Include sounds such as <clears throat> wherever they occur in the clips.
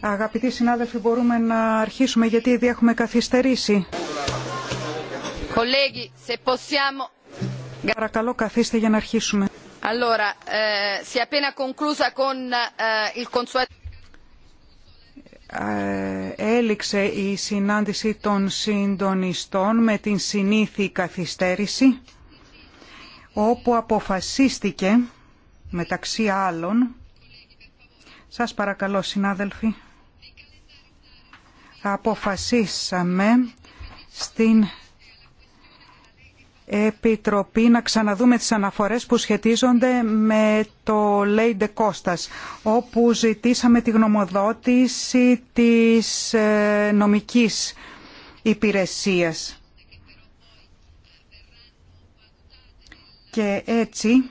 Αγαπητοί συνάδελφοι, μπορούμε να αρχίσουμε γιατί ήδη έχουμε καθυστερήσει. Παρακαλώ, καθίστε για να αρχίσουμε. Έληξε η συνάντηση των συντονιστών με την συνήθη καθυστέρηση όπου αποφασίστηκε μεταξύ άλλων σας παρακαλώ συνάδελφοι, αποφασίσαμε στην Επιτροπή να ξαναδούμε τις αναφορές που σχετίζονται με το Λέιντε Κώστας, όπου ζητήσαμε τη γνωμοδότηση της ε, νομικής υπηρεσίας. Και έτσι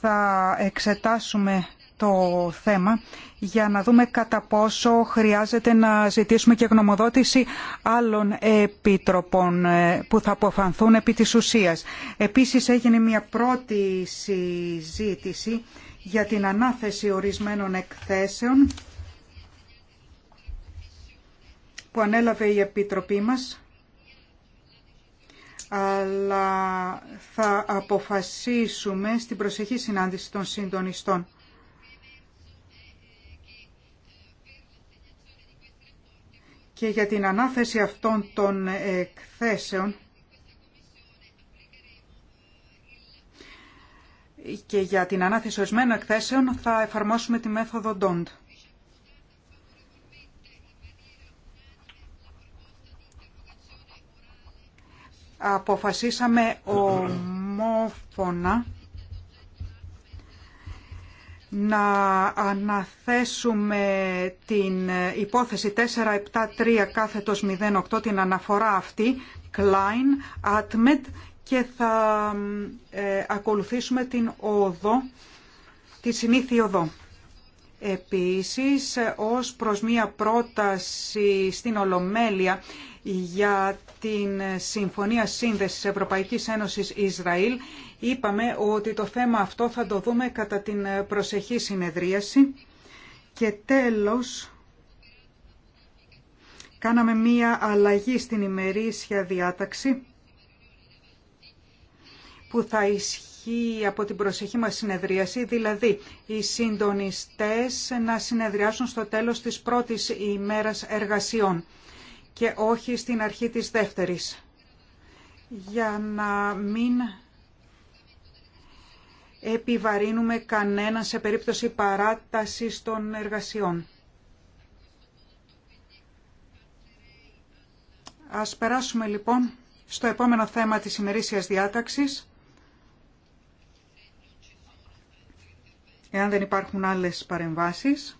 θα εξετάσουμε το θέμα για να δούμε κατά πόσο χρειάζεται να ζητήσουμε και γνωμοδότηση άλλων επιτροπών ε, που θα αποφανθούν επί της ουσίας. Επίσης έγινε μια πρώτη συζήτηση για την ανάθεση ορισμένων εκθέσεων που ανέλαβε η Επιτροπή μας αλλά θα αποφασίσουμε στην προσεχή συνάντηση των συντονιστών. Και για την ανάθεση αυτών των εκθέσεων και για την ανάθεση ορισμένων εκθέσεων θα εφαρμόσουμε τη μέθοδο DONT. αποφασίσαμε ομόφωνα να αναθέσουμε την υπόθεση 473 κάθετος 08, την αναφορά αυτή, Klein, Atmed και θα ε, ακολουθήσουμε την οδό, τη συνήθεια οδό. Επίσης, ως προς μία πρόταση στην Ολομέλεια για την Συμφωνία Σύνδεσης Ευρωπαϊκής Ένωσης Ισραήλ είπαμε ότι το θέμα αυτό θα το δούμε κατά την προσεχή συνεδρίαση και τέλος κάναμε μία αλλαγή στην ημερήσια διάταξη που θα ισχύει από την προσεχή μας συνεδρίαση, δηλαδή οι συντονιστές να συνεδριάσουν στο τέλος της πρώτης ημέρας εργασιών και όχι στην αρχή της δεύτερης. Για να μην επιβαρύνουμε κανέναν σε περίπτωση παράτασης των εργασιών. Ας περάσουμε λοιπόν στο επόμενο θέμα της ημερήσιας διάταξης. Εάν δεν υπάρχουν άλλες παρεμβάσεις,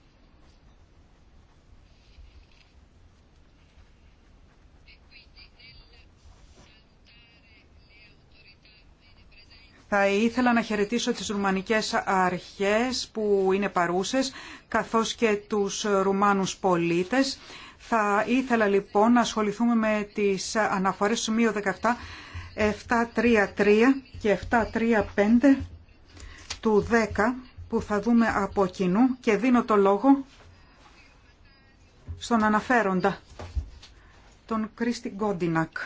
Θα ήθελα να χαιρετήσω τις ρουμανικές αρχές που είναι παρούσες, καθώς και τους ρουμάνους πολίτες. Θα ήθελα λοιπόν να ασχοληθούμε με τις αναφορές του 17, 733 και 735 του 10 που θα δούμε από κοινού και δίνω το λόγο στον αναφέροντα, τον Κρίστη Γκόντινακ.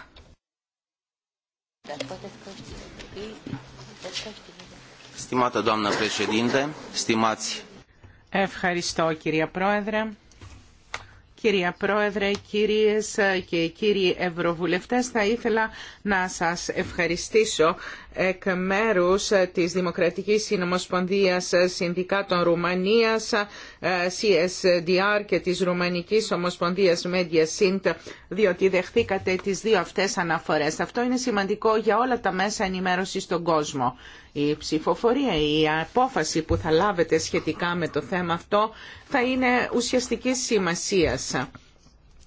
Ευχαριστώ κυρία Πρόεδρε. Κυρία Πρόεδρε, κυρίες και κύριοι Ευρωβουλευτές, θα ήθελα να σας ευχαριστήσω εκ μέρους ε, της Δημοκρατικής Συνομοσπονδίας ε, Συνδικάτων Ρουμανίας, ε, CSDR και της Ρουμανική Ομοσπονδίας Media Sint, διότι δεχθήκατε τις δύο αυτές αναφορές. Αυτό είναι σημαντικό για όλα τα μέσα ενημέρωσης στον κόσμο. Η ψηφοφορία, η απόφαση που θα λάβετε σχετικά με το θέμα αυτό θα είναι ουσιαστικής σημασίας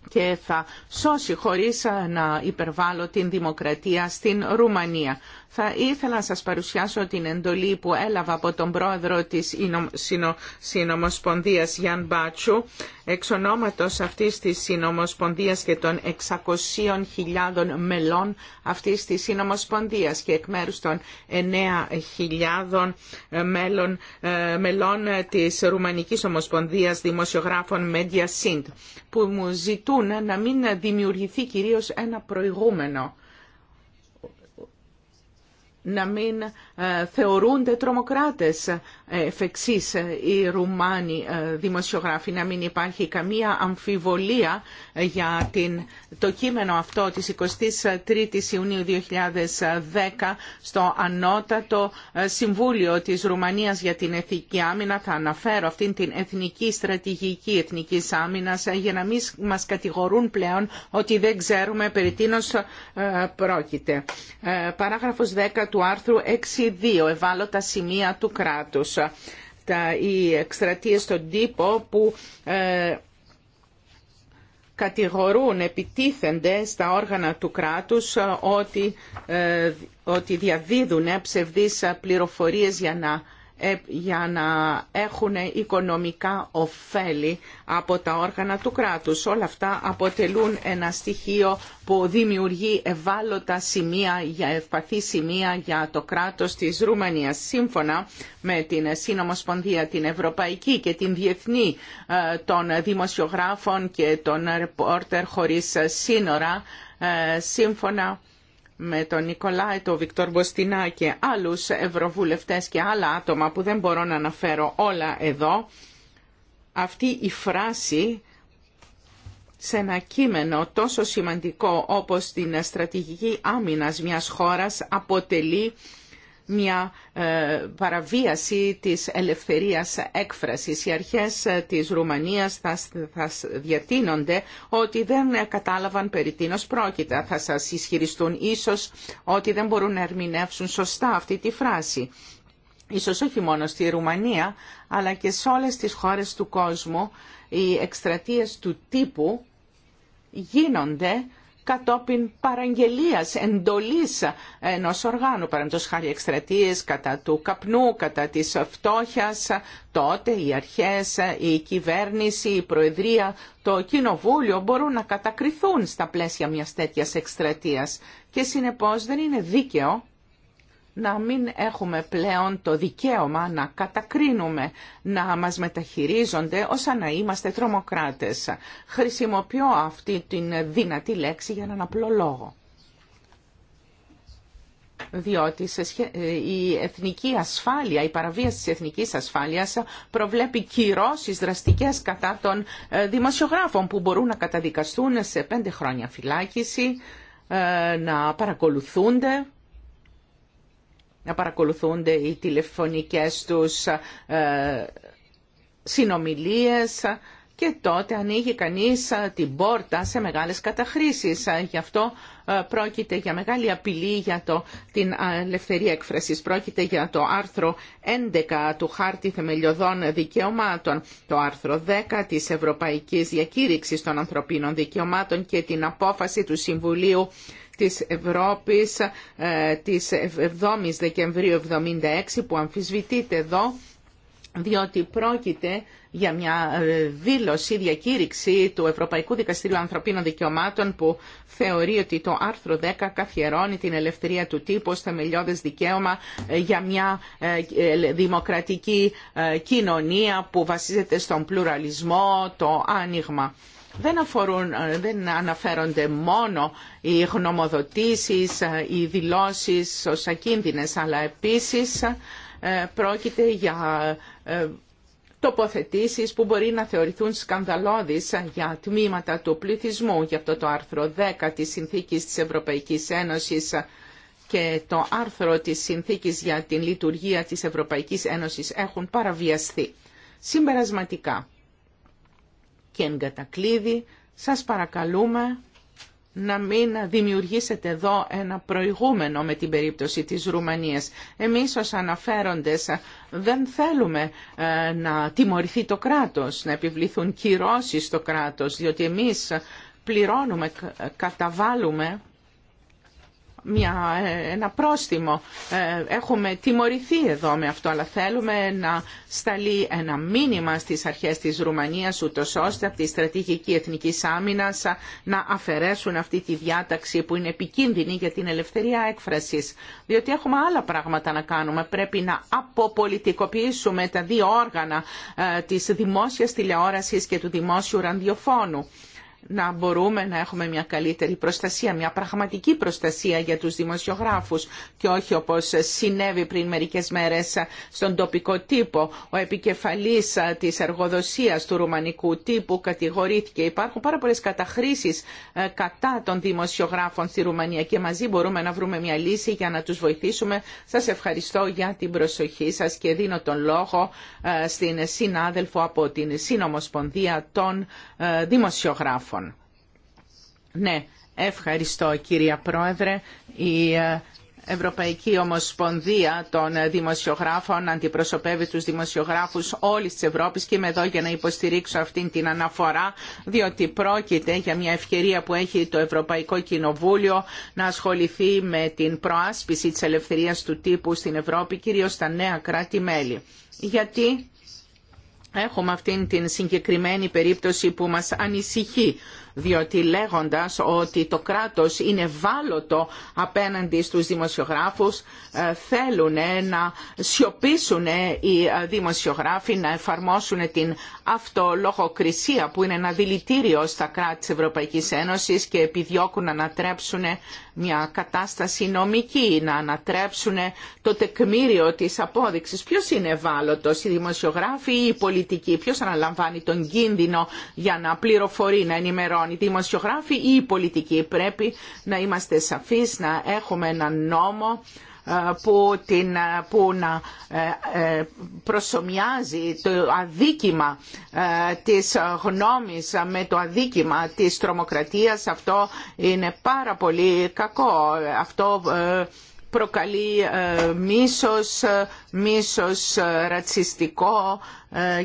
και θα σώσει χωρίς να υπερβάλλω την δημοκρατία στην Ρουμανία. Θα ήθελα να σας παρουσιάσω την εντολή που έλαβα από τον πρόεδρο της Συνομοσπονδίας Γιάν Μπάτσου, εξ ονόματος αυτής της Συνομοσπονδίας και των 600.000 μελών αυτής της Συνομοσπονδίας και εκ μέρους των 9.000 ε, μέλων, ε, μελών της Ρουμανικής Ομοσπονδίας Δημοσιογράφων Media Sint που μου ζητούν να μην δημιουργηθεί κυρίως ένα προηγούμενο να μην ε, θεωρούνται τρομοκράτες ε, εφεξής ε, οι Ρουμάνοι δημοσιογράφοι, να μην υπάρχει καμία αμφιβολία για την, το κείμενο αυτό της 23ης Ιουνίου 2010 στο Ανώτατο Συμβούλιο της Ρουμανίας για την Εθνική Άμυνα. Θα αναφέρω αυτήν την εθνική στρατηγική εθνικής άμυνας για να μην μας κατηγορούν πλέον ότι δεν ξέρουμε περί τίνος πρόκειται. Παράγραφος 10 του άρθρου 6.2, ευάλωτα σημεία του κράτους. Τα, οι εκστρατείες στον τύπο που ε, κατηγορούν, επιτίθενται στα όργανα του κράτους ε, ότι, ε, ότι διαδίδουν ψευδείς πληροφορίες για να ε, για να έχουν οικονομικά ωφέλη από τα όργανα του κράτους. Όλα αυτά αποτελούν ένα στοιχείο που δημιουργεί ευάλωτα σημεία, για ευπαθή σημεία για το κράτος της Ρουμανίας. Σύμφωνα με την Συνομοσπονδία την Ευρωπαϊκή και την Διεθνή ε, των Δημοσιογράφων και των Ρεπόρτερ χωρίς σύνορα, ε, σύμφωνα με τον Νικολάη, τον Βικτόρ Μποστινά και άλλους ευρωβουλευτές και άλλα άτομα που δεν μπορώ να αναφέρω όλα εδώ, αυτή η φράση σε ένα κείμενο τόσο σημαντικό όπως την στρατηγική άμυνας μιας χώρας αποτελεί μια ε, παραβίαση της ελευθερίας έκφρασης. Οι αρχές ε, της Ρουμανίας θα διατείνονται ότι δεν ε, κατάλαβαν περί τίνος πρόκειται. Θα σας ισχυριστούν ίσως ότι δεν μπορούν να ερμηνεύσουν σωστά αυτή τη φράση. Ίσως όχι μόνο στη Ρουμανία, αλλά και σε όλες τις χώρες του κόσμου οι εκστρατείες του τύπου γίνονται κατόπιν παραγγελίας, εντολής ενός οργάνου, παραδείγματος χάρη εκστρατείες κατά του καπνού, κατά της φτώχειας, τότε οι αρχές, η κυβέρνηση, η Προεδρία, το Κοινοβούλιο μπορούν να κατακριθούν στα πλαίσια μιας τέτοιας εκστρατείας και συνεπώς δεν είναι δίκαιο να μην έχουμε πλέον το δικαίωμα να κατακρίνουμε, να μας μεταχειρίζονται όσα να είμαστε τρομοκράτες. Χρησιμοποιώ αυτή την δυνατή λέξη για έναν απλό λόγο. Διότι ε, η εθνική ασφάλεια, η παραβίαση της εθνικής ασφάλειας προβλέπει κυρώσεις δραστικές κατά των ε, δημοσιογράφων που μπορούν να καταδικαστούν σε πέντε χρόνια φυλάκιση, ε, να παρακολουθούνται να παρακολουθούνται οι τηλεφωνικές τους ε, συνομιλίες και τότε ανοίγει κανείς ε, την πόρτα σε μεγάλες καταχρήσεις. Ε, γι' αυτό πρόκειται για μεγάλη απειλή για το, την ελευθερία έκφρασης. Πρόκειται για το άρθρο 11 του Χάρτη Θεμελιωδών Δικαιωμάτων, το άρθρο 10 της Ευρωπαϊκής Διακήρυξης των Ανθρωπίνων Δικαιωμάτων και την απόφαση του Συμβουλίου της Ευρώπης ε, της 7ης Δεκεμβρίου 76 που αμφισβητείται εδώ διότι πρόκειται για μια ε, δήλωση, διακήρυξη του Ευρωπαϊκού Δικαστηρίου Ανθρωπίνων Δικαιωμάτων που θεωρεί ότι το άρθρο 10 καθιερώνει την ελευθερία του τύπου ως θεμελιώδες δικαίωμα ε, για μια δημοκρατική κοινωνία που βασίζεται στον πλουραλισμό, το άνοιγμα δεν, αφορούν, ε, δεν αναφέρονται μόνο οι γνωμοδοτήσεις, ε, οι δηλώσεις ως ακίνδυνες, αλλά επίσης ε, πρόκειται για τοποθετήσεις που μπορεί να θεωρηθούν σκανδαλώδεις για τμήματα του πληθυσμού. Γι' αυτό το άρθρο 10 της Συνθήκης της Ευρωπαϊκής Ένωσης και το άρθρο της Συνθήκης για την Λειτουργία της Ευρωπαϊκής Ένωσης έχουν παραβιαστεί. Συμπερασματικά, και εγκατακλείδη, σας παρακαλούμε να μην δημιουργήσετε εδώ ένα προηγούμενο με την περίπτωση της Ρουμανίας. Εμείς ως αναφέροντες δεν θέλουμε ε, να τιμωρηθεί το κράτος, να επιβληθούν κυρώσεις στο κράτος, διότι εμείς πληρώνουμε, καταβάλουμε μια, ε, ένα πρόστιμο. Ε, έχουμε τιμωρηθεί εδώ με αυτό, αλλά θέλουμε να σταλεί ένα μήνυμα στις αρχές της Ρουμανίας, ούτω ώστε από τη στρατηγική εθνική Άμυνα να αφαιρέσουν αυτή τη διάταξη που είναι επικίνδυνη για την ελευθερία έκφρασης. Διότι έχουμε άλλα πράγματα να κάνουμε. Πρέπει να αποπολιτικοποιήσουμε τα δύο όργανα ε, της δημόσιας τηλεόρασης και του δημόσιου ραδιοφώνου να μπορούμε να έχουμε μια καλύτερη προστασία, μια πραγματική προστασία για τους δημοσιογράφους και όχι όπως συνέβη πριν μερικές μέρες στον τοπικό τύπο. Ο επικεφαλής της εργοδοσίας του ρουμανικού τύπου κατηγορήθηκε. Υπάρχουν πάρα πολλές καταχρήσεις ε, κατά των δημοσιογράφων στη Ρουμανία και μαζί μπορούμε να βρούμε μια λύση για να τους βοηθήσουμε. Σας ευχαριστώ για την προσοχή σας και δίνω τον λόγο ε, στην συνάδελφο από την Συνομοσπονδία των ε, Δημοσιογράφων. Ναι, ευχαριστώ κυρία Πρόεδρε. Η ε, Ευρωπαϊκή Ομοσπονδία των Δημοσιογράφων αντιπροσωπεύει τους δημοσιογράφους όλης της Ευρώπης και είμαι εδώ για να υποστηρίξω αυτήν την αναφορά διότι πρόκειται για μια ευκαιρία που έχει το Ευρωπαϊκό Κοινοβούλιο να ασχοληθεί με την προάσπιση της ελευθερίας του τύπου στην Ευρώπη κυρίως στα νέα κράτη-μέλη. Γιατί Έχουμε αυτήν την συγκεκριμένη περίπτωση που μας ανησυχεί διότι λέγοντας ότι το κράτος είναι βάλωτο απέναντι στους δημοσιογράφους ε, θέλουν να σιωπήσουν οι ε, δημοσιογράφοι να εφαρμόσουν την αυτολογοκρισία που είναι ένα δηλητήριο στα κράτη της Ευρωπαϊκής Ένωσης και επιδιώκουν να ανατρέψουν μια κατάσταση νομική, να ανατρέψουν το τεκμήριο της απόδειξης. Ποιος είναι βάλωτο οι δημοσιογράφοι ή οι πολιτικοί, ποιος αναλαμβάνει τον κίνδυνο για να πληροφορεί, να ενημερώνει ημερών. Λοιπόν, οι δημοσιογράφοι ή οι πολιτικοί πρέπει να είμαστε σαφείς, να έχουμε έναν νόμο ε, που, την, ε, που να ε, προσωμιάζει το αδίκημα της γνώμης με το αδίκημα της τρομοκρατίας. Αυτό είναι πάρα πολύ κακό. Αυτό προκαλεί ε, μίσος, ε, μίσος ε, ρατσιστικό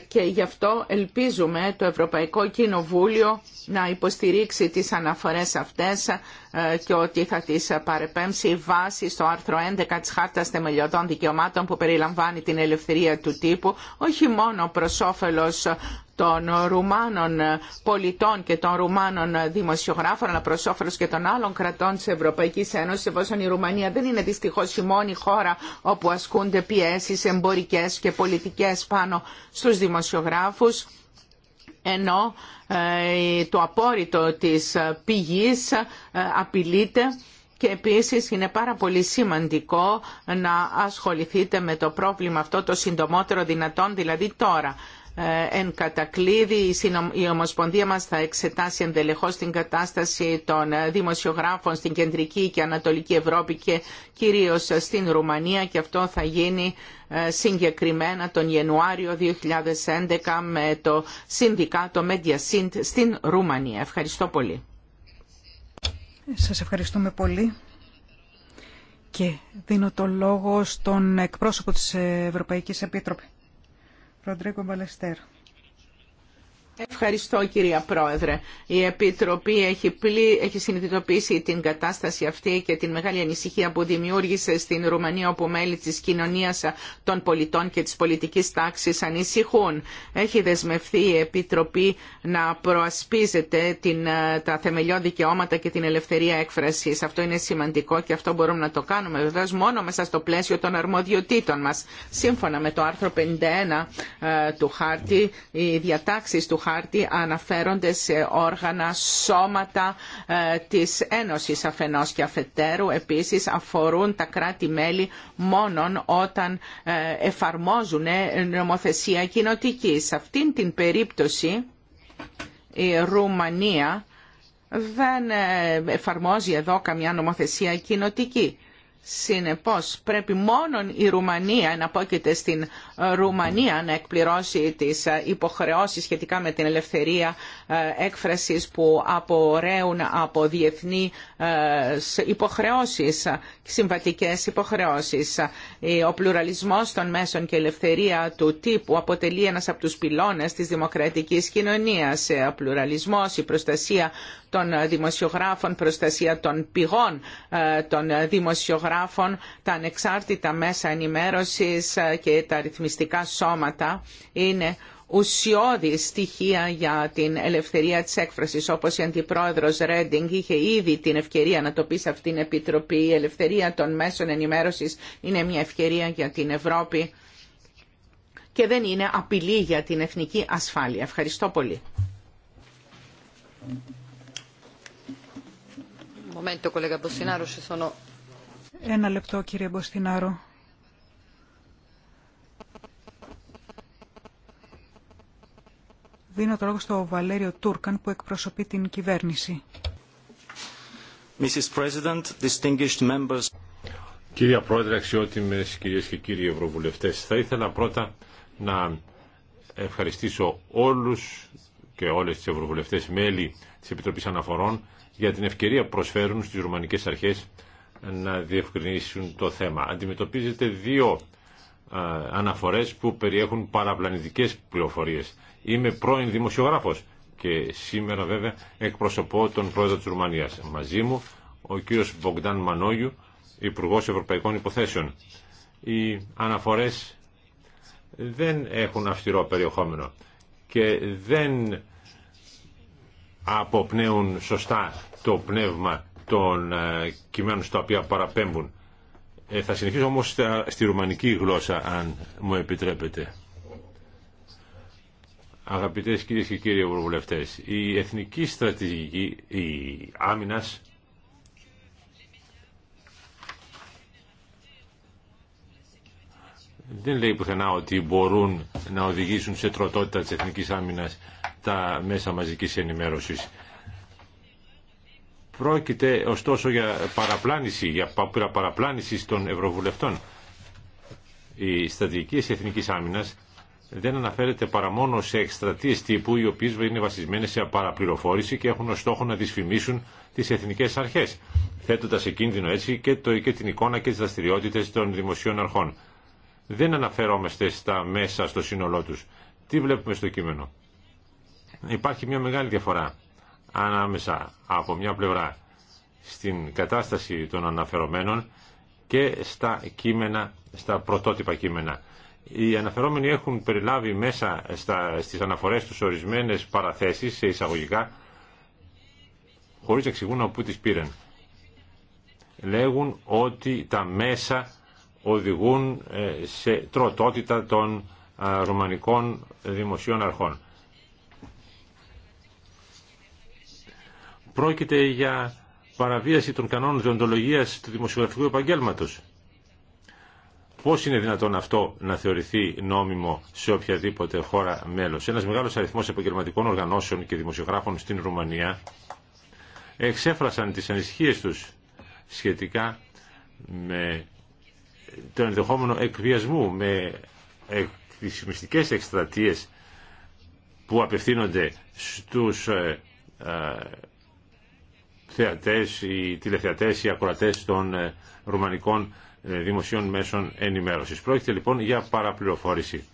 και γι' αυτό ελπίζουμε το Ευρωπαϊκό Κοινοβούλιο να υποστηρίξει τις αναφορές αυτές και ότι θα τις παρεπέμψει βάση στο άρθρο 11 της Χάρτας Θεμελιωδών Δικαιωμάτων που περιλαμβάνει την ελευθερία του τύπου όχι μόνο προς όφελος των Ρουμάνων πολιτών και των Ρουμάνων δημοσιογράφων, αλλά προ όφελο και των άλλων κρατών τη Ευρωπαϊκή Ένωση, εφόσον η Ρουμανία δεν είναι δυστυχώ η μόνη χώρα όπου ασκούνται πιέσει εμπορικέ και πολιτικέ πάνω στους δημοσιογράφους ενώ ε, το απόρριτο της πηγής ε, απειλείται και επίσης είναι πάρα πολύ σημαντικό να ασχοληθείτε με το πρόβλημα αυτό το συντομότερο δυνατόν, δηλαδή τώρα. Ε, εν κατακλείδη η Ομοσπονδία μας θα εξετάσει εντελεχώς την κατάσταση των δημοσιογράφων στην Κεντρική και Ανατολική Ευρώπη και κυρίως στην Ρουμανία και αυτό θα γίνει ε, συγκεκριμένα τον Ιανουάριο 2011 με το Συνδικάτο MediaSint στην Ρουμανία. Ευχαριστώ πολύ. Σας ευχαριστούμε πολύ και δίνω το λόγο στον εκπρόσωπο της Ευρωπαϊκής Επίτροπης. Ροντρίγκο Μπαλεστέρ. Ευχαριστώ κυρία Πρόεδρε. Η Επιτροπή έχει, πλή, έχει συνειδητοποιήσει την κατάσταση αυτή και την μεγάλη ανησυχία που δημιούργησε στην Ρουμανία όπου μέλη της κοινωνίας των πολιτών και της πολιτικής τάξης ανησυχούν. Έχει δεσμευθεί η Επιτροπή να προασπίζεται την, ε, τα θεμελιώδη δικαιώματα και την ελευθερία έκφρασης. Αυτό είναι σημαντικό και αυτό μπορούμε να το κάνουμε βεβαίω μόνο μέσα στο πλαίσιο των αρμοδιοτήτων μας. Σύμφωνα με το άρθρο 51 ε, του χάρτη, οι διατάξεις του χάρτη χάρτη αναφέρονται σε όργανα, σώματα ε, της Ένωσης αφενός και αφετέρου. Επίσης αφορούν τα κράτη-μέλη μόνον όταν ε, εφαρμόζουν ε, νομοθεσία κοινοτική. Σε αυτήν την περίπτωση η Ρουμανία δεν εφαρμόζει εδώ καμιά νομοθεσία κοινοτική. Συνεπώς πρέπει μόνο η Ρουμανία, να πόκειται στην Ρουμανία να εκπληρώσει τις ε, υποχρεώσεις σχετικά με την ελευθερία ε, έκφρασης που απορρέουν από διεθνή ε, υποχρεώσεις, συμβατικές υποχρεώσεις. Ο πλουραλισμός των μέσων και η ελευθερία του τύπου αποτελεί ένας από τους πυλώνες της δημοκρατικής κοινωνίας. Ο πλουραλισμός, η προστασία των δημοσιογράφων, προστασία των πηγών ε, των δημοσιογράφων, τα ανεξάρτητα μέσα ενημέρωσης ε, και τα ρυθμιστικά σώματα είναι ουσιώδη στοιχεία για την ελευθερία της έκφρασης. Όπως η Αντιπρόεδρος Ρέντινγκ είχε ήδη την ευκαιρία να το πει σε αυτήν την Επιτροπή, η ελευθερία των μέσων ενημέρωσης είναι μια ευκαιρία για την Ευρώπη και δεν είναι απειλή για την εθνική ασφάλεια. Ευχαριστώ πολύ. Ένα λεπτό κύριε Μποστινάρο. Δίνω το λόγο στο Βαλέριο Τούρκαν που εκπροσωπεί την κυβέρνηση. Κύριε Κυρία Πρόεδρε, αξιότιμες κυρίες και κύριοι Ευρωβουλευτές, θα ήθελα πρώτα να ευχαριστήσω όλους και όλες τις Ευρωβουλευτές μέλη της Επιτροπής Αναφορών για την ευκαιρία που προσφέρουν στις ρουμανικές αρχές να διευκρινίσουν το θέμα. Αντιμετωπίζεται δύο αναφορές που περιέχουν παραπλανητικές πληροφορίες. Είμαι πρώην δημοσιογράφος και σήμερα βέβαια εκπροσωπώ τον πρόεδρο της Ρουμανίας. Μαζί μου ο κύριος Μπογκδάν Μανόγιου, Υπουργό Ευρωπαϊκών Υποθέσεων. Οι αναφορές δεν έχουν αυστηρό περιεχόμενο και δεν αποπνέουν σωστά το πνεύμα των ε, κειμένων στα οποία παραπέμπουν. Ε, θα συνεχίσω όμως στη ρουμανική γλώσσα, αν μου επιτρέπετε. Αγαπητές κυρίες και κύριοι ευρωβουλευτές, η εθνική στρατηγική η άμυνας δεν λέει πουθενά ότι μπορούν να οδηγήσουν σε τροτότητα της εθνικής άμυνας τα μέσα μαζικής ενημέρωσης. Πρόκειται ωστόσο για παραπλάνηση, για παραπλάνηση των Ευρωβουλευτών. Η στρατηγική της Εθνικής Άμυνας δεν αναφέρεται παρά μόνο σε εκστρατείε τύπου οι οποίε είναι βασισμένε σε παραπληροφόρηση και έχουν ως στόχο να δυσφημίσουν τις εθνικές αρχές θέτοντα σε κίνδυνο έτσι και, το, και την εικόνα και τι δραστηριότητε των δημοσίων αρχών. Δεν αναφερόμαστε στα μέσα στο σύνολό τους. Τι βλέπουμε στο κείμενο. Υπάρχει μια μεγάλη διαφορά ανάμεσα από μια πλευρά στην κατάσταση των αναφερομένων και στα κείμενα, στα πρωτότυπα κείμενα. Οι αναφερόμενοι έχουν περιλάβει μέσα στα, στις αναφορές τους ορισμένες παραθέσεις σε εισαγωγικά χωρίς να εξηγούν από πού τις πήραν. Λέγουν ότι τα μέσα οδηγούν ε, σε τροτότητα των ρουμανικών δημοσίων αρχών. Πρόκειται για παραβίαση των κανόνων διοντολογίας του δημοσιογραφικού επαγγέλματος. Πώς είναι δυνατόν αυτό να θεωρηθεί νόμιμο σε οποιαδήποτε χώρα μέλος. Ένας μεγάλος αριθμός επαγγελματικών οργανώσεων και δημοσιογράφων στην Ρουμανία εξέφρασαν τις ανησυχίες τους σχετικά με τον ενδεχόμενο εκβιασμού, με μυστικές εκστρατείες που απευθύνονται στους ε, ε, θεατές, οι τηλεθεατές, οι ακροατές των ε, ρουμανικών ε, δημοσίων μέσων ενημέρωσης. Πρόκειται λοιπόν για παραπληροφόρηση.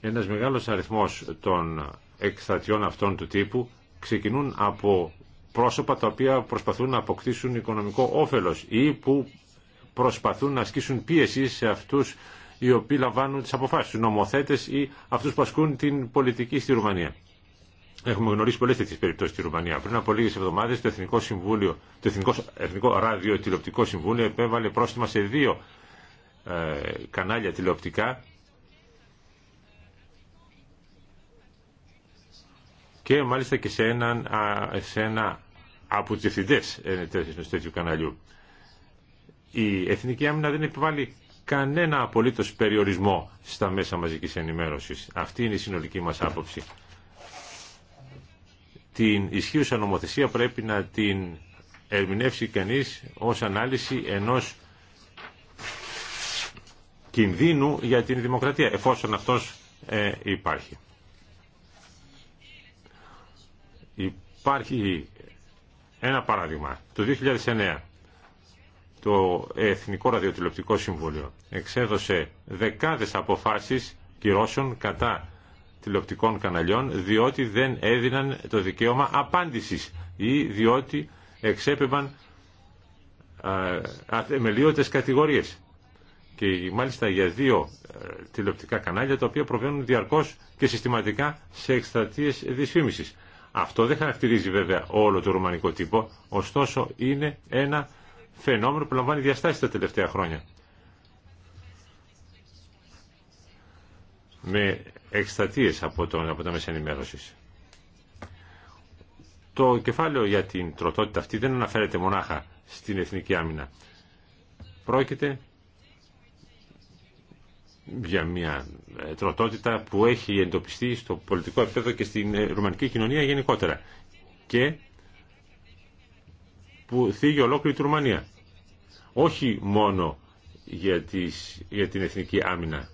Ένας μεγάλος αριθμός των εκστατιών αυτών του τύπου ξεκινούν από πρόσωπα τα οποία προσπαθούν να αποκτήσουν οικονομικό όφελος ή που προσπαθούν να ασκήσουν πίεση σε αυτούς οι οποίοι λαμβάνουν τις αποφάσεις, τους νομοθέτες ή αυτούς που ασκούν την πολιτική στη Ρουμανία. Έχουμε γνωρίσει πολλέ τέτοιε περιπτώσει στη Ρουμανία. Πριν από λίγε εβδομάδε το Εθνικό, Συμβούλιο, το Εθνικό, Εθνικό Ραδιοτηλεοπτικό Συμβούλιο επέβαλε πρόστιμα σε δύο ε, κανάλια τηλεοπτικά και μάλιστα και σε, έναν, σε ένα από του διευθυντέ ενό τέτοιου καναλιού. Η Εθνική Άμυνα δεν επιβάλλει κανένα απολύτω περιορισμό στα μέσα μαζική ενημέρωση. Αυτή είναι η συνολική μα άποψη την ισχύουσα νομοθεσία πρέπει να την ερμηνεύσει κανείς ως ανάλυση ενός κινδύνου για την δημοκρατία, εφόσον αυτός ε, υπάρχει. Υπάρχει ένα παράδειγμα. Το 2009 το Εθνικό Ραδιοτηλεοπτικό Συμβούλιο εξέδωσε δεκάδες αποφάσεις κυρώσεων κατά τηλεοπτικών καναλιών διότι δεν έδιναν το δικαίωμα απάντησης ή διότι εξέπεμπαν ε, αθεμελίωτες κατηγορίες και μάλιστα για δύο ε, τηλεοπτικά κανάλια τα οποία προβαίνουν διαρκώς και συστηματικά σε εκστρατείες δυσφήμισης. Αυτό δεν χαρακτηρίζει βέβαια όλο το ρουμανικό τύπο, ωστόσο είναι ένα φαινόμενο που λαμβάνει διαστάσεις τα τελευταία χρόνια εκστατείες από, τον, από τα μέσα ενημέρωση. Το κεφάλαιο για την τροτότητα αυτή δεν αναφέρεται μονάχα στην εθνική άμυνα. Πρόκειται για μια ε, τροτότητα που έχει εντοπιστεί στο πολιτικό επίπεδο και στην ε, ρουμανική κοινωνία γενικότερα και που θίγει ολόκληρη τη Ρουμανία. Όχι μόνο για, τις, για την εθνική άμυνα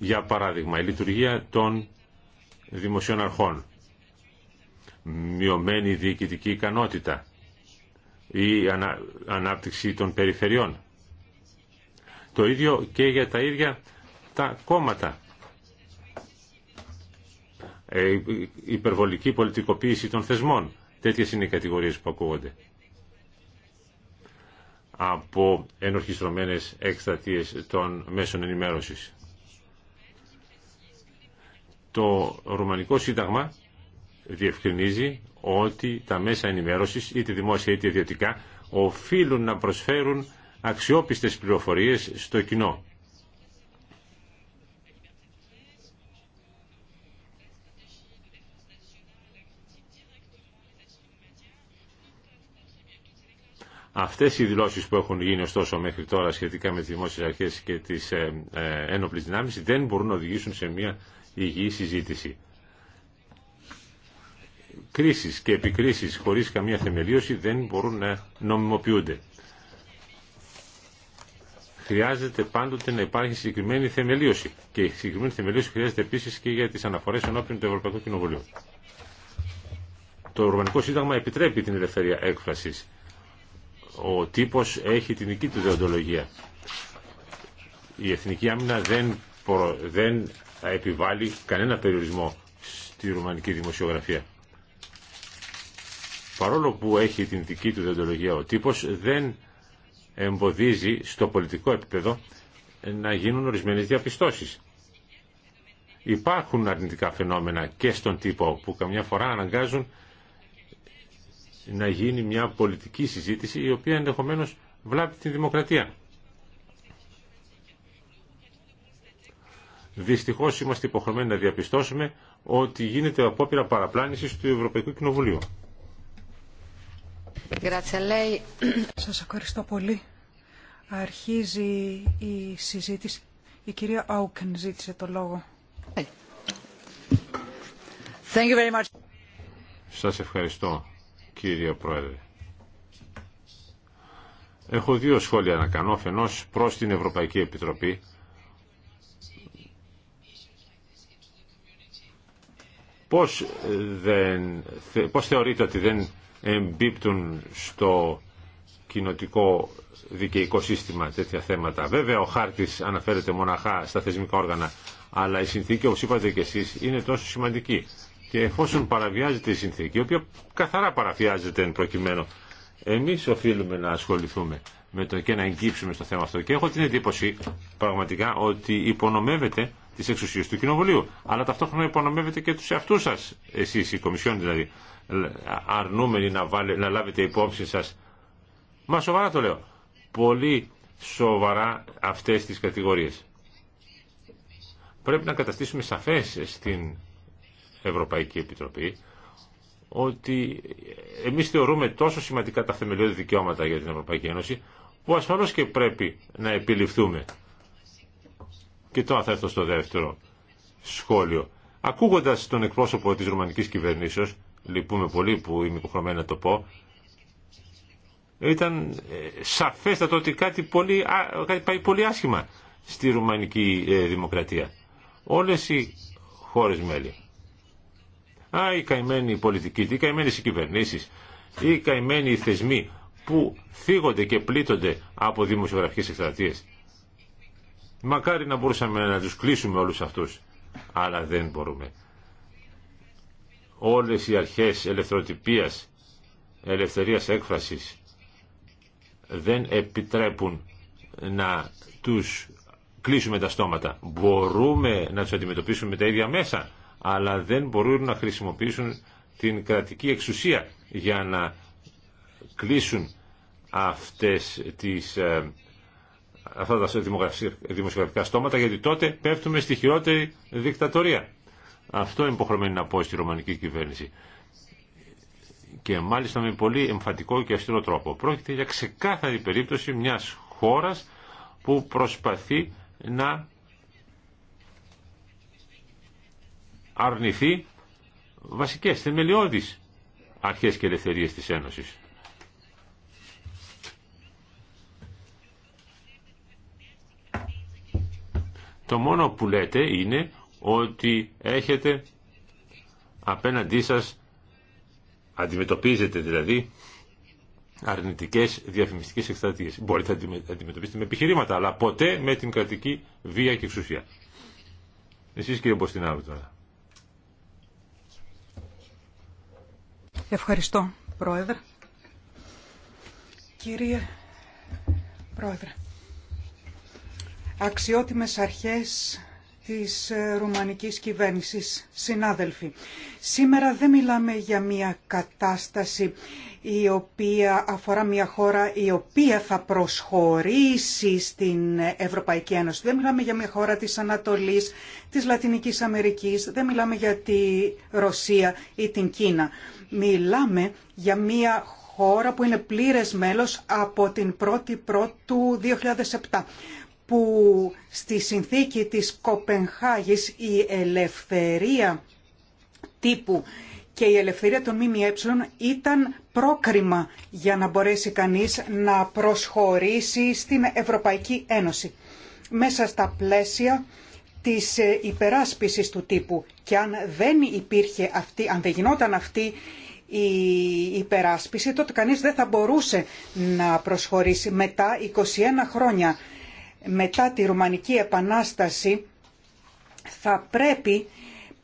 Για παράδειγμα, η λειτουργία των δημοσίων αρχών, μειωμένη διοικητική ικανότητα, η ανάπτυξη των περιφερειών. Το ίδιο και για τα ίδια τα κόμματα. η ε, υπερβολική πολιτικοποίηση των θεσμών. Τέτοιες είναι οι κατηγορίες που ακούγονται από ενορχιστρωμένες εκστατείες των μέσων ενημέρωσης. Το Ρουμανικό Σύνταγμα διευκρινίζει ότι τα μέσα ενημέρωσης, είτε δημόσια είτε ιδιωτικά, οφείλουν να προσφέρουν αξιόπιστες πληροφορίες στο κοινό. Αυτές οι δηλώσεις που έχουν γίνει ωστόσο μέχρι τώρα σχετικά με τις δημόσιες αρχές και τις ε, ε, ένοπλες δυνάμεις δεν μπορούν να οδηγήσουν σε μια υγιή συζήτηση. Κρίσεις και επικρίσεις χωρίς καμία θεμελίωση δεν μπορούν να νομιμοποιούνται. Χρειάζεται πάντοτε να υπάρχει συγκεκριμένη θεμελίωση και η συγκεκριμένη θεμελίωση χρειάζεται επίσης και για τις αναφορές ενώπιον του Ευρωπαϊκού Κοινοβουλίου. Το Ρουμανικό Σύνταγμα επιτρέπει την ελευθερία έκφρασης. Ο τύπος έχει την δική του δεοντολογία. Η Εθνική Άμυνα δεν, δεν θα επιβάλλει κανένα περιορισμό στη ρουμανική δημοσιογραφία. Παρόλο που έχει την δική του διοντολογία ο τύπος, δεν εμποδίζει στο πολιτικό επίπεδο να γίνουν ορισμένες διαπιστώσεις. Υπάρχουν αρνητικά φαινόμενα και στον τύπο που καμιά φορά αναγκάζουν να γίνει μια πολιτική συζήτηση η οποία ενδεχομένως βλάπτει την δημοκρατία. δυστυχώς είμαστε υποχρεωμένοι να διαπιστώσουμε ότι γίνεται απόπειρα παραπλάνησης του Ευρωπαϊκού Κοινοβουλίου. Σας ευχαριστώ πολύ. Αρχίζει η συζήτηση. Η κυρία Άουκεν ζήτησε το λόγο. Thank you very much. Σας ευχαριστώ κύριε Πρόεδρε. Έχω δύο σχόλια να κάνω, αφενός προς την Ευρωπαϊκή Επιτροπή Πώς, ε, δεν, πώς θεωρείτε ότι δεν εμπίπτουν στο κοινοτικό δικαιικό σύστημα τέτοια θέματα. Βέβαια ο χάρτης αναφέρεται μοναχά στα θεσμικά όργανα, αλλά η συνθήκη όπως είπατε και εσείς είναι τόσο σημαντική. Και εφόσον παραβιάζεται η συνθήκη, η οποία καθαρά παραβιάζεται εν προκειμένου, εμείς οφείλουμε να ασχοληθούμε με το και να εγγύψουμε στο θέμα αυτό. Και έχω την εντύπωση πραγματικά ότι υπονομεύεται τη εξουσία του Κοινοβουλίου. Αλλά ταυτόχρονα υπονομεύετε και του εαυτού σα, εσεί, η Κομισιόν δηλαδή, αρνούμενοι να, βάλε, να λάβετε υπόψη σα. Μα σοβαρά το λέω. Πολύ σοβαρά αυτέ τι κατηγορίε. Πρέπει να καταστήσουμε σαφέ στην Ευρωπαϊκή Επιτροπή ότι εμεί θεωρούμε τόσο σημαντικά τα θεμελιώδη δικαιώματα για την Ευρωπαϊκή Ένωση που ασφαλώς και πρέπει να επιληφθούμε. Και τώρα θα έρθω στο δεύτερο σχόλιο. Ακούγοντα τον εκπρόσωπο τη ρουμανική κυβερνήσεω, λυπούμε πολύ που είμαι υποχρεωμένο να το πω, ήταν ε, σαφέστατο ότι κάτι, πολύ, κάτι πάει πολύ άσχημα στη ρουμανική ε, δημοκρατία. Όλε οι χώρε μέλη. Α, οι καημένοι πολιτικοί, οι καημένε οι κυβερνήσεις, οι καημένοι θεσμοί που φύγονται και πλήττονται από δημοσιογραφικέ εκστρατείες. Μακάρι να μπορούσαμε να τους κλείσουμε όλους αυτούς, αλλά δεν μπορούμε. Όλες οι αρχές ελευθεροτυπίας, ελευθερίας έκφρασης, δεν επιτρέπουν να τους κλείσουμε τα στόματα. Μπορούμε να τους αντιμετωπίσουμε με τα ίδια μέσα, αλλά δεν μπορούν να χρησιμοποιήσουν την κρατική εξουσία για να κλείσουν αυτές τις ε, αυτά τα δημοσιογραφικά στόματα γιατί τότε πέφτουμε στη χειρότερη δικτατορία. Αυτό είναι υποχρεωμένη να πω στη ρωμανική κυβέρνηση. Και μάλιστα με πολύ εμφαντικό και αυστηρό τρόπο. Πρόκειται για ξεκάθαρη περίπτωση μιας χώρας που προσπαθεί να αρνηθεί βασικές θεμελιώδεις αρχές και ελευθερίες της Ένωσης. Το μόνο που λέτε είναι ότι έχετε απέναντί σας, αντιμετωπίζετε δηλαδή, αρνητικές διαφημιστικές εκστρατείες. Μπορείτε να αντιμετωπίσετε με επιχειρήματα, αλλά ποτέ με την κρατική βία και εξουσία. Εσείς κύριε Μποστινάρου τώρα. Ευχαριστώ, Πρόεδρε. Κύριε Πρόεδρε, αξιότιμες αρχές της ε, ρουμανικής κυβέρνησης. Συνάδελφοι, σήμερα δεν μιλάμε για μια κατάσταση η οποία αφορά μια χώρα η οποία θα προσχωρήσει στην Ευρωπαϊκή Ένωση. Δεν μιλάμε για μια χώρα της Ανατολής, της Λατινικής Αμερικής, δεν μιλάμε για τη Ρωσία ή την Κίνα. Μιλάμε για μια χώρα που είναι πλήρες μέλος από την 1η του 2007 που στη συνθήκη της Κοπενχάγης η ελευθερία τύπου και η ελευθερία των ΜΜΕ ήταν πρόκριμα για να μπορέσει κανείς να προσχωρήσει στην Ευρωπαϊκή Ένωση μέσα στα πλαίσια της υπεράσπισης του τύπου και αν δεν υπήρχε αυτή, αν δεν γινόταν αυτή η υπεράσπιση τότε κανείς δεν θα μπορούσε να προσχωρήσει μετά 21 χρόνια μετά τη Ρουμανική Επανάσταση θα πρέπει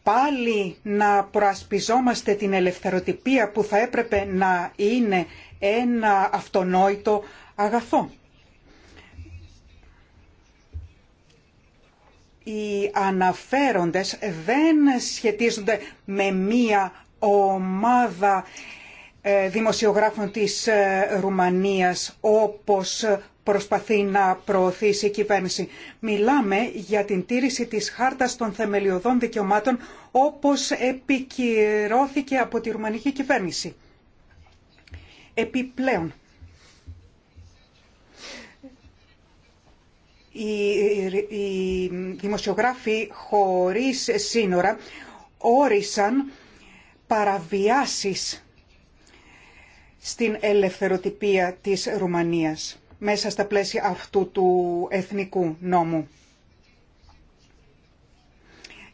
πάλι να προασπιζόμαστε την ελευθεροτυπία που θα έπρεπε να είναι ένα αυτονόητο αγαθό. Οι αναφέροντες δεν σχετίζονται με μία ομάδα ε, δημοσιογράφων της ε, Ρουμανίας όπως προσπαθεί να προωθήσει η κυβέρνηση. Μιλάμε για την τήρηση της χάρτας των θεμελιωδών δικαιωμάτων όπως επικυρώθηκε από τη ρουμανική κυβέρνηση. Επιπλέον, οι δημοσιογράφοι χωρίς σύνορα όρισαν παραβιάσεις στην ελευθεροτυπία της Ρουμανίας μέσα στα πλαίσια αυτού του εθνικού νόμου.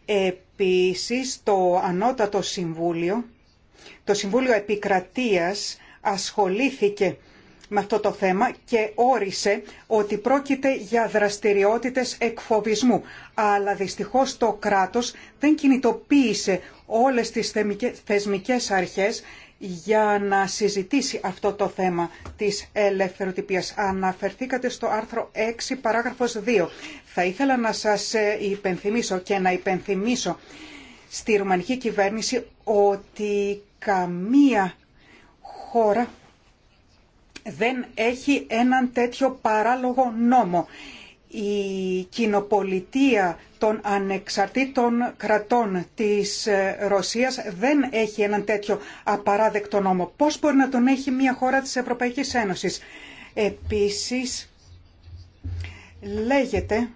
Επίσης, το Ανώτατο Συμβούλιο, το Συμβούλιο Επικρατείας ασχολήθηκε με αυτό το θέμα και όρισε ότι πρόκειται για δραστηριότητες εκφοβισμού. Αλλά δυστυχώς το κράτος δεν κινητοποίησε όλες τις θεσμικές αρχές για να συζητήσει αυτό το θέμα της ελευθεροτυπίας. Αναφερθήκατε στο άρθρο 6 παράγραφος 2. Θα ήθελα να σας ε, υπενθυμίσω και να υπενθυμίσω στη ρουμανική κυβέρνηση ότι καμία χώρα δεν έχει έναν τέτοιο παράλογο νόμο η κοινοπολιτεία των ανεξαρτήτων κρατών της ε, Ρωσίας δεν έχει έναν τέτοιο απαράδεκτο νόμο. Πώς μπορεί να τον έχει μια χώρα της Ευρωπαϊκής Ένωσης. Επίσης, λέγεται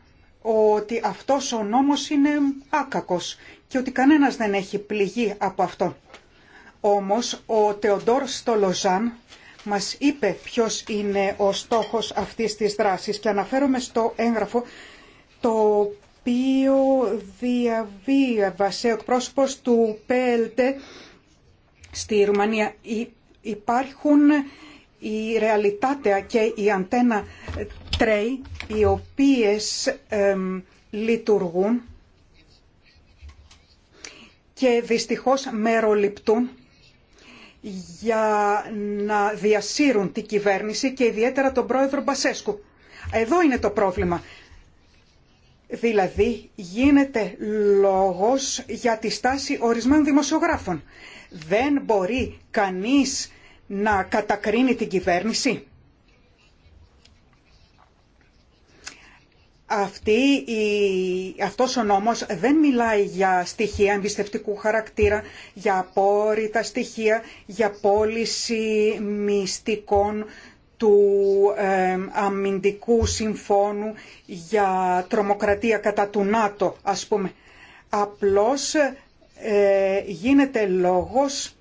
ότι αυτός ο νόμος είναι άκακος και ότι κανένας δεν έχει πληγή από αυτό. Όμως, ο Τεοντόρ Στολοζάν μας είπε ποιος είναι ο στόχος αυτής της δράσης και αναφέρομαι στο έγγραφο το οποίο διαβίβασε ο πρόσωπος του ΠΕΛΤΕ στη Ρουμανία. Υπάρχουν η ρεαλιτάτεα και η αντένα τρέι οι οποίες λειτουργούν και δυστυχώς μεροληπτούν για να διασύρουν την κυβέρνηση και ιδιαίτερα τον πρόεδρο Μπασέσκου. Εδώ είναι το πρόβλημα. Δηλαδή γίνεται λόγος για τη στάση ορισμένων δημοσιογράφων. Δεν μπορεί κανείς να κατακρίνει την κυβέρνηση. αυτή η, αυτός ο νόμος δεν μιλάει για στοιχεία εμπιστευτικού χαρακτήρα, για απόρριτα στοιχεία, για πώληση μυστικών του ε, αμυντικού συμφώνου, για τρομοκρατία κατά του ΝΑΤΟ, ας πούμε. Απλώς ε, γίνεται λόγος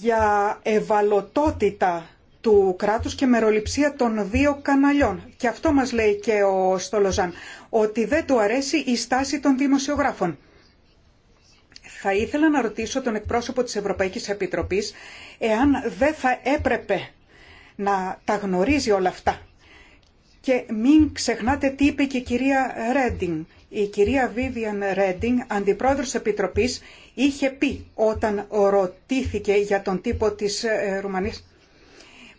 για ευαλωτότητα του κράτους και μεροληψία των δύο καναλιών. Και αυτό μας λέει και ο Στολοζάν, ότι δεν του αρέσει η στάση των δημοσιογράφων. Θα ήθελα να ρωτήσω τον εκπρόσωπο της Ευρωπαϊκής Επιτροπής εάν δεν θα έπρεπε να τα γνωρίζει όλα αυτά. Και μην ξεχνάτε τι είπε και η κυρία Ρέντινγκ. Η κυρία Βίβιαν Ρέντινγκ, αντιπρόεδρος Επιτροπής, είχε πει όταν ρωτήθηκε για τον τύπο της ε, Ρουμανίας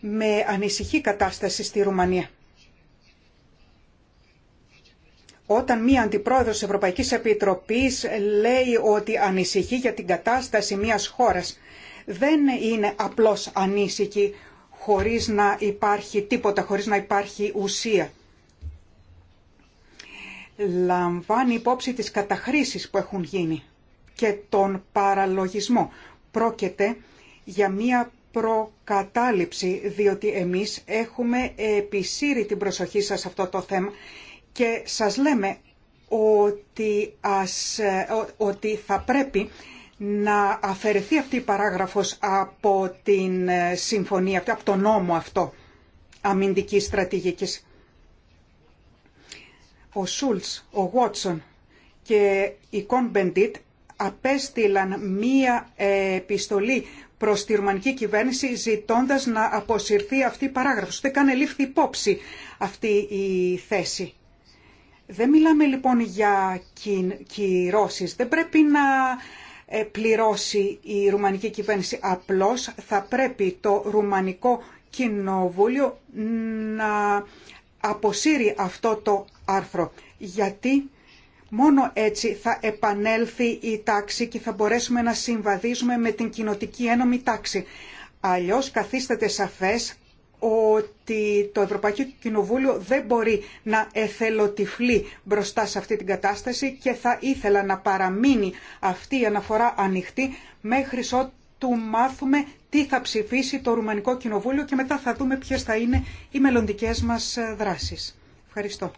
με ανησυχή κατάσταση στη Ρουμανία. Όταν μία αντιπρόεδρος της Ευρωπαϊκής Επιτροπής λέει ότι ανησυχεί για την κατάσταση μιας χώρας, δεν είναι απλώς ανήσυχη χωρίς να υπάρχει τίποτα, χωρίς να υπάρχει ουσία. Λαμβάνει υπόψη τις καταχρήσεις που έχουν γίνει και τον παραλογισμό. Πρόκειται για μία προκατάληψη, διότι εμείς έχουμε επισύρει την προσοχή σας σε αυτό το θέμα και σας λέμε ότι, θα πρέπει να αφαιρεθεί αυτή η παράγραφος από την ε, συμφωνία από τον νόμο αυτό αμυντικής στρατηγικής. Ο Σούλτς, ο Βότσον και η Κον απέστειλαν μία επιστολή προς τη ρουμανική κυβέρνηση ζητώντας να αποσυρθεί αυτή η παράγραφος. Ούτε καν ελήφθη υπόψη αυτή η θέση. Δεν μιλάμε λοιπόν για κυρώσει. Δεν πρέπει να ε, πληρώσει η ρουμανική κυβέρνηση. Απλώς θα πρέπει το ρουμανικό κοινοβούλιο να αποσύρει αυτό το άρθρο. Γιατί Μόνο έτσι θα επανέλθει η τάξη και θα μπορέσουμε να συμβαδίζουμε με την κοινοτική ένωμη τάξη. Αλλιώς καθίσταται σαφές ότι το Ευρωπαϊκό Κοινοβούλιο δεν μπορεί να εθελοτυφλεί μπροστά σε αυτή την κατάσταση και θα ήθελα να παραμείνει αυτή η αναφορά ανοιχτή μέχρι ότου μάθουμε τι θα ψηφίσει το Ρουμανικό Κοινοβούλιο και μετά θα δούμε ποιες θα είναι οι μελλοντικές μας δράσεις. Ευχαριστώ.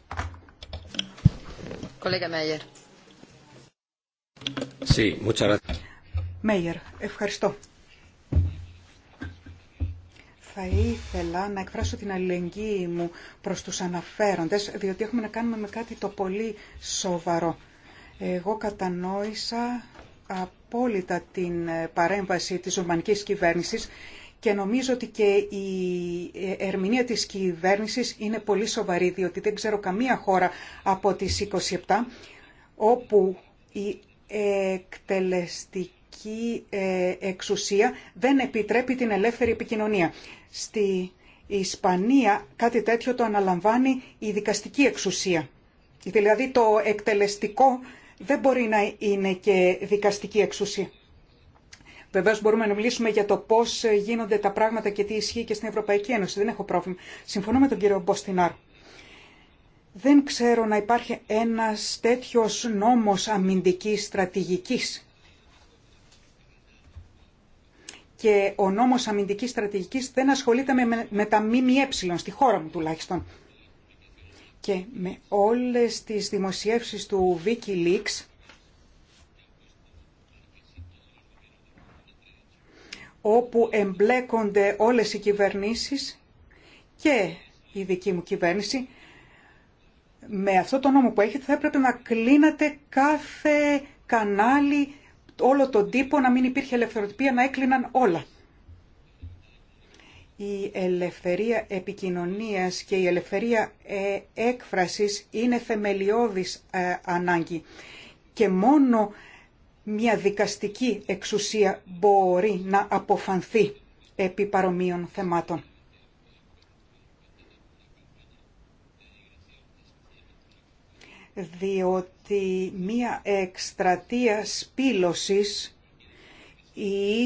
Κολέγα Μέγερ. Μέγερ, ευχαριστώ. Θα ήθελα να εκφράσω την αλληλεγγύη μου προς τους αναφέροντες, διότι έχουμε να κάνουμε με κάτι το πολύ σοβαρό. Εγώ κατανόησα απόλυτα την παρέμβαση της Ρουμανικής κυβέρνησης και νομίζω ότι και η ερμηνεία της κυβέρνησης είναι πολύ σοβαρή, διότι δεν ξέρω καμία χώρα από τις 27 όπου η εκτελεστική ε, εξουσία δεν επιτρέπει την ελεύθερη επικοινωνία. Στη Ισπανία κάτι τέτοιο το αναλαμβάνει η δικαστική εξουσία. Δηλαδή το εκτελεστικό δεν μπορεί να είναι και δικαστική εξουσία. Βεβαίω μπορούμε να μιλήσουμε για το πώς γίνονται τα πράγματα και τι ισχύει και στην Ευρωπαϊκή Ένωση. Δεν έχω πρόβλημα. Συμφωνώ με τον κύριο Μποστινάρ. Δεν ξέρω να υπάρχει ένας τέτοιο νόμος αμυντικής στρατηγικής. Και ο νόμος αμυντικής στρατηγικής δεν ασχολείται με, με τα ΜΜΕ, στη χώρα μου τουλάχιστον. Και με όλες τις δημοσιεύσεις του Wikileaks όπου εμπλέκονται όλες οι κυβερνήσεις και η δική μου κυβέρνηση. Με αυτό το νόμο που έχετε θα έπρεπε να κλείνατε κάθε κανάλι, όλο τον τύπο, να μην υπήρχε ελευθεροτυπία, να έκλειναν όλα. Η ελευθερία επικοινωνίας και η ελευθερία ε, έκφρασης είναι θεμελιώδης ε, ανάγκη και μόνο μια δικαστική εξουσία μπορεί να αποφανθεί επί παρομοίων θεμάτων. Διότι μία εκστρατεία σπήλωσης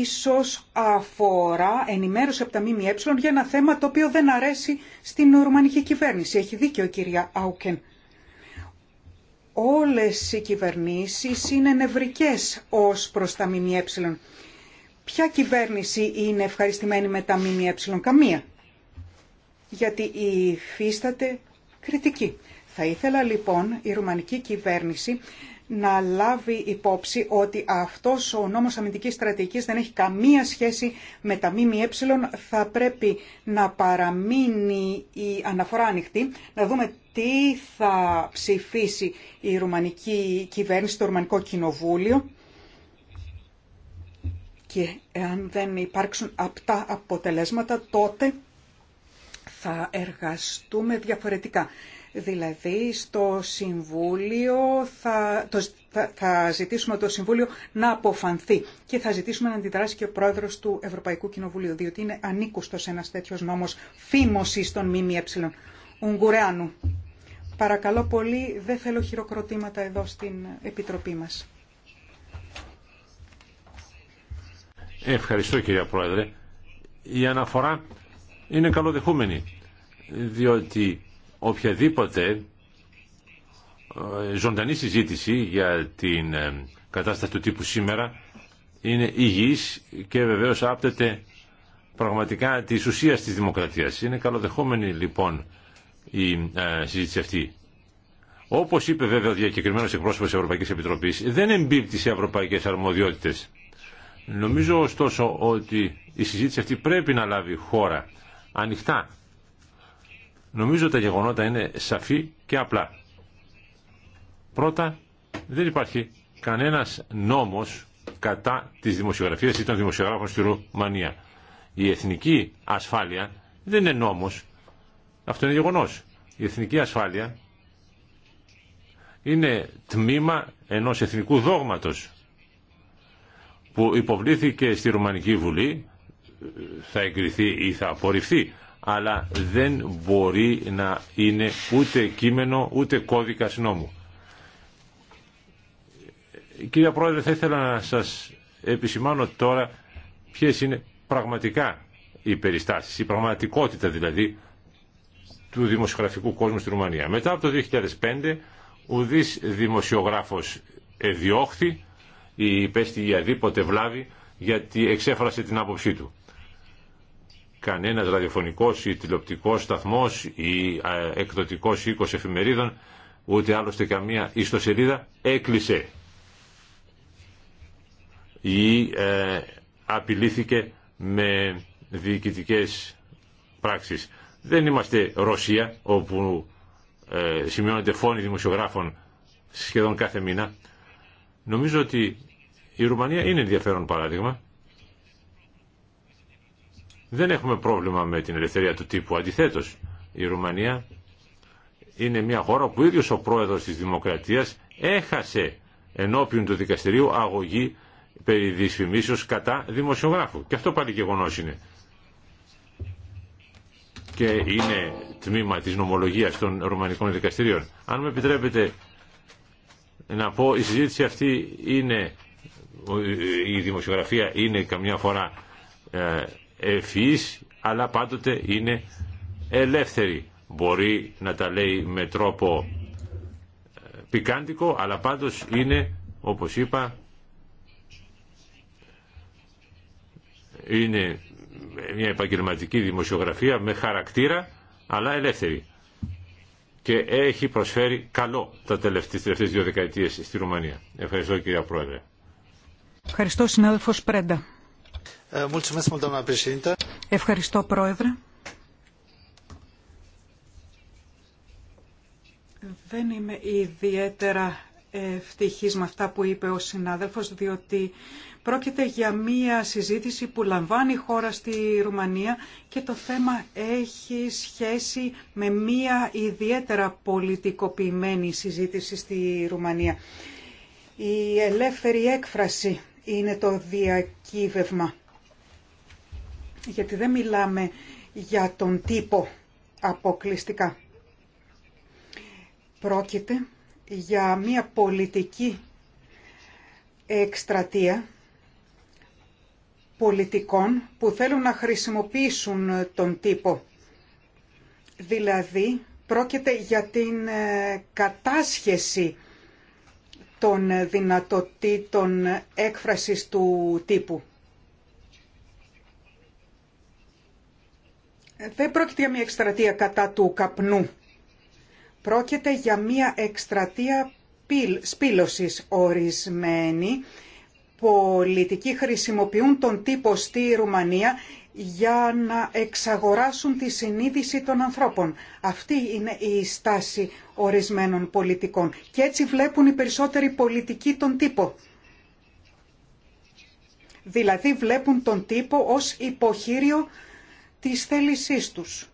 ίσως αφορά ενημέρωση από τα ΜΜΕ για ένα θέμα το οποίο δεν αρέσει στην ρουμανική κυβέρνηση. Έχει δίκιο κυρία Άουκεν όλες οι κυβερνήσεις είναι νευρικές ως προς τα ΜΜΕ. Ποια κυβέρνηση είναι ευχαριστημένη με τα ΜΜΕ, καμία. Γιατί υφίσταται κριτική. Θα ήθελα λοιπόν η ρουμανική κυβέρνηση να λάβει υπόψη ότι αυτός ο νόμος αμυντικής στρατηγικής δεν έχει καμία σχέση με τα ΜΜΕ. Θα πρέπει να παραμείνει η αναφορά ανοιχτή, να δούμε τι θα ψηφίσει η ρουμανική κυβέρνηση, το ρουμανικό κοινοβούλιο και αν δεν υπάρξουν αυτά αποτελέσματα τότε θα εργαστούμε διαφορετικά. Δηλαδή στο Συμβούλιο θα, θα, θα ζητήσουμε το Συμβούλιο να αποφανθεί και θα ζητήσουμε να αντιδράσει και ο Πρόεδρος του Ευρωπαϊκού Κοινοβουλίου διότι είναι ανήκουστος ένας τέτοιος νόμος φήμωσης των ΜΜΕ. Ουγγουρεάνου. Παρακαλώ πολύ, δεν θέλω χειροκροτήματα εδώ στην Επιτροπή μας. Ευχαριστώ κυρία Πρόεδρε. Η αναφορά είναι καλοδεχούμενη, διότι οποιαδήποτε ε, ζωντανή συζήτηση για την ε, κατάσταση του τύπου σήμερα είναι υγιής και βεβαίως άπτεται πραγματικά της ουσίας της δημοκρατίας. Είναι καλοδεχόμενη λοιπόν η ε, συζήτηση αυτή. Όπως είπε βέβαια ο διακεκριμένο εκπρόσωπο της ευρωπαϊκή Επιτροπή δεν εμπίπτει σε ευρωπαϊκέ αρμοδιότητες. Νομίζω ωστόσο ότι η συζήτηση αυτή πρέπει να λάβει χώρα ανοιχτά. Νομίζω τα γεγονότα είναι σαφή και απλά. Πρώτα, δεν υπάρχει κανένας νόμος κατά της δημοσιογραφίας ή των δημοσιογράφων στη Ρουμανία. Η εθνική ασφάλεια δεν είναι νόμος, αυτό είναι γεγονό. Η εθνική ασφάλεια είναι τμήμα ενός εθνικού δόγματος που υποβλήθηκε στη Ρουμανική Βουλή, θα εγκριθεί ή θα απορριφθεί, αλλά δεν μπορεί να είναι ούτε κείμενο ούτε κώδικα νόμου. Κύριε Πρόεδρε, θα ήθελα να σας επισημάνω τώρα ποιες είναι πραγματικά οι περιστάσεις, η πραγματικότητα δηλαδή του δημοσιογραφικού κόσμου στη Ρουμανία. Μετά από το 2005 ουδής δημοσιογράφος εδιώχθη ή υπέστη δίποτε βλάβη γιατί εξέφρασε την άποψή του. Κανένας ραδιοφωνικός ή τηλεοπτικός σταθμός ή εκδοτικός οίκος εφημερίδων ούτε άλλωστε καμία ιστοσελίδα έκλεισε ή ε, απειλήθηκε με διοικητικές πράξεις. Δεν είμαστε Ρωσία όπου ε, σημειώνονται φόνοι δημοσιογράφων σχεδόν κάθε μήνα. Νομίζω ότι η Ρουμανία είναι ενδιαφέρον παράδειγμα. Δεν έχουμε πρόβλημα με την ελευθερία του τύπου. Αντιθέτως, η Ρουμανία είναι μια χώρα που ίδιος ο πρόεδρος της Δημοκρατίας έχασε ενώπιον του δικαστηρίου αγωγή περί δυσφημίσεως κατά δημοσιογράφου. Και αυτό πάλι γεγονό είναι και είναι τμήμα της νομολογίας των ρουμανικών δικαστηρίων. Αν με επιτρέπετε να πω, η συζήτηση αυτή είναι, η δημοσιογραφία είναι καμιά φορά ε, ευφυής, αλλά πάντοτε είναι ελεύθερη. Μπορεί να τα λέει με τρόπο ε, πικάντικο, αλλά πάντως είναι, όπως είπα, είναι μια επαγγελματική δημοσιογραφία με χαρακτήρα αλλά ελεύθερη και έχει προσφέρει καλό τα τελευταίες, τελευταίες δύο δεκαετίες στη Ρουμανία. Ευχαριστώ κυρία Πρόεδρε. Ευχαριστώ συνάδελφος Πρέντα. Ε, Ευχαριστώ Πρόεδρε. Δεν είμαι ιδιαίτερα ευτυχής με αυτά που είπε ο συνάδελφος, διότι Πρόκειται για μία συζήτηση που λαμβάνει η χώρα στη Ρουμανία και το θέμα έχει σχέση με μία ιδιαίτερα πολιτικοποιημένη συζήτηση στη Ρουμανία. Η ελεύθερη έκφραση είναι το διακύβευμα. Γιατί δεν μιλάμε για τον τύπο αποκλειστικά. Πρόκειται για μια πολιτική εκστρατεία πολιτικών που θέλουν να χρησιμοποιήσουν ε, τον τύπο. Δηλαδή, πρόκειται για την ε, κατάσχεση των ε, δυνατοτήτων έκφρασης του τύπου. Δεν πρόκειται για μια εκστρατεία κατά του καπνού. Πρόκειται για μια εκστρατεία σπήλωσης ορισμένη πολιτικοί χρησιμοποιούν τον τύπο στη Ρουμανία για να εξαγοράσουν τη συνείδηση των ανθρώπων. Αυτή είναι η στάση ορισμένων πολιτικών. Και έτσι βλέπουν οι περισσότεροι πολιτικοί τον τύπο. Δηλαδή βλέπουν τον τύπο ως υποχείριο της θέλησή τους.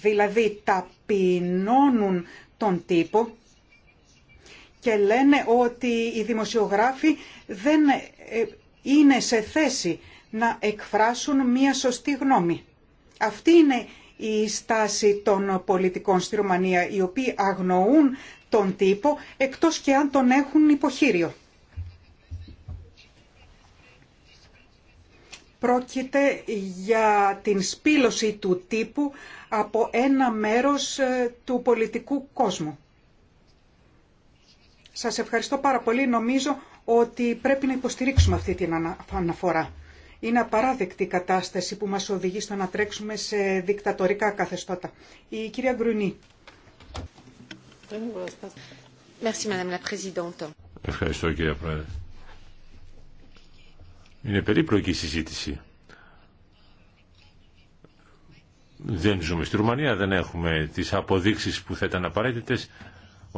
Δηλαδή ταπεινώνουν τον τύπο και λένε ότι οι δημοσιογράφοι δεν ε, είναι σε θέση να εκφράσουν μία σωστή γνώμη. Αυτή είναι η στάση των πολιτικών στη Ρουμανία, οι οποίοι αγνοούν τον τύπο, εκτός και αν τον έχουν υποχείριο. Πρόκειται για την σπήλωση του τύπου από ένα μέρος ε, του πολιτικού κόσμου. Σας ευχαριστώ πάρα πολύ. Νομίζω ότι πρέπει να υποστηρίξουμε αυτή την αναφορά. Είναι απαράδεκτη η κατάσταση που μας οδηγεί στο να τρέξουμε σε δικτατορικά καθεστώτα. Η κυρία Γκρουνή. Ευχαριστώ κυρία Πρόεδρε. Είναι περίπλοκη η συζήτηση. Δεν ζούμε στη Ρουμανία, δεν έχουμε τις αποδείξεις που θα ήταν απαραίτητες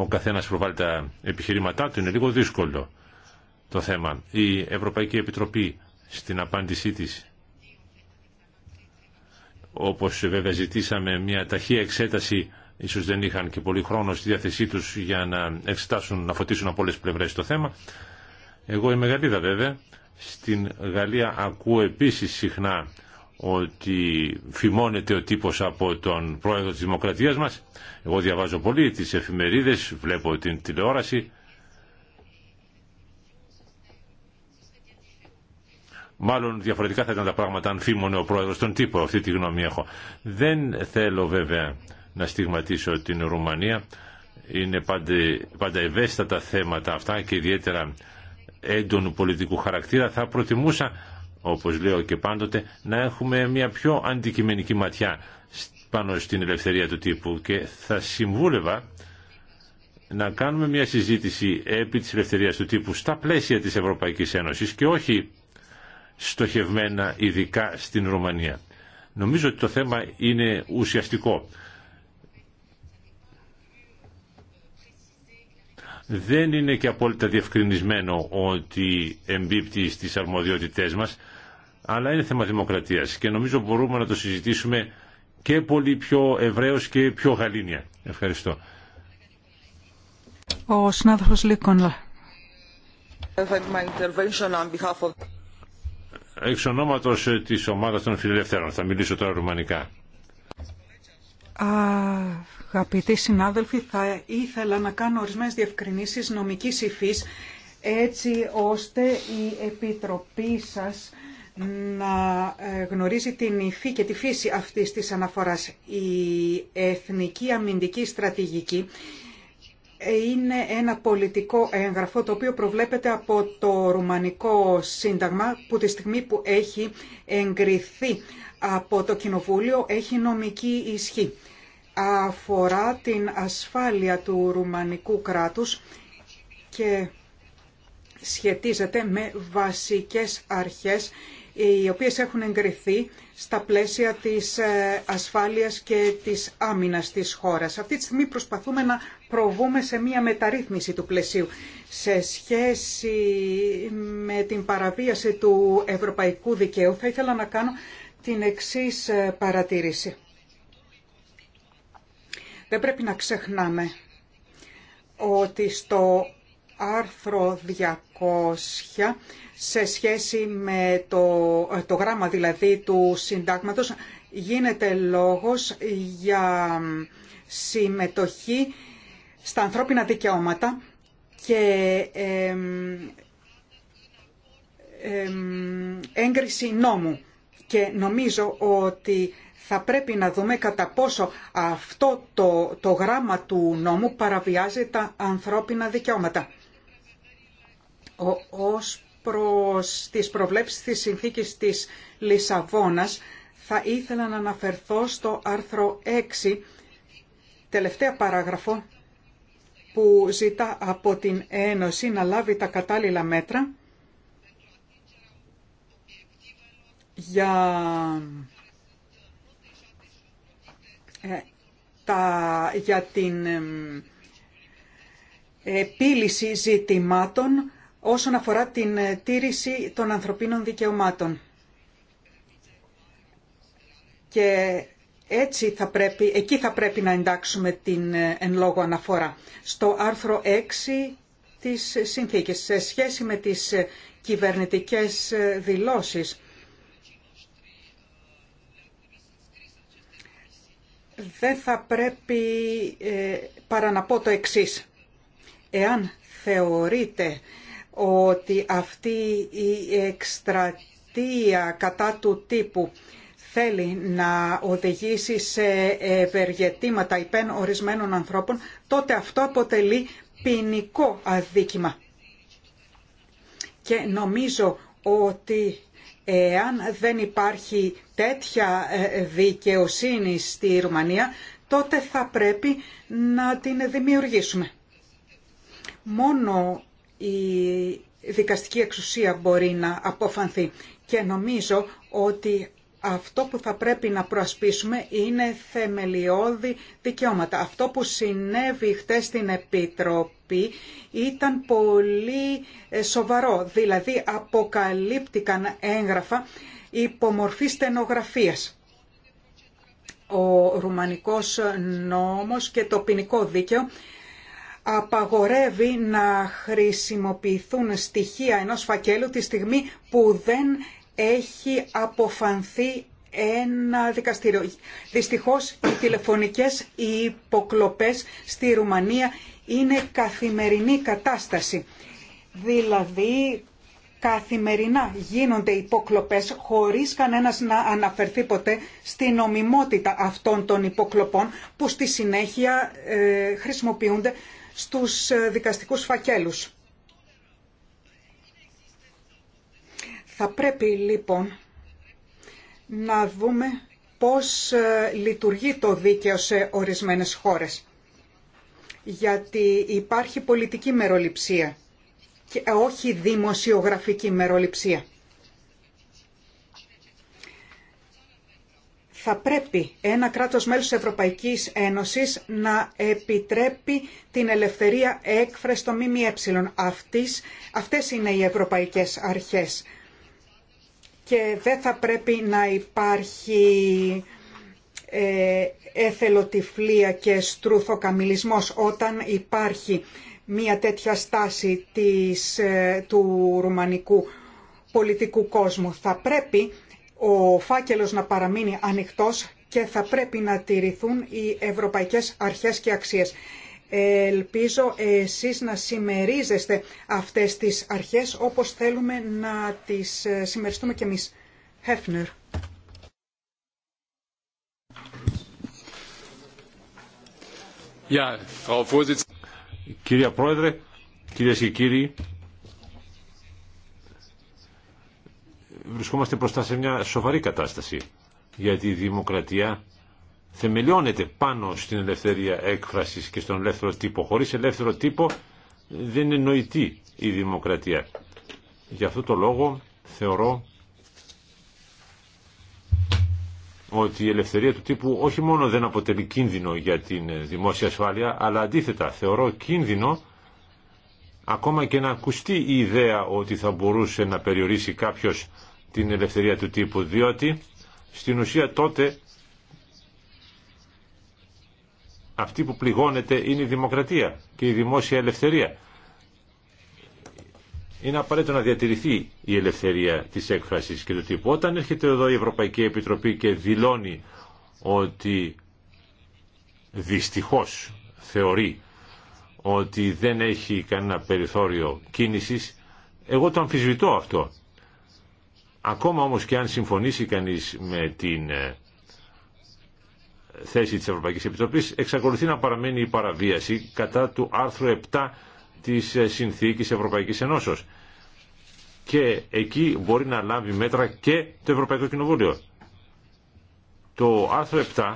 ο καθένας προβάλλει τα επιχειρήματά του, είναι λίγο δύσκολο το θέμα. Η Ευρωπαϊκή Επιτροπή στην απάντησή της, όπως βέβαια ζητήσαμε μια ταχεία εξέταση, ίσως δεν είχαν και πολύ χρόνο στη διάθεσή τους για να εξετάσουν, να φωτίσουν από όλες τις πλευρές το θέμα. Εγώ είμαι Γαλλίδα βέβαια. Στην Γαλλία ακούω επίσης συχνά ότι φημώνεται ο τύπος από τον πρόεδρο της Δημοκρατίας μας. Εγώ διαβάζω πολύ τις εφημερίδες, βλέπω την τηλεόραση. Μάλλον διαφορετικά θα ήταν τα πράγματα αν φήμωνε ο πρόεδρος τον τύπο, αυτή τη γνώμη έχω. Δεν θέλω βέβαια να στιγματίσω την Ρουμανία. Είναι πάντα, πάντα ευαίσθητα τα θέματα αυτά και ιδιαίτερα έντονου πολιτικού χαρακτήρα. Θα προτιμούσα όπως λέω και πάντοτε, να έχουμε μια πιο αντικειμενική ματιά πάνω στην ελευθερία του τύπου και θα συμβούλευα να κάνουμε μια συζήτηση επί της ελευθερίας του τύπου στα πλαίσια της Ευρωπαϊκής Ένωσης και όχι στοχευμένα ειδικά στην Ρουμανία. Νομίζω ότι το θέμα είναι ουσιαστικό. Δεν είναι και απόλυτα διευκρινισμένο ότι εμπίπτει στις αρμοδιότητές μας αλλά είναι θέμα δημοκρατίας και νομίζω μπορούμε να το συζητήσουμε και πολύ πιο ευρέως και πιο γαλήνια. Ευχαριστώ. Ο συνάδελφος Λίκονλα. Εξ ονόματος ε, της ομάδας των φιλελευθέρων. Θα μιλήσω τώρα ρουμανικά. Αγαπητοί συνάδελφοι, θα ήθελα να κάνω ορισμένες διευκρινήσεις νομικής υφής έτσι ώστε η Επιτροπή σας να ε, γνωρίζει την υφή και τη φύση αυτής της αναφοράς. Η Εθνική Αμυντική Στρατηγική ε, είναι ένα πολιτικό έγγραφο το οποίο προβλέπεται από το Ρουμανικό Σύνταγμα που τη στιγμή που έχει εγκριθεί από το Κοινοβούλιο έχει νομική ισχύ. Αφορά την ασφάλεια του Ρουμανικού κράτους και σχετίζεται με βασικές αρχές οι οποίες έχουν εγκριθεί στα πλαίσια της ε, ασφάλειας και της άμυνας της χώρας. Αυτή τη στιγμή προσπαθούμε να προβούμε σε μία μεταρρύθμιση του πλαισίου σε σχέση με την παραβίαση του ευρωπαϊκού δικαίου. Θα ήθελα να κάνω την εξής ε, παρατήρηση. Δεν πρέπει να ξεχνάμε ότι στο άρθρο 200 σε σχέση με το, το γράμμα δηλαδή του συντάγματος γίνεται λόγος για συμμετοχή στα ανθρώπινα δικαιώματα και ε, έγκριση νόμου. Και νομίζω ότι θα πρέπει να δούμε κατά πόσο αυτό το, το γράμμα του νόμου παραβιάζει τα ανθρώπινα δικαιώματα ως προς τις προβλέψεις της συνθήκης της Λισαβόνας θα ήθελα να αναφερθώ στο άρθρο 6, τελευταία παράγραφο, που ζητά από την Ένωση να λάβει τα κατάλληλα μέτρα για ε, τα, για την επίλυση ζητημάτων όσον αφορά την ε, τήρηση των ανθρωπίνων δικαιωμάτων. Και έτσι θα πρέπει, εκεί θα πρέπει να εντάξουμε την ε, εν λόγω αναφορά. Στο άρθρο 6 της συνθήκης, σε σχέση με τις ε, κυβερνητικές δηλώσεις, δεν θα πρέπει παρά να πω το εξής. Εάν θεωρείτε ότι αυτή η εκστρατεία κατά του τύπου θέλει να οδηγήσει σε ευεργετήματα υπέν ορισμένων ανθρώπων, τότε αυτό αποτελεί ποινικό αδίκημα. Και νομίζω ότι εάν δεν υπάρχει τέτοια ε, δικαιοσύνη στη Ρουμανία, τότε θα πρέπει να την δημιουργήσουμε. Μόνο η δικαστική εξουσία μπορεί να αποφανθεί. Και νομίζω ότι αυτό που θα πρέπει να προασπίσουμε είναι θεμελιώδη δικαιώματα. Αυτό που συνέβη χτες στην Επιτροπή ήταν πολύ ε, σοβαρό. Δηλαδή αποκαλύπτηκαν έγγραφα υπομορφή στενογραφίας. Ο ρουμανικός νόμος και το ποινικό δίκαιο απαγορεύει να χρησιμοποιηθούν στοιχεία ενός φακέλου τη στιγμή που δεν έχει αποφανθεί ένα δικαστήριο. Δυστυχώς οι τηλεφωνικές υποκλοπές στη Ρουμανία είναι καθημερινή κατάσταση. Δηλαδή καθημερινά γίνονται υποκλοπές χωρίς κανένας να αναφερθεί ποτέ στην νομιμότητα αυτών των υποκλοπών που στη συνέχεια ε, χρησιμοποιούνται στους ε, δικαστικούς φακέλους. Θα πρέπει λοιπόν να δούμε πώς ε, λειτουργεί το δίκαιο σε ορισμένες χώρες. Γιατί υπάρχει πολιτική μεροληψία και ε, όχι δημοσιογραφική μεροληψία. θα πρέπει ένα κράτος μέλος της Ευρωπαϊκής Ένωσης να επιτρέπει την ελευθερία έκφραση των ΜΜΕ. Αυτής, αυτές είναι οι ευρωπαϊκές αρχές. Και δεν θα πρέπει να υπάρχει ε, εθελοτυφλία και στρούθοκαμιλισμός όταν υπάρχει μια τέτοια στάση της, ε, του ρουμανικού πολιτικού κόσμου. Θα πρέπει ο φάκελος να παραμείνει ανοιχτός και θα πρέπει να τηρηθούν οι ευρωπαϊκές αρχές και αξίες. Ελπίζω εσείς να συμμερίζεστε αυτές τις αρχές όπως θέλουμε να τις ε, συμμεριστούμε κι εμείς. Hefner. Κυρία Πρόεδρε, κυρίες και κύριοι, βρισκόμαστε μπροστά σε μια σοβαρή κατάσταση. Γιατί η δημοκρατία θεμελιώνεται πάνω στην ελευθερία έκφρασης και στον ελεύθερο τύπο. Χωρίς ελεύθερο τύπο δεν είναι νοητή η δημοκρατία. Γι' αυτό το λόγο θεωρώ ότι η ελευθερία του τύπου όχι μόνο δεν αποτελεί κίνδυνο για την δημόσια ασφάλεια, αλλά αντίθετα θεωρώ κίνδυνο ακόμα και να ακουστεί η ιδέα ότι θα μπορούσε να περιορίσει κάποιος την ελευθερία του τύπου, διότι στην ουσία τότε αυτή που πληγώνεται είναι η δημοκρατία και η δημόσια ελευθερία. Είναι απαραίτητο να διατηρηθεί η ελευθερία της έκφρασης και του τύπου. Όταν έρχεται εδώ η Ευρωπαϊκή Επιτροπή και δηλώνει ότι δυστυχώς θεωρεί ότι δεν έχει κανένα περιθώριο κίνησης, εγώ το αμφισβητώ αυτό. Ακόμα όμως και αν συμφωνήσει κανείς με την ε, θέση της Ευρωπαϊκής Επιτροπής, εξακολουθεί να παραμένει η παραβίαση κατά του άρθρου 7 της ε, Συνθήκης Ευρωπαϊκής Ενώσεως. Και εκεί μπορεί να λάβει μέτρα και το Ευρωπαϊκό Κοινοβούλιο. Το άρθρο 7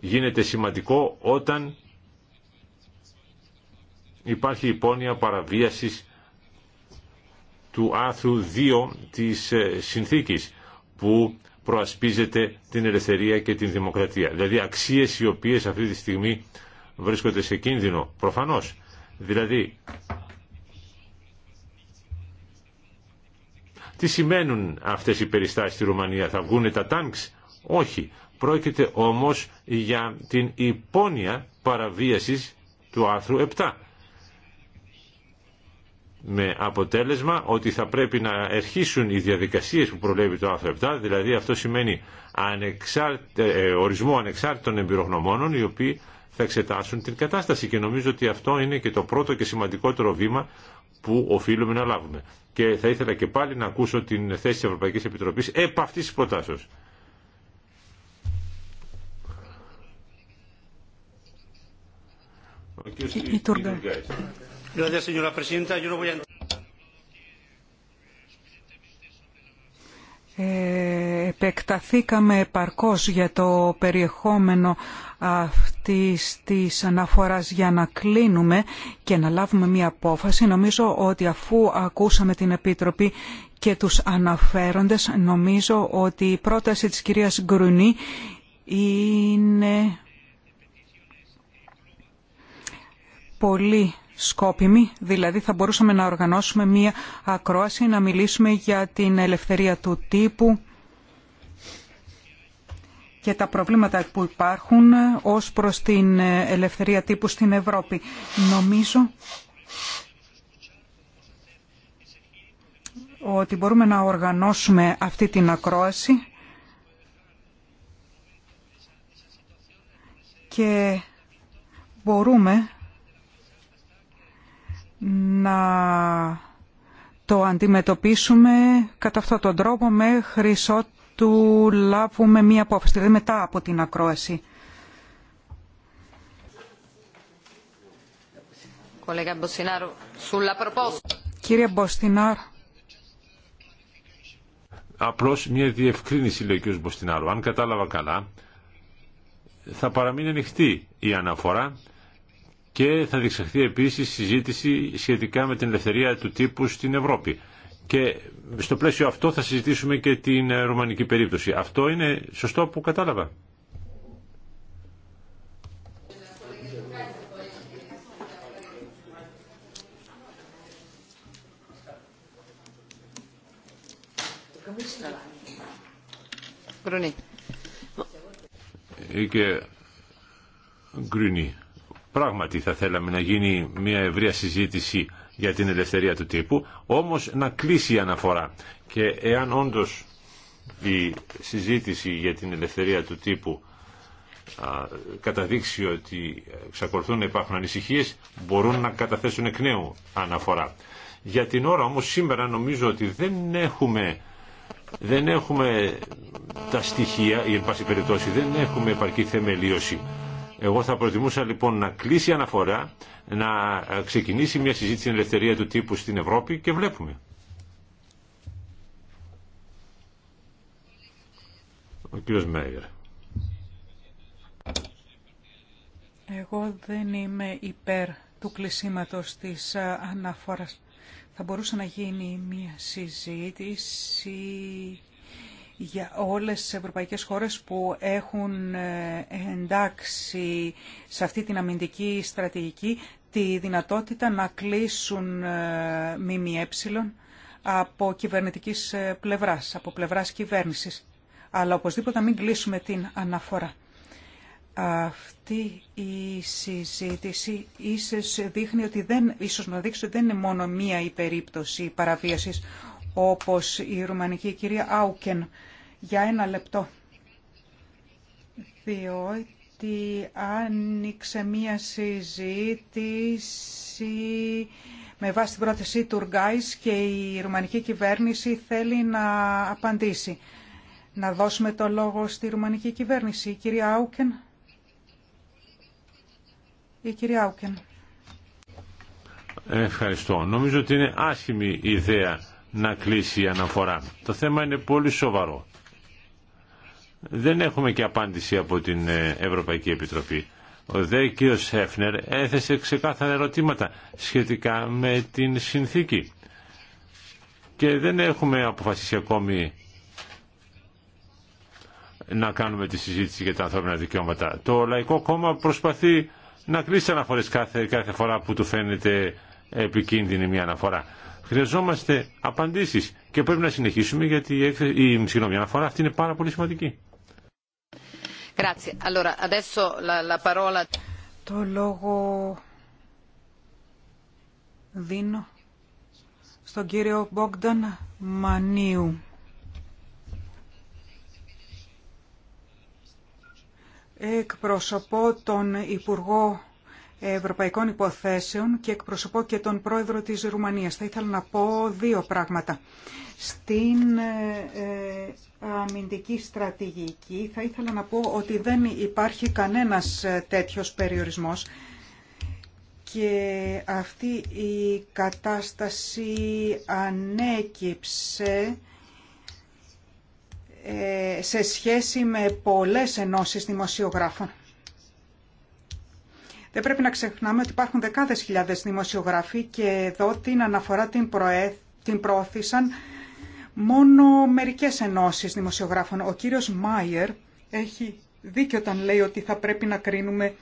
γίνεται σημαντικό όταν υπάρχει υπόνοια παραβίασης του άθρου 2 της ε, συνθήκης που προασπίζεται την ελευθερία και την δημοκρατία. Δηλαδή αξίες οι οποίες αυτή τη στιγμή βρίσκονται σε κίνδυνο, προφανώς. Δηλαδή, τι σημαίνουν αυτές οι περιστάσεις στη Ρουμανία, θα βγουν τα τάγκς, όχι. Πρόκειται όμως για την υπόνοια παραβίασης του άθρου 7 με αποτέλεσμα ότι θα πρέπει να αρχίσουν οι διαδικασίες που προλέβει το άρθρο 7, δηλαδή αυτό σημαίνει ε, ορισμό ανεξάρτητων εμπειρογνωμόνων οι οποίοι θα εξετάσουν την κατάσταση και νομίζω ότι αυτό είναι και το πρώτο και σημαντικότερο βήμα που οφείλουμε να λάβουμε. Και θα ήθελα και πάλι να ακούσω την θέση της Ευρωπαϊκής Επιτροπής επ' αυτής της προτάσεως. Ε, επεκταθήκαμε επαρκώς για το περιεχόμενο αυτής της αναφοράς για να κλείνουμε και να λάβουμε μία απόφαση. Νομίζω ότι αφού ακούσαμε την Επίτροπη και τους αναφέροντες, νομίζω ότι η πρόταση της κυρίας Γκρουνή είναι πολύ σκόπιμη, δηλαδή θα μπορούσαμε να οργανώσουμε μία ακρόαση, να μιλήσουμε για την ελευθερία του τύπου και τα προβλήματα που υπάρχουν ως προς την ελευθερία τύπου στην Ευρώπη. Νομίζω ότι μπορούμε να οργανώσουμε αυτή την ακρόαση και μπορούμε να το αντιμετωπίσουμε κατά αυτόν τον τρόπο μέχρι ότου λάβουμε μία απόφαση, δηλαδή μετά από την ακρόαση. Κύριε Μποστινάρ. Απλώς μια διευκρίνηση λέει ο Μποστινάρου. Αν κατάλαβα καλά, θα παραμείνει ανοιχτή η αναφορά και θα διεξαχθεί επίσης συζήτηση σχετικά με την ελευθερία του τύπου στην Ευρώπη. Και στο πλαίσιο αυτό θα συζητήσουμε και την ε, ρουμανική περίπτωση. Αυτό είναι σωστό που κατάλαβα. Γκρουνί. Πράγματι θα θέλαμε να γίνει μια ευρεία συζήτηση για την ελευθερία του τύπου, όμως να κλείσει η αναφορά. Και εάν όντως η συζήτηση για την ελευθερία του τύπου καταδείξει ότι εξακολουθούν να υπάρχουν ανησυχίες, μπορούν να καταθέσουν εκ νέου αναφορά. Για την ώρα όμως σήμερα νομίζω ότι δεν έχουμε, δεν έχουμε τα στοιχεία, ή εν πάση περιπτώσει δεν έχουμε επαρκή θεμελίωση εγώ θα προτιμούσα λοιπόν να κλείσει αναφορά, να ξεκινήσει μια συζήτηση ελευθερία του τύπου στην Ευρώπη και βλέπουμε. Ο κύριος Μέγερ. Εγώ δεν είμαι υπέρ του κλεισίματος της ε, αναφοράς. Θα μπορούσε να γίνει μια συζήτηση για όλες τις ευρωπαϊκές χώρες που έχουν ε, εντάξει σε αυτή την αμυντική στρατηγική τη δυνατότητα να κλείσουν ε, ΜΜΕ από κυβερνητικής ε, πλευράς, από πλευράς κυβέρνησης. Αλλά οπωσδήποτε να μην κλείσουμε την αναφορά. Αυτή η συζήτηση ίσως, δείχνει ότι δεν, ίσως να δείξει ότι δεν είναι μόνο μία η περίπτωση παραβίασης όπως η ρουμανική κυρία Άουκεν για ένα λεπτό. Διότι άνοιξε μία συζήτηση με βάση την πρόθεση του και η ρουμανική κυβέρνηση θέλει να απαντήσει. Να δώσουμε το λόγο στη ρουμανική κυβέρνηση. Η κυρία Άουκεν. Η κυρία Άουκεν. Ευχαριστώ. Νομίζω ότι είναι άσχημη ιδέα να κλείσει η αναφορά. Το θέμα είναι πολύ σοβαρό δεν έχουμε και απάντηση από την ε, Ευρωπαϊκή Επιτροπή. Ο δε κ. Σέφνερ έθεσε ξεκάθαρα ερωτήματα σχετικά με την συνθήκη. Και δεν έχουμε αποφασίσει ακόμη να κάνουμε τη συζήτηση για τα ανθρώπινα δικαιώματα. Το Λαϊκό Κόμμα προσπαθεί να κλείσει αναφορές κάθε, κάθε φορά που του φαίνεται επικίνδυνη μια αναφορά. Χρειαζόμαστε απαντήσεις και πρέπει να συνεχίσουμε γιατί η, η, η αναφορά αυτή είναι πάρα πολύ σημαντική. Το λόγο δίνω στον κύριο Μπόγκταν Μανίου. Εκπροσωπώ τον Υπουργό Ευρωπαϊκών Υποθέσεων και εκπροσωπώ και τον πρόεδρο της Ρουμανίας. Θα ήθελα να πω δύο πράγματα. Στην ε, ε, αμυντική στρατηγική θα ήθελα να πω ότι δεν υπάρχει κανένας ε, τέτοιος περιορισμός και αυτή η κατάσταση ανέκυψε σε σχέση με πολλές ενώσεις δημοσιογράφων. Δεν πρέπει να ξεχνάμε ότι υπάρχουν δεκάδες χιλιάδες δημοσιογράφοι και εδώ την αναφορά την, προώθησαν μόνο μερικές ενώσεις δημοσιογράφων. Ο κύριος Μάιερ έχει δίκιο όταν λέει ότι θα πρέπει να κρίνουμε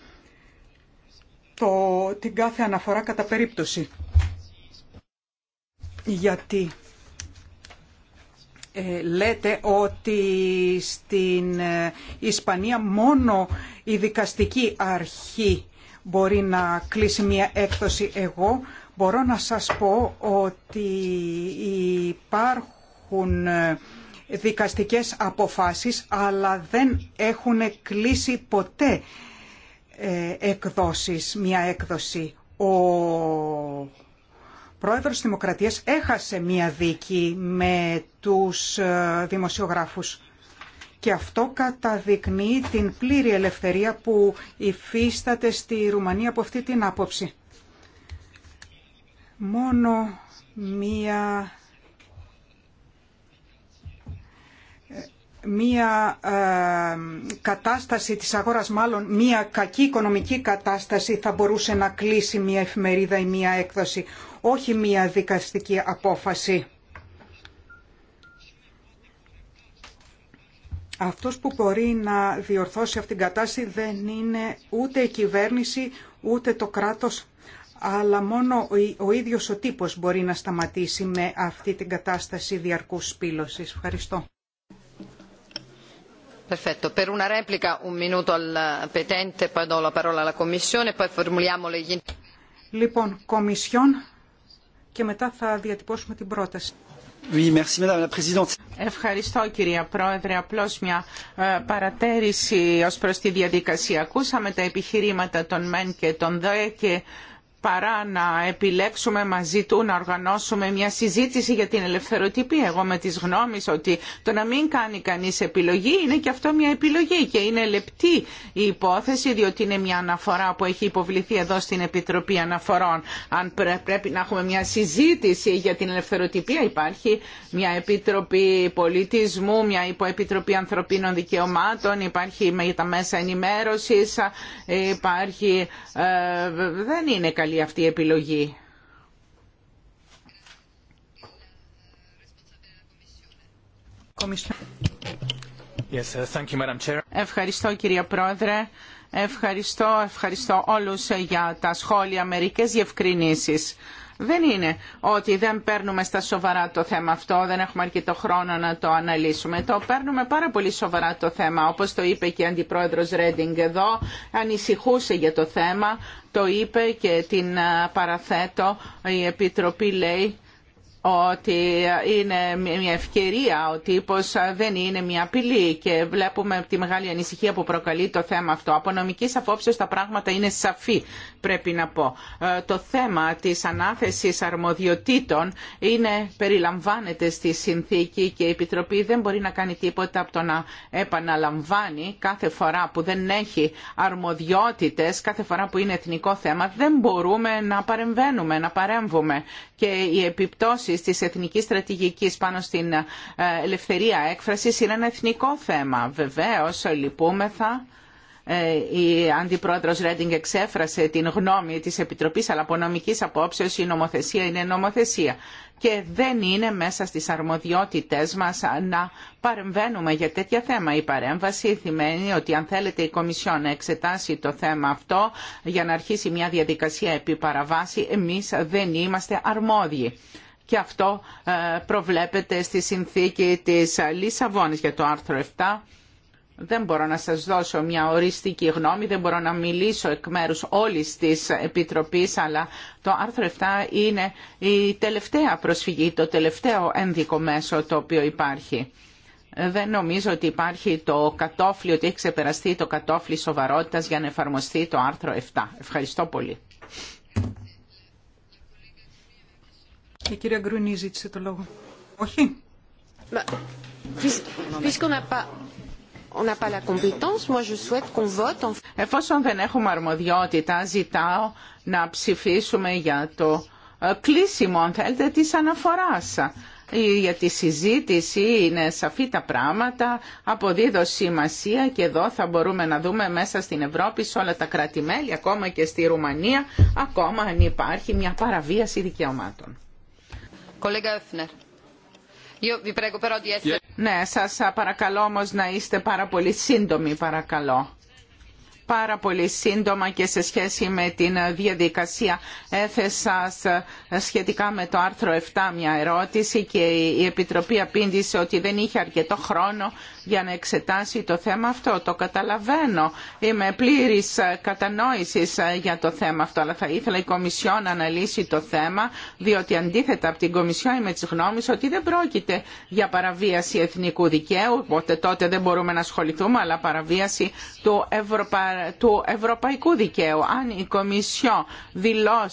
το... την κάθε αναφορά κατά περίπτωση. Γιατί ε, λέτε ότι στην ε, Ισπανία μόνο η δικαστική αρχή μπορεί να κλείσει μια έκδοση. Εγώ μπορώ να σας πω ότι υπάρχουν ε, δικαστικές αποφάσεις αλλά δεν έχουν κλείσει ποτέ ε, εκδόσεις, μια έκδοση. Ο πρόεδρος της Δημοκρατίας έχασε μια δίκη με τους ε, δημοσιογράφους και αυτό καταδεικνύει την πλήρη ελευθερία που υφίσταται στη Ρουμανία από αυτή την άποψη. Μόνο μία μία ε, κατάσταση της αγοράς, μάλλον μία κακή οικονομική κατάσταση θα μπορούσε να κλείσει μία εφημερίδα ή μία έκδοση, όχι μία δικαστική απόφαση. αυτός που μπορεί να διορθώσει αυτήν την κατάσταση δεν είναι ούτε η κυβέρνηση ούτε το κράτος αλλά μόνο ο ίδιος ο τύπος μπορεί να σταματήσει με αυτή την κατάσταση διαρκούς σπήλωσης. Ευχαριστώ. Perfetto. Per una replica un minuto al petente, poi do la parola alla Commissione, poi formuliamo Λοιπόν, Κομισιόν και μετά θα διατυπώσουμε την πρόταση. Ευχαριστώ κυρία Πρόεδρε. Απλώς μια ε, παρατήρηση ως προς τη διαδικασία. Ακούσαμε τα επιχειρήματα των ΜΕΝ και των ΔΕ και παρά να επιλέξουμε μαζί του να οργανώσουμε μια συζήτηση για την ελευθεροτυπία. Εγώ με τις γνώμες ότι το να μην κάνει κανείς επιλογή είναι και αυτό μια επιλογή και είναι λεπτή η υπόθεση διότι είναι μια αναφορά που έχει υποβληθεί εδώ στην Επιτροπή Αναφορών. Αν πρέπει να έχουμε μια συζήτηση για την ελευθεροτυπία υπάρχει μια Επιτροπή Πολιτισμού, μια Υποεπιτροπή Ανθρωπίνων Δικαιωμάτων, υπάρχει τα μέσα ενημέρωσης, υπάρχει... Ε, δεν είναι καλή αυτή η επιλογή. Uh, ευχαριστώ κύριε Πρόεδρε. Ευχαριστώ, ευχαριστώ όλους για τα σχόλια, μερικές διευκρινήσεις δεν είναι ότι δεν παίρνουμε στα σοβαρά το θέμα αυτό, δεν έχουμε αρκετό χρόνο να το αναλύσουμε. Το παίρνουμε πάρα πολύ σοβαρά το θέμα. Όπως το είπε και η Αντιπρόεδρος Ρέντινγκ εδώ, ανησυχούσε για το θέμα, το είπε και την παραθέτω. Η Επιτροπή λέει ότι είναι μια ευκαιρία, ο τύπος δεν είναι μια απειλή και βλέπουμε τη μεγάλη ανησυχία που προκαλεί το θέμα αυτό. Από νομικής απόψεως τα πράγματα είναι σαφή πρέπει να πω. Ε, το θέμα της ανάθεσης αρμοδιοτήτων είναι, περιλαμβάνεται στη συνθήκη και η Επιτροπή δεν μπορεί να κάνει τίποτα από το να επαναλαμβάνει κάθε φορά που δεν έχει αρμοδιότητες, κάθε φορά που είναι εθνικό θέμα, δεν μπορούμε να παρεμβαίνουμε, να παρέμβουμε. Και οι επιπτώσεις της εθνικής στρατηγικής πάνω στην ε, ελευθερία έκφρασης είναι ένα εθνικό θέμα. Βεβαίως, λυπούμεθα ε, η Αντιπρόεδρος Ρέντινγκ εξέφρασε την γνώμη της Επιτροπής, αλλά από νομικής απόψεως η νομοθεσία είναι νομοθεσία και δεν είναι μέσα στις αρμοδιότητές μας να παρεμβαίνουμε για τέτοια θέμα. Η παρέμβαση θυμαίνει ότι αν θέλετε η Κομισιόν να εξετάσει το θέμα αυτό για να αρχίσει μια διαδικασία επί παραβάση, εμείς δεν είμαστε αρμόδιοι και αυτό ε, προβλέπεται στη συνθήκη της Λισαβόνη για το άρθρο 7 δεν μπορώ να σας δώσω μια οριστική γνώμη, δεν μπορώ να μιλήσω εκ μέρους όλης της Επιτροπής, αλλά το άρθρο 7 είναι η τελευταία προσφυγή, το τελευταίο ένδικο μέσο το οποίο υπάρχει. Δεν νομίζω ότι υπάρχει το κατόφλι, ότι έχει ξεπεραστεί το κατόφλι σοβαρότητας για να εφαρμοστεί το άρθρο 7. Ευχαριστώ πολύ. το λόγο. Όχι. Εφόσον δεν έχουμε αρμοδιότητα, ζητάω να ψηφίσουμε για το ε, κλείσιμο, αν θέλετε, της αναφοράς. Για τη συζήτηση είναι σαφή τα πράγματα, αποδίδω σημασία και εδώ θα μπορούμε να δούμε μέσα στην Ευρώπη, σε όλα τα κράτη-μέλη, ακόμα και στη Ρουμανία, ακόμα αν υπάρχει μια παραβίαση δικαιωμάτων. Κολέγα Εφνερ. Ναι, σας παρακαλώ όμω να είστε πάρα πολύ σύντομοι, παρακαλώ. Πάρα πολύ σύντομα και σε σχέση με την διαδικασία έθεσα σχετικά με το άρθρο 7 μια ερώτηση και η Επιτροπή απήντησε ότι δεν είχε αρκετό χρόνο για να εξετάσει το θέμα αυτό. Το καταλαβαίνω. Είμαι πλήρη κατανόηση ε, για το θέμα αυτό, αλλά θα ήθελα η Κομισιό να αναλύσει το θέμα, διότι αντίθετα από την Κομισιό είμαι τη γνώμη ότι δεν πρόκειται για παραβίαση εθνικού δικαίου, οπότε τότε δεν μπορούμε να ασχοληθούμε, αλλά παραβίαση του, του ευρωπαϊκού δικαίου. Αν η Κομισιό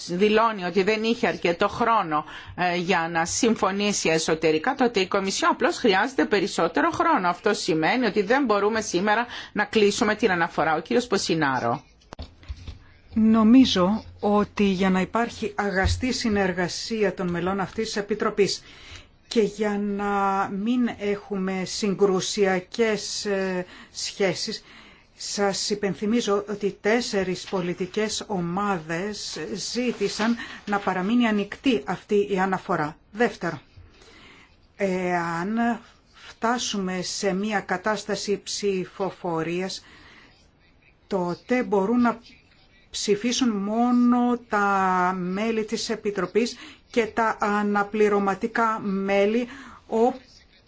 δηλώνει ότι δεν είχε αρκετό χρόνο ε, για να συμφωνήσει εσωτερικά, τότε η Κομισιόν απλώ χρειάζεται περισσότερο χρόνο. Αυτό σημαίνει ότι δεν μπορούμε σήμερα να κλείσουμε την αναφορά. Ο κύριος Ποσινάρο. Νομίζω ότι για να υπάρχει αγαστή συνεργασία των μελών αυτής της Επιτροπής και για να μην έχουμε συγκρουσιακές ε, σχέσεις, σας υπενθυμίζω ότι τέσσερις πολιτικές ομάδες ζήτησαν να παραμείνει ανοιχτή αυτή η αναφορά. Δεύτερο, εάν φτάσουμε σε μια κατάσταση ψηφοφορίας, τότε μπορούν να ψηφίσουν μόνο τα μέλη της Επιτροπής και τα αναπληρωματικά μέλη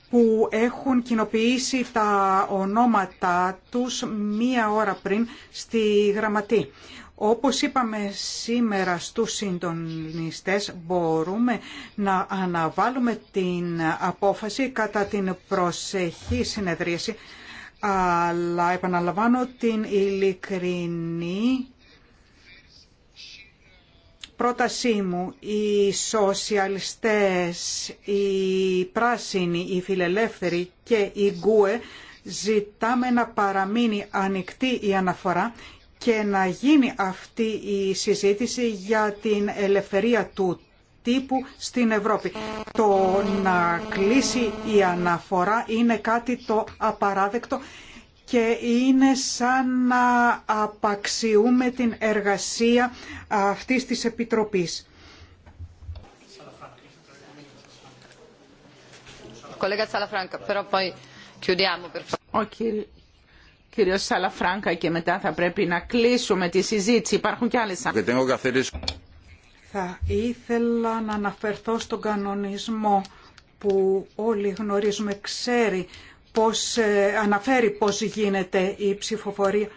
που έχουν κοινοποιήσει τα ονόματά τους μία ώρα πριν στη γραμματή. Όπως είπαμε σήμερα στους συντονιστές, μπορούμε να αναβάλουμε την απόφαση κατά την προσεχή συνεδρίαση, αλλά επαναλαμβάνω την ειλικρινή πρότασή μου. Οι σοσιαλιστές, οι πράσινοι, οι φιλελεύθεροι και οι γκουε ζητάμε να παραμείνει ανοιχτή η αναφορά και να γίνει αυτή η συζήτηση για την ελευθερία του τύπου στην Ευρώπη. Το να κλείσει η αναφορά είναι κάτι το απαράδεκτο και είναι σαν να απαξιούμε την εργασία αυτής της Επιτροπής. Ο κυρίως Σαλαφράγκα και μετά θα πρέπει να κλείσουμε τη συζήτηση. Υπάρχουν και άλλες... Θα ήθελα να αναφερθώ στον κανονισμό που όλοι γνωρίζουμε, ξέρει πώς, ε, αναφέρει πώς γίνεται η ψηφοφορία.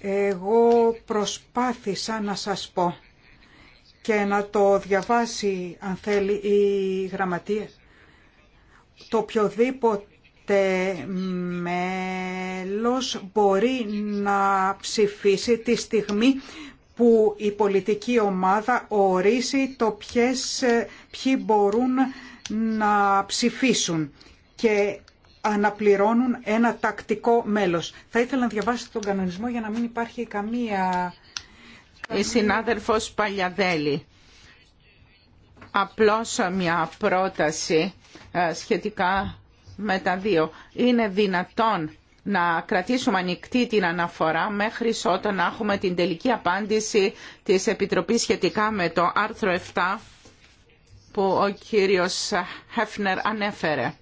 Εγώ προσπάθησα να σας πω και να το διαβάσει αν θέλει η γραμματεία. Το οποιοδήποτε κάθε μέλος μπορεί να ψηφίσει τη στιγμή που η πολιτική ομάδα ορίσει το ποιες, ποιοι μπορούν να ψηφίσουν και αναπληρώνουν ένα τακτικό μέλος. Θα ήθελα να διαβάσετε τον κανονισμό για να μην υπάρχει καμία... Η συνάδελφος Παλιαδέλη. Απλώς μια πρόταση ε, σχετικά με δύο. Είναι δυνατόν να κρατήσουμε ανοιχτή την αναφορά μέχρι όταν έχουμε την τελική απάντηση της Επιτροπής σχετικά με το άρθρο 7 που ο κύριος Χέφνερ ανέφερε.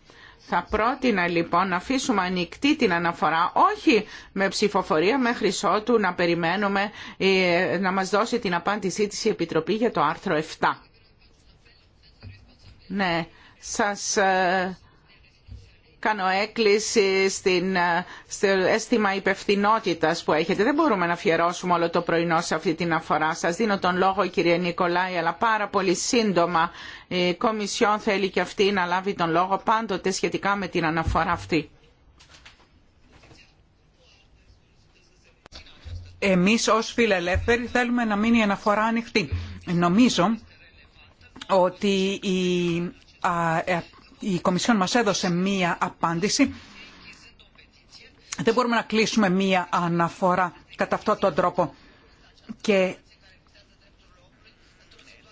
Θα πρότεινα λοιπόν να αφήσουμε ανοιχτή την αναφορά, όχι με ψηφοφορία μέχρι ότου να περιμένουμε ε, να μας δώσει την απάντησή της η Επιτροπή για το άρθρο 7. Ναι, σας ε, κάνω έκκληση ε, στο αίσθημα υπευθυνότητα που έχετε. Δεν μπορούμε να αφιερώσουμε όλο το πρωινό σε αυτή την αφορά. Σα δίνω τον λόγο, κυρία Νικολάη, αλλά πάρα πολύ σύντομα η Κομισιόν θέλει και αυτή να λάβει τον λόγο πάντοτε σχετικά με την αναφορά αυτή. Εμείς ως φιλελεύθεροι θέλουμε να μείνει η αναφορά ανοιχτή. Νομίζω ότι η ε, η Κομισιόν μας έδωσε μία απάντηση. Δεν μπορούμε να κλείσουμε μία αναφορά κατά αυτόν τον τρόπο. Και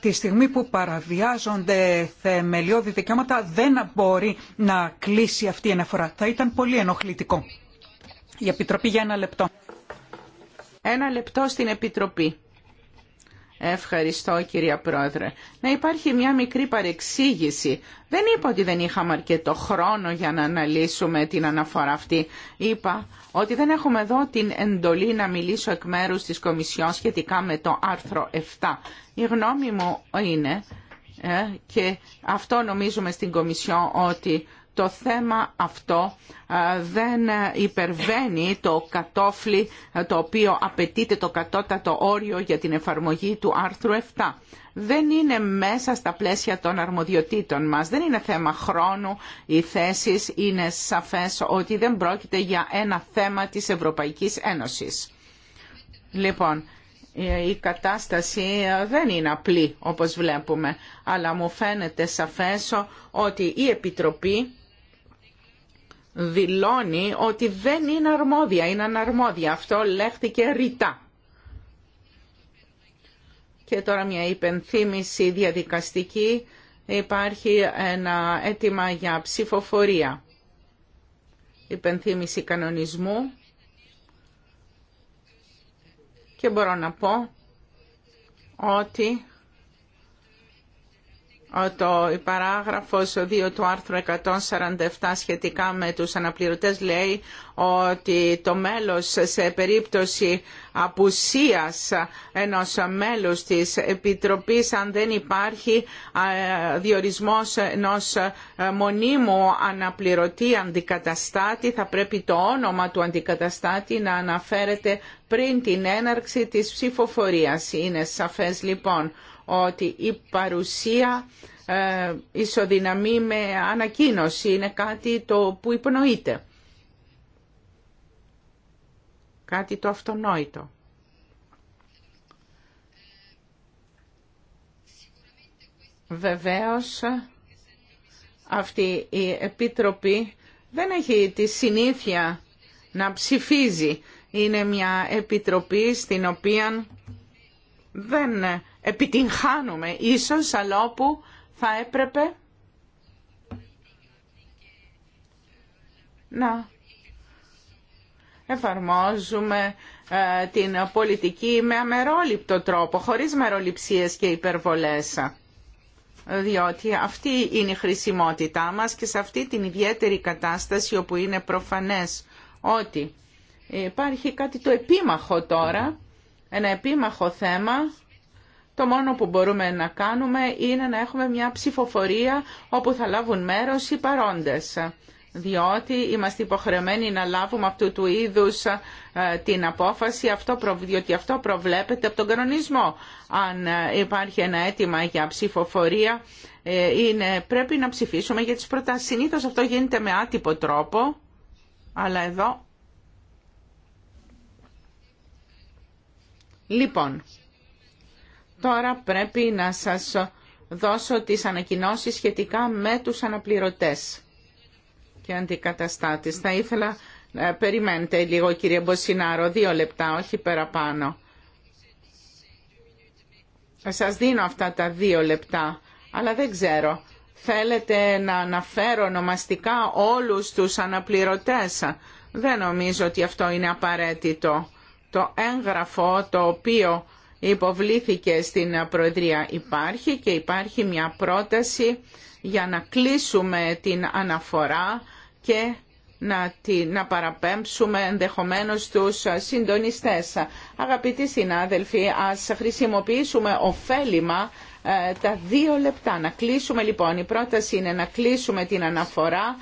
τη στιγμή που παραβιάζονται θεμελιώδη δικαιώματα δεν μπορεί να κλείσει αυτή η αναφορά. Θα ήταν πολύ ενοχλητικό. Η Επιτροπή για ένα λεπτό. Ένα λεπτό στην Επιτροπή. Ευχαριστώ κυρία Πρόεδρε. Να υπάρχει μια μικρή παρεξήγηση. Δεν είπα ότι δεν είχαμε αρκετό χρόνο για να αναλύσουμε την αναφορά αυτή. Είπα ότι δεν έχουμε εδώ την εντολή να μιλήσω εκ μέρου της Κομισιόν σχετικά με το άρθρο 7. Η γνώμη μου είναι ε, και αυτό νομίζουμε στην Κομισιόν ότι το θέμα αυτό ε, δεν υπερβαίνει το κατόφλι ε, το οποίο απαιτείται το κατώτατο όριο για την εφαρμογή του άρθρου 7. Δεν είναι μέσα στα πλαίσια των αρμοδιοτήτων μας, δεν είναι θέμα χρόνου, οι θέσεις είναι σαφές ότι δεν πρόκειται για ένα θέμα της Ευρωπαϊκής Ένωσης. Λοιπόν, η κατάσταση ε, δεν είναι απλή όπως βλέπουμε, αλλά μου φαίνεται σαφές ότι η Επιτροπή δηλώνει ότι δεν είναι αρμόδια, είναι αναρμόδια. Αυτό λέχθηκε ρητά. Και τώρα μια υπενθύμηση διαδικαστική. Υπάρχει ένα αίτημα για ψηφοφορία. Υπενθύμηση κανονισμού. Και μπορώ να πω ότι το παράγραφος 2 του άρθρου 147 σχετικά με τους αναπληρωτές λέει ότι το μέλος σε περίπτωση απουσίας ενός μέλους της Επιτροπής αν δεν υπάρχει διορισμός ενός μονίμου αναπληρωτή αντικαταστάτη θα πρέπει το όνομα του αντικαταστάτη να αναφέρεται πριν την έναρξη της ψηφοφορίας. Είναι σαφές λοιπόν ότι η παρουσία ε, ισοδυναμεί με ανακοίνωση είναι κάτι το που υπονοείται. Κάτι το αυτονόητο. Βεβαίως αυτή η Επίτροπη δεν έχει τη συνήθεια να ψηφίζει. Είναι μια Επιτροπή στην οποία δεν επιτυγχάνουμε ίσως, αλλά όπου θα έπρεπε να εφαρμόζουμε ε, την πολιτική με αμερόληπτο τρόπο, χωρίς μεροληψίες και υπερβολές. Διότι αυτή είναι η χρησιμότητά μας και σε αυτή την ιδιαίτερη κατάσταση όπου είναι προφανές ότι υπάρχει κάτι το επίμαχο τώρα, ένα επίμαχο θέμα το μόνο που μπορούμε να κάνουμε είναι να έχουμε μια ψηφοφορία όπου θα λάβουν μέρος οι παρόντες διότι είμαστε υποχρεωμένοι να λάβουμε αυτού του είδους ε, την απόφαση, αυτό διότι αυτό προβλέπεται από τον κανονισμό. Αν ε, υπάρχει ένα αίτημα για ψηφοφορία, ε, είναι, πρέπει να ψηφίσουμε για τις προτάσεις. Συνήθως αυτό γίνεται με άτυπο τρόπο, αλλά εδώ... Λοιπόν, Τώρα πρέπει να σας δώσω τις ανακοινώσεις σχετικά με τους αναπληρωτές και αντικαταστάτες. Θα ήθελα να ε, περιμένετε λίγο κύριε Μποσινάρο, δύο λεπτά, όχι παραπάνω. Σας δίνω αυτά τα δύο λεπτά, αλλά δεν ξέρω. Θέλετε να αναφέρω ονομαστικά όλους τους αναπληρωτές. Δεν νομίζω ότι αυτό είναι απαραίτητο. Το έγγραφο το οποίο υποβλήθηκε στην Προεδρία υπάρχει και υπάρχει μια πρόταση για να κλείσουμε την αναφορά και να, τη, να παραπέμψουμε ενδεχομένως τους συντονιστές. Αγαπητοί συνάδελφοι, ας χρησιμοποιήσουμε ωφέλιμα ε, τα δύο λεπτά. Να κλείσουμε λοιπόν, η πρόταση είναι να κλείσουμε την αναφορά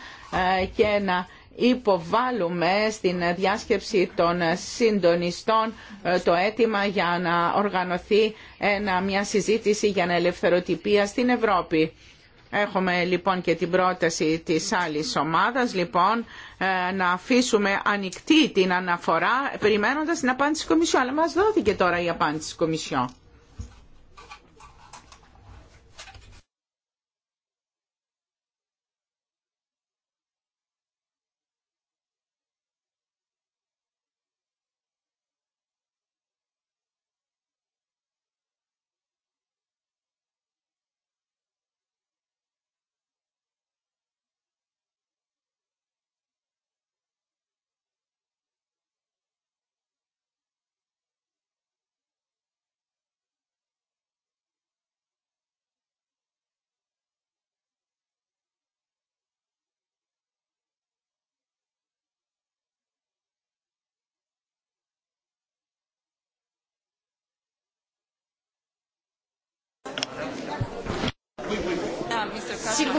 ε, και να υποβάλλουμε στην διάσκεψη των συντονιστών ε, το αίτημα για να οργανωθεί ένα, μια συζήτηση για να ελευθεροτυπία στην Ευρώπη. Έχουμε λοιπόν και την πρόταση της άλλης ομάδας λοιπόν ε, να αφήσουμε ανοιχτή την αναφορά περιμένοντας την απάντηση της Κομισιό. Αλλά μας δόθηκε τώρα η απάντηση της Κομισιό. S'il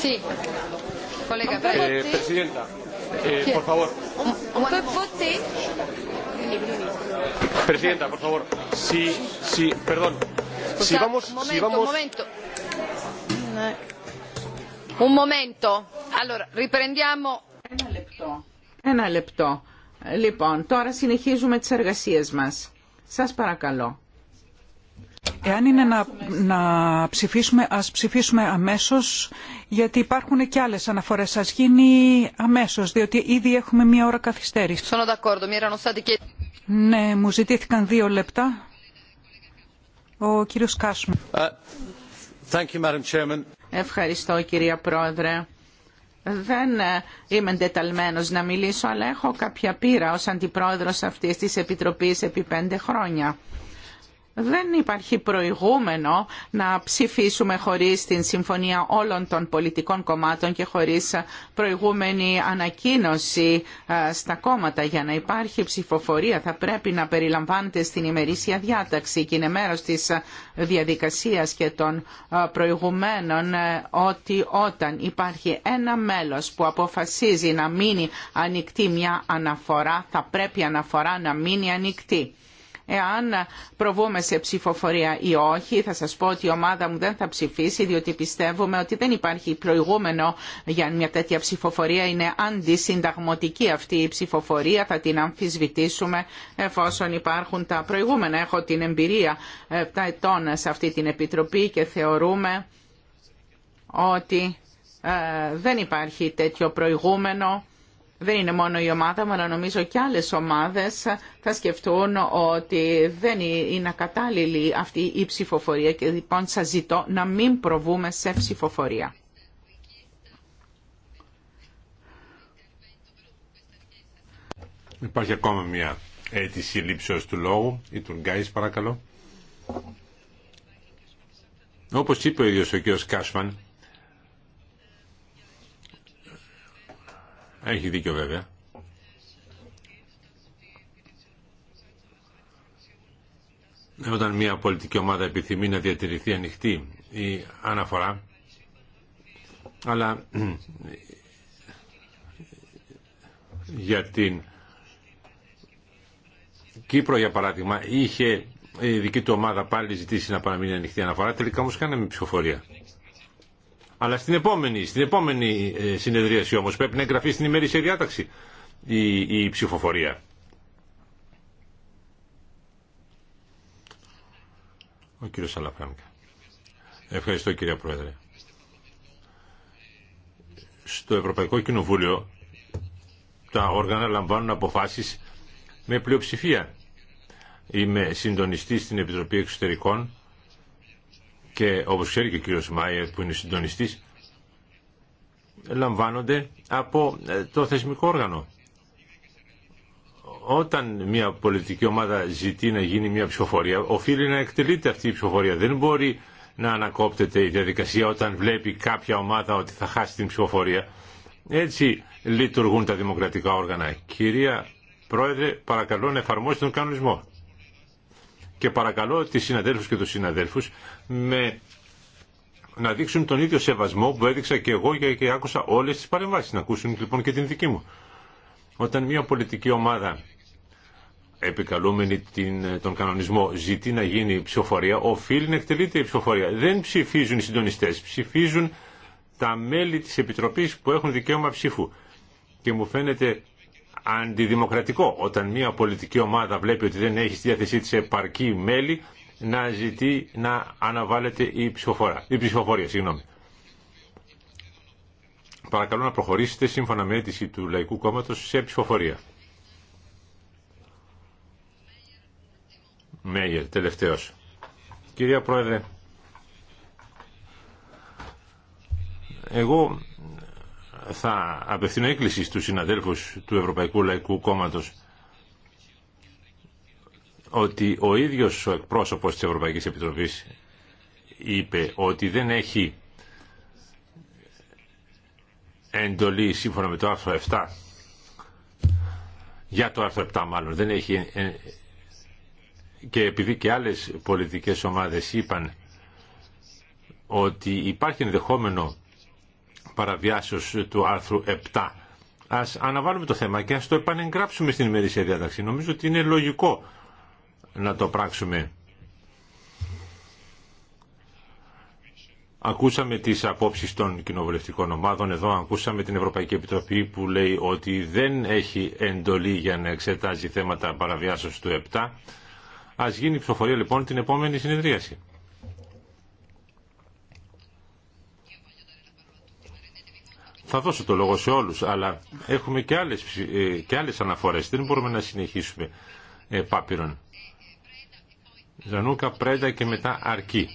Sí. Colega, eh, Presidenta, eh, por favor. On Presidenta, por favor. Sí, sí, perdón. Si vamos, si vamos... Momento. Un momento. Allora, riprendiamo. Ένα λεπτό. Λοιπόν, τώρα συνεχίζουμε τις εργασίες μας. Σας παρακαλώ. Εάν είναι να, ψηφίσουμε, ας ψηφίσουμε αμέσως, γιατί υπάρχουν και άλλες αναφορές. Ας γίνει αμέσως, διότι ήδη έχουμε μία ώρα καθυστέρηση. Ναι, μου ζητήθηκαν δύο λεπτά. Ο κύριος Κάσμου. Ε, Ευχαριστώ κυρία Πρόεδρε. Δεν ε, είμαι εντεταλμένος να μιλήσω, αλλά έχω κάποια πείρα ως αντιπρόεδρος αυτής της Επιτροπής επί πέντε χρόνια. Δεν υπάρχει προηγούμενο να ψηφίσουμε χωρίς την συμφωνία όλων των πολιτικών κομμάτων και χωρίς προηγούμενη ανακοίνωση ε, στα κόμματα. Για να υπάρχει ψηφοφορία θα πρέπει να περιλαμβάνεται στην ημερήσια διάταξη και είναι μέρος της ε, διαδικασίας και των ε, προηγουμένων ότι όταν υπάρχει ένα μέλος που αποφασίζει να μείνει ανοιχτή μια αναφορά θα πρέπει η αναφορά να μείνει ανοιχτή εάν προβούμε σε ψηφοφορία ή όχι. Θα σας πω ότι η ομάδα μου δεν θα ψηφίσει, διότι πιστεύουμε ότι δεν υπάρχει προηγούμενο για μια τέτοια ψηφοφορία. Είναι αντισυνταγματική αυτή η ψηφοφορία. Θα την αμφισβητήσουμε εφόσον υπάρχουν τα προηγούμενα. Έχω την εμπειρία 7 ε, ετών σε αυτή την Επιτροπή και θεωρούμε ότι ε, δεν υπάρχει τέτοιο προηγούμενο δεν είναι μόνο η ομάδα μου, αλλά νομίζω και άλλες ομάδες θα σκεφτούν ότι δεν είναι ακατάλληλη αυτή η ψηφοφορία και λοιπόν σας ζητώ να μην προβούμε σε ψηφοφορία. Υπάρχει ακόμα μια αίτηση λήψεως του λόγου. Η Τουργκάης παρακαλώ. Όπως είπε ο ίδιος ο κ. Κάσμαν, Έχει δίκιο βέβαια. Όταν μια πολιτική ομάδα επιθυμεί να διατηρηθεί ανοιχτή η αναφορά, αλλά για την Κύπρο για παράδειγμα είχε η δική του ομάδα πάλι ζητήσει να παραμείνει ανοιχτή αναφορά τελικά όμως κάναμε ψηφοφορία αλλά στην επόμενη, στην επόμενη ε, συνεδρίαση όμως πρέπει να εγγραφεί στην ημερήσια διάταξη η, η ψηφοφορία. Ο κύριος Ευχαριστώ κύριε Πρόεδρε. Στο Ευρωπαϊκό Κοινοβούλιο τα όργανα λαμβάνουν αποφάσεις με πλειοψηφία. Είμαι συντονιστή στην Επιτροπή Εξωτερικών και όπως ξέρει και ο κύριος Μάιερ που είναι συντονιστής λαμβάνονται από ε, το θεσμικό όργανο. Όταν μια πολιτική ομάδα ζητεί να γίνει μια ψηφοφορία, οφείλει να εκτελείται αυτή η ψηφοφορία. Δεν μπορεί να ανακόπτεται η διαδικασία όταν βλέπει κάποια ομάδα ότι θα χάσει την ψηφοφορία. Έτσι λειτουργούν τα δημοκρατικά όργανα. Κυρία Πρόεδρε, παρακαλώ να εφαρμόσετε τον κανονισμό και παρακαλώ τις συναδέλφους και τους συναδέλφους με να δείξουν τον ίδιο σεβασμό που έδειξα και εγώ και άκουσα όλες τις παρεμβάσεις, να ακούσουν λοιπόν και την δική μου. Όταν μια πολιτική ομάδα επικαλούμενη την, τον κανονισμό ζητεί να γίνει ψηφοφορία, οφείλει να εκτελείται η ψηφοφορία. Δεν ψηφίζουν οι συντονιστές, ψηφίζουν τα μέλη της Επιτροπής που έχουν δικαίωμα ψήφου. Και μου φαίνεται αντιδημοκρατικό όταν μια πολιτική ομάδα βλέπει ότι δεν έχει στη διάθεσή της επαρκή μέλη να ζητεί να αναβάλλεται η, ψηφοφορία. η ψηφοφορία. Συγγνώμη. Παρακαλώ να προχωρήσετε σύμφωνα με αίτηση του Λαϊκού Κόμματος σε ψηφοφορία. Μέγερ, τελευταίος. Κυρία Πρόεδρε, εγώ θα απευθύνω έκκληση στους συναδέλφους του Ευρωπαϊκού Λαϊκού Κόμματος ότι ο ίδιος ο εκπρόσωπος της Ευρωπαϊκής Επιτροπής είπε ότι δεν έχει εντολή σύμφωνα με το άρθρο 7 για το άρθρο 7 μάλλον δεν έχει και επειδή και άλλες πολιτικές ομάδες είπαν ότι υπάρχει ενδεχόμενο παραβιάσεως του άρθρου 7. Ας αναβάλουμε το θέμα και ας το επανεγγράψουμε στην ημερήσια διάταξη. Νομίζω ότι είναι λογικό να το πράξουμε. Ακούσαμε τις απόψεις των κοινοβουλευτικών ομάδων εδώ, ακούσαμε την Ευρωπαϊκή Επιτροπή που λέει ότι δεν έχει εντολή για να εξετάζει θέματα παραβιάσεως του 7. Ας γίνει ψηφοφορία λοιπόν την επόμενη συνεδρίαση. Θα δώσω το λόγο σε όλους, αλλά έχουμε και άλλες, ε, και άλλες αναφορές. Δεν μπορούμε να συνεχίσουμε ε, πάπυρον. Ζανούκα, Πρέντα και μετά Αρκή.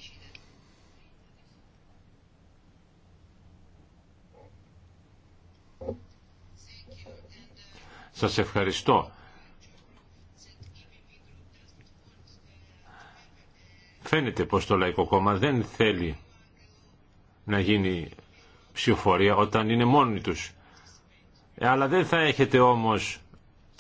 Σας ευχαριστώ. Φαίνεται πως το Λαϊκό Κόμμα δεν θέλει να γίνει ψηφοφορία όταν είναι μόνοι τους. Ε, αλλά δεν θα έχετε όμως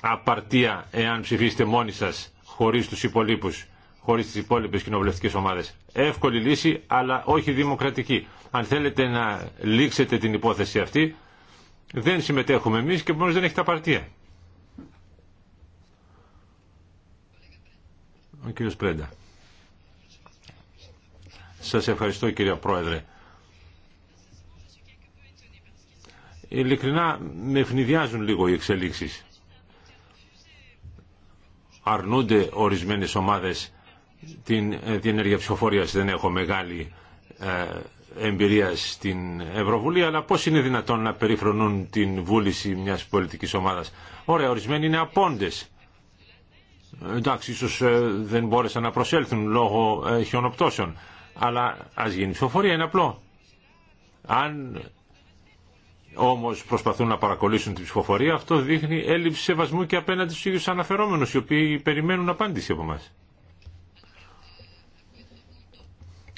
απαρτία εάν ψηφίσετε μόνοι σας χωρίς τους υπολείπους, χωρίς τις υπόλοιπες κοινοβουλευτικές ομάδες. Εύκολη λύση αλλά όχι δημοκρατική. Αν θέλετε να λήξετε την υπόθεση αυτή δεν συμμετέχουμε εμείς και μόνος δεν έχετε απαρτία. Ο κύριος Πρέντα. Σας ευχαριστώ κύριε Πρόεδρε. Ειλικρινά με ευνηδιάζουν λίγο οι εξελίξεις. Αρνούνται ορισμένες ομάδες την, ε, την ενέργεια ψηφοφορίας. Δεν έχω μεγάλη ε, εμπειρία στην Ευρωβουλή, αλλά πώς είναι δυνατόν να περιφρονούν την βούληση μιας πολιτικής ομάδας. Ωραία, ορισμένοι είναι απόντες. Εντάξει, ίσως ε, δεν μπόρεσαν να προσέλθουν λόγω χιονοπτώσεων. Αλλά ας γίνει ψηφοφορία, είναι απλό. Αν όμως προσπαθούν να παρακολουθήσουν την ψηφοφορία, αυτό δείχνει έλλειψη σεβασμού και απέναντι στους ίδιους αναφερόμενους, οι οποίοι περιμένουν απάντηση από μας.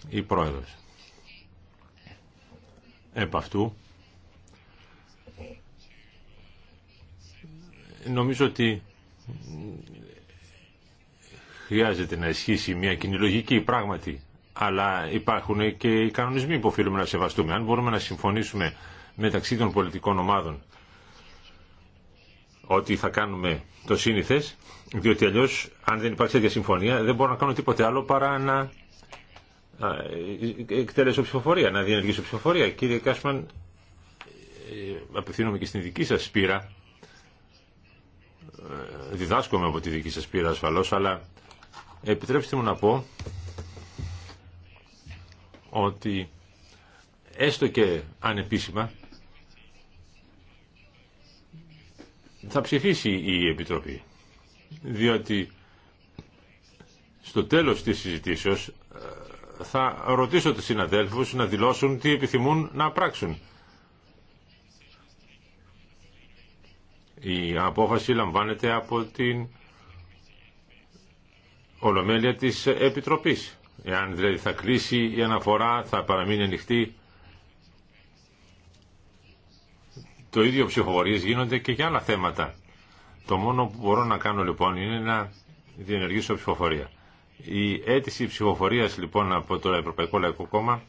Η Πρόεδρος. Επ' αυτού, νομίζω ότι χρειάζεται να ισχύσει μια κοινή λογική πράγματι, αλλά υπάρχουν και οι κανονισμοί που οφείλουμε να σεβαστούμε. Αν μπορούμε να συμφωνήσουμε μεταξύ των πολιτικών ομάδων ότι θα κάνουμε το σύνηθε, διότι αλλιώ αν δεν υπάρξει τέτοια συμφωνία δεν μπορώ να κάνω τίποτε άλλο παρά να ε, εκτελέσω ψηφοφορία, να διενεργήσω ψηφοφορία. Κύριε Κάσμαν, ε, απευθύνομαι και στην δική σας πείρα. Ε, διδάσκομαι από τη δική σας πείρα ασφαλώς, αλλά επιτρέψτε μου να πω ότι έστω και ανεπίσημα θα ψηφίσει η Επιτροπή. Διότι στο τέλος της συζητήσεως ε, θα ρωτήσω τους συναδέλφους να δηλώσουν τι επιθυμούν να πράξουν. Η απόφαση λαμβάνεται από την ολομέλεια της Επιτροπής. Εάν δηλαδή θα κλείσει η αναφορά, θα παραμείνει ανοιχτή Το ίδιο ψηφοφορίες γίνονται και για άλλα θέματα. Το μόνο που μπορώ να κάνω λοιπόν είναι να διενεργήσω ψηφοφορία. Η αίτηση ψηφοφορίας λοιπόν από το Ευρωπαϊκό Λαϊκό Κόμμα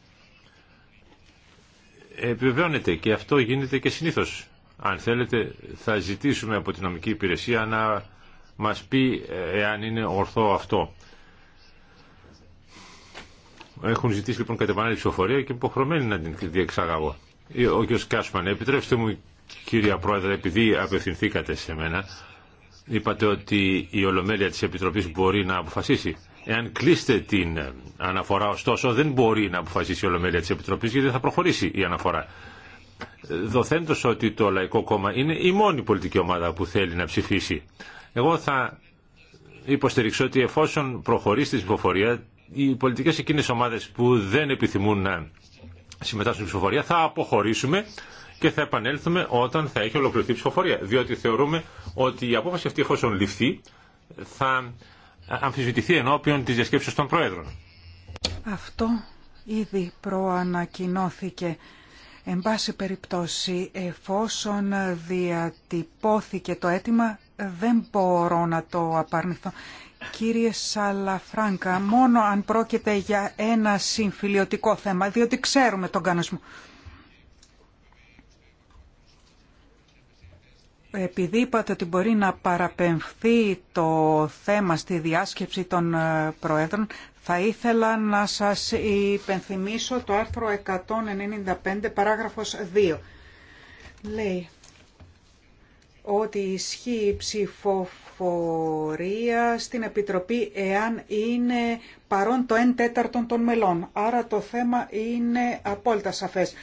επιβεβαιώνεται και αυτό γίνεται και συνήθως. Αν θέλετε θα ζητήσουμε από την νομική υπηρεσία να μας πει ε, εάν είναι ορθό αυτό. Έχουν ζητήσει λοιπόν κατεπανάλη ψηφοφορία και υποχρεωμένοι να την διεξαγαγώ. Ε, ο κ. Κάσμαν, επιτρέψτε μου Κύρια Πρόεδρε, επειδή απευθυνθήκατε σε μένα, είπατε ότι η Ολομέλεια της Επιτροπής μπορεί να αποφασίσει. Εάν κλείστε την ε, αναφορά, ωστόσο, δεν μπορεί να αποφασίσει η Ολομέλεια της Επιτροπής, γιατί δεν θα προχωρήσει η αναφορά. Δοθέντως ότι το Λαϊκό Κόμμα είναι η μόνη πολιτική ομάδα που θέλει να ψηφίσει. Εγώ θα υποστηριξώ ότι εφόσον προχωρήσει την ψηφοφορία, οι πολιτικές εκείνες ομάδες που δεν επιθυμούν να συμμετάσχουν στην ψηφοφορία θα αποχωρήσουμε και θα επανέλθουμε όταν θα έχει ολοκληρωθεί η ψηφοφορία. Διότι θεωρούμε ότι η απόφαση αυτή, εφόσον ληφθεί, θα αμφισβητηθεί ενώπιον της διασκέψη των Πρόεδρων. Αυτό ήδη προανακοινώθηκε. Εν πάση περιπτώσει, εφόσον διατυπώθηκε το αίτημα, δεν μπορώ να το απαρνηθώ. Κύριε Σαλαφράγκα, μόνο αν πρόκειται για ένα συμφιλιωτικό θέμα, διότι ξέρουμε τον κανονισμό. Επειδή είπατε ότι μπορεί να παραπεμφθεί το θέμα στη διάσκεψη των ε, Προέδρων, θα ήθελα να σας υπενθυμίσω το άρθρο 195 παράγραφος 2. Λέει ότι ισχύει η ψηφοφορία στην Επιτροπή εάν είναι παρόν το 1 τέταρτον των μελών. Άρα το θέμα είναι απόλυτα σαφές.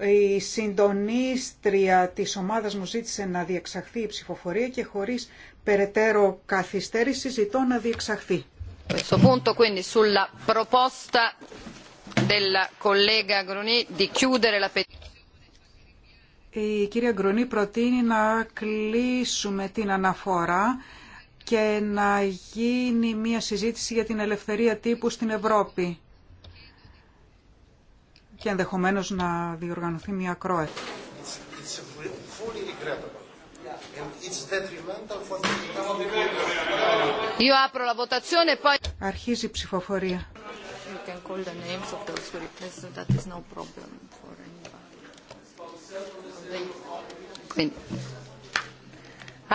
Η συντονίστρια της ομάδας μου ζήτησε να διεξαχθεί η ψηφοφορία και χωρίς περαιτέρω καθυστέρηση ζητώ να διεξαχθεί. η κυρία Γκρουνή προτείνει να κλείσουμε την αναφορά και να γίνει μια συζήτηση για την ελευθερία τύπου στην Ευρώπη και ενδεχομένως να διοργανωθεί μια κρόε. E Αρχίζει η ψηφοφορία.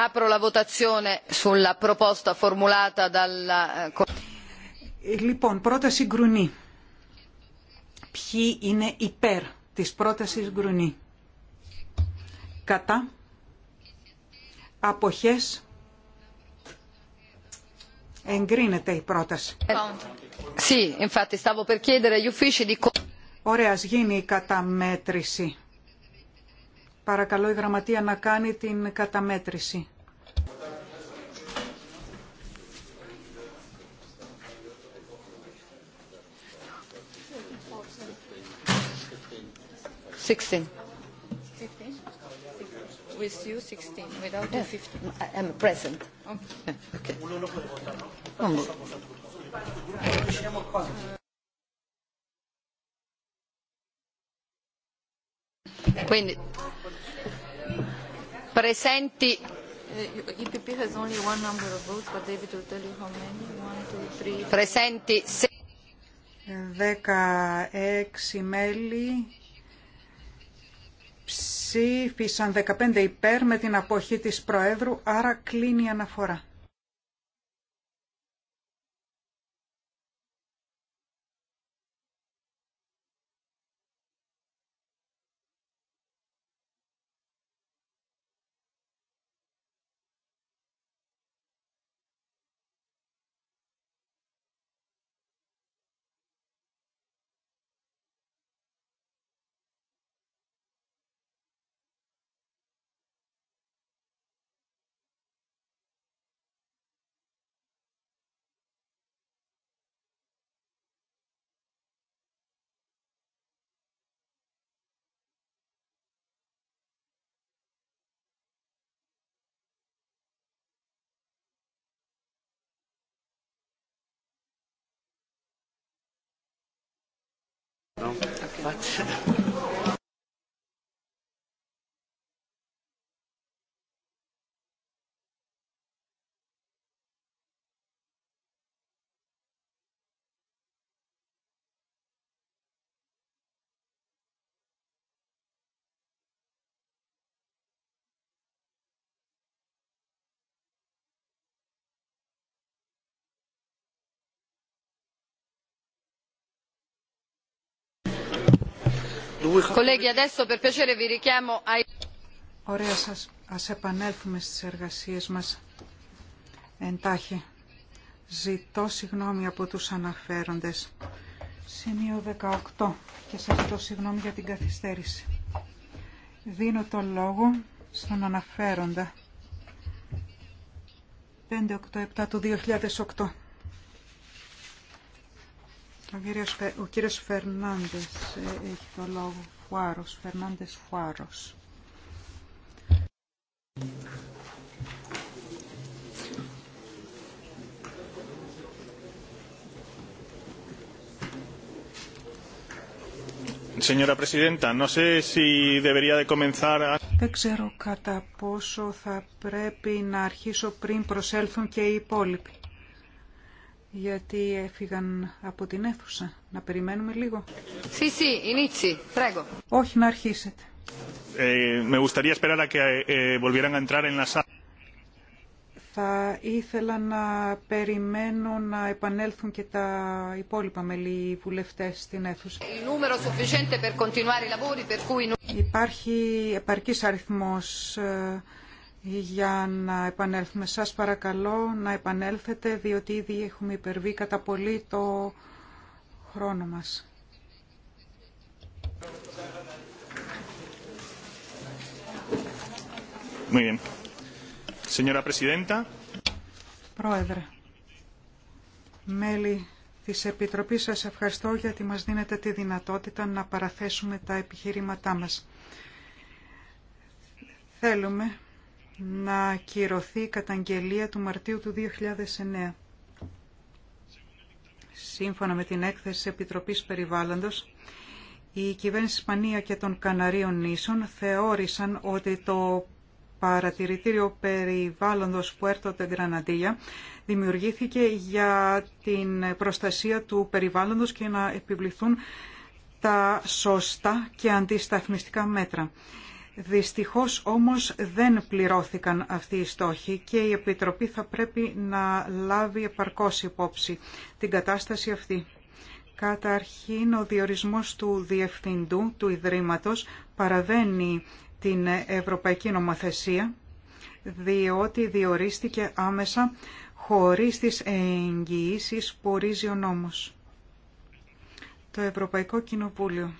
Apro la votazione sulla proposta formulata dalla eh, Λοιπόν, πρόταση συγκρουνή. Ποιοι είναι υπέρ της πρότασης Γκρουνή. Κατά. Αποχές. Εγκρίνεται η πρόταση. Ωραία, ας γίνει η καταμέτρηση. Παρακαλώ η γραμματεία να κάνει την καταμέτρηση. 16. With you, 16. Without you, 15. I am present. Okay. Quindi, presenti. one three. Presenti. 16 μέλη ψήφισαν 15 υπέρ με την αποχή της Προέδρου, άρα κλείνει η αναφορά. No. Okay. Ωραία σας. Ας επανέλθουμε στις εργασίες μας εντάχει. Ζητώ συγγνώμη από τους αναφέροντες. Σημείο 18 και σας ζητώ συγγνώμη για την καθυστέρηση. Δίνω το λόγο στον αναφέροντα. 587 του 2008. Ο κύριος Φερνάντες ε, έχει το λόγο. Φουάρος, Φερνάντες Φουάρος. Δεν ξέρω κατά πόσο θα πρέπει να αρχίσω πριν προσέλθουν και οι υπόλοιποι γιατί έφυγαν από την αίθουσα. Να περιμένουμε λίγο. Όχι, να αρχίσετε. Ε, ε, Θα ήθελα να περιμένω να επανέλθουν και τα υπόλοιπα μέλη βουλευτέ στην αίθουσα. Υπάρχει επαρκή αριθμό. Ε, για να επανέλθουμε. Σας παρακαλώ να επανέλθετε, διότι ήδη έχουμε υπερβεί κατά πολύ το χρόνο μας. Muy Señora Presidenta. Πρόεδρε, μέλη της Επιτροπής σας ευχαριστώ γιατί μας δίνετε τη δυνατότητα να παραθέσουμε τα επιχειρήματά μας. Θέλουμε να κυρωθεί η καταγγελία του Μαρτίου του 2009. Σύμφωνα με την έκθεση Επιτροπής Περιβάλλοντος, η κυβέρνηση Ισπανία και των Καναρίων νήσων θεώρησαν ότι το παρατηρητήριο περιβάλλοντος Puerto de Granadilla δημιουργήθηκε για την προστασία του περιβάλλοντος και να επιβληθούν τα σωστά και αντισταθμιστικά μέτρα. Δυστυχώς όμως δεν πληρώθηκαν αυτοί οι στόχοι και η Επιτροπή θα πρέπει να λάβει επαρκώς υπόψη την κατάσταση αυτή. Καταρχήν ο διορισμός του Διευθυντού του Ιδρύματος παραβαίνει την Ευρωπαϊκή Νομοθεσία διότι διορίστηκε άμεσα χωρίς τις εγγυήσεις που ορίζει ο νόμος. Το Ευρωπαϊκό Κοινοβούλιο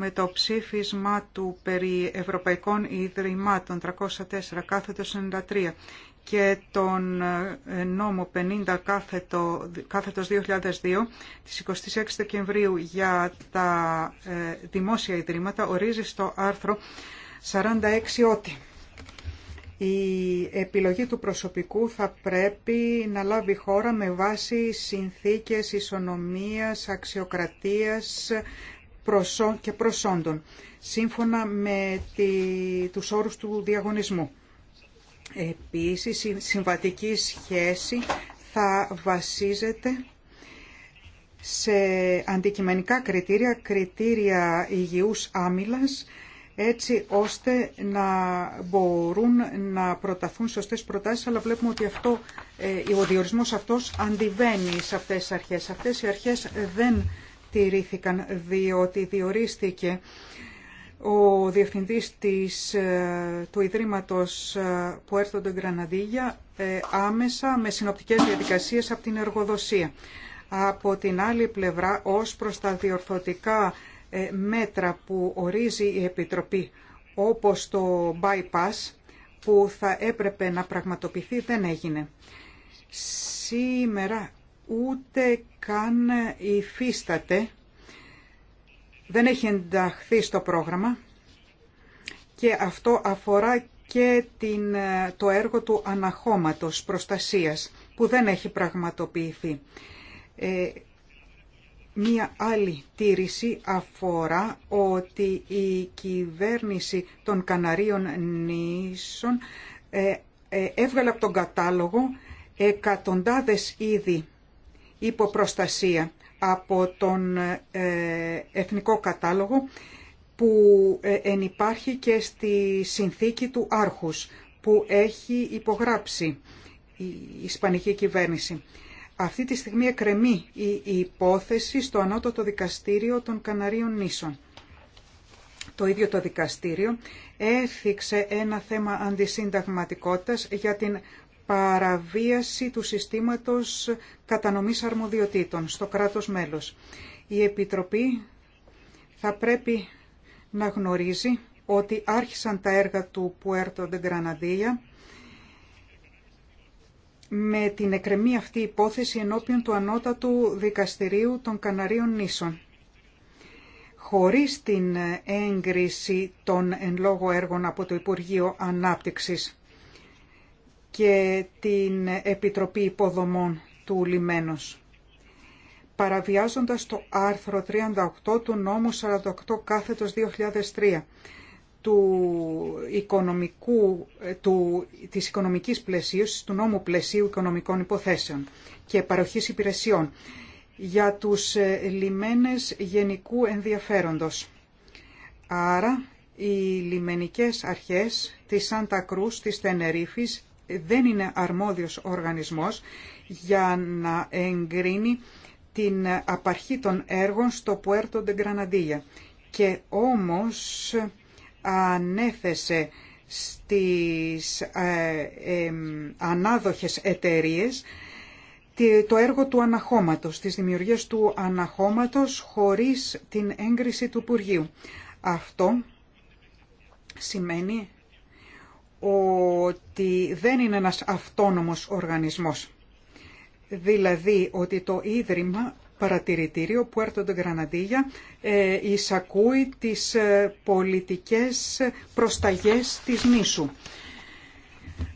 με το ψήφισμα του περί Ευρωπαϊκών Ιδρυμάτων 304 κάθετος 93 και τον ε, νόμο 50 κάθετο, 2002 της 26 Δεκεμβρίου για τα ε, δημόσια ιδρύματα ορίζει στο άρθρο 46 ότι η επιλογή του προσωπικού θα πρέπει να λάβει χώρα με βάση συνθήκες ισονομίας, αξιοκρατίας, και προσόντων, σύμφωνα με τη, τους όρους του διαγωνισμού. Επίσης, η συμβατική σχέση θα βασίζεται σε αντικειμενικά κριτήρια, κριτήρια υγιούς άμυλας, έτσι ώστε να μπορούν να προταθούν σωστές προτάσεις, αλλά βλέπουμε ότι αυτό, ε, ο διορισμός αυτός αντιβαίνει σε αυτές τις αρχές. Αυτές οι αρχές δεν τηρήθηκαν διότι διορίστηκε ο διευθυντής της, ε, του Ιδρύματος Puerto de Granadilla άμεσα με συνοπτικές διαδικασίες από την εργοδοσία. Από την άλλη πλευρά, ως προς τα διορθωτικά ε, μέτρα που ορίζει η Επιτροπή, όπως το bypass που θα έπρεπε να πραγματοποιηθεί, δεν έγινε. Σήμερα ούτε καν υφίσταται, δεν έχει ενταχθεί στο πρόγραμμα και αυτό αφορά και την, το έργο του αναχώματος προστασίας που δεν έχει πραγματοποιηθεί. Ε, μία άλλη τήρηση αφορά ότι η κυβέρνηση των Καναρίων νήσων ε, ε, έβγαλε από τον κατάλογο εκατοντάδες είδη υποπροστασία από τον ε, Εθνικό Κατάλογο που ε, ενυπάρχει και στη συνθήκη του Άρχους που έχει υπογράψει η Ισπανική κυβέρνηση. Αυτή τη στιγμή εκρεμεί η υπόθεση στο Ανώτατο Δικαστήριο των Καναρίων Νήσων. Το ίδιο το δικαστήριο έθιξε ένα θέμα αντισυνταγματικότητας για την παραβίαση του συστήματος κατανομής αρμοδιοτήτων στο κράτος μέλος. Η Επιτροπή θα πρέπει να γνωρίζει ότι άρχισαν τα έργα του Puerto de Granadilla με την εκρεμή αυτή υπόθεση ενώπιον του Ανώτατου Δικαστηρίου των Καναρίων Νήσων. Χωρίς την έγκριση των εν λόγω έργων από το Υπουργείο Ανάπτυξης και την Επιτροπή Υποδομών του Λιμένος παραβιάζοντας το άρθρο 38 του νόμου 48 κάθετος 2003 του οικονομικού, ε, του, της οικονομικής πλαισίωσης, του νόμου πλαισίου οικονομικών υποθέσεων και παροχής υπηρεσιών για τους ε, λιμένες γενικού ενδιαφέροντος. Άρα, οι λιμενικές αρχές της Σαντακρούς, της Τενερίφης δεν είναι αρμόδιος οργανισμός για να εγκρίνει την απαρχή των έργων στο Πουέρτο Γκραναντίλια. Και όμως ανέθεσε στις ε, ε, ανάδοχες εταιρείες το έργο του αναχώματος, τις δημιουργίες του αναχώματος χωρίς την έγκριση του Υπουργείου. Αυτό σημαίνει ότι δεν είναι ένας αυτόνομος οργανισμός. Δηλαδή ότι το Ίδρυμα Παρατηρητήριο που de Granadilla ε, εισακούει τις ε, πολιτικές προσταγές της νήσου.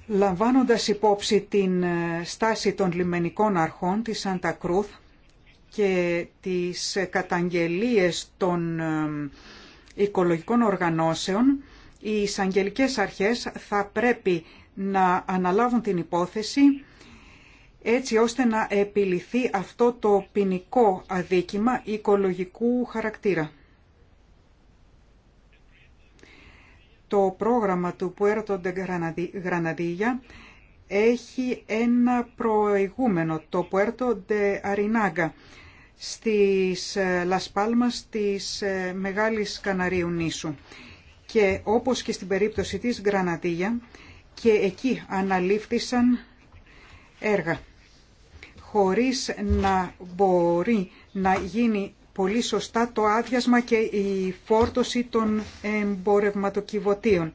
Λαμβάνοντας υπόψη την ε, στάση των λιμενικών αρχών της Σαντα και τις ε, καταγγελίες των οικολογικών οργανώσεων, οι εισαγγελικές αρχές θα πρέπει να αναλάβουν την υπόθεση έτσι ώστε να επιληθεί αυτό το ποινικό αδίκημα οικολογικού χαρακτήρα. Το πρόγραμμα του Puerto de Granadilla έχει ένα προηγούμενο, το Puerto de Arinaga, στις Λασπάλμας ε, της ε, Μεγάλης Καναρίου νήσου και όπως και στην περίπτωση της Γκρανατίγια και εκεί αναλήφθησαν έργα χωρίς να μπορεί να γίνει πολύ σωστά το άδειασμα και η φόρτωση των εμπορευματοκιβωτίων.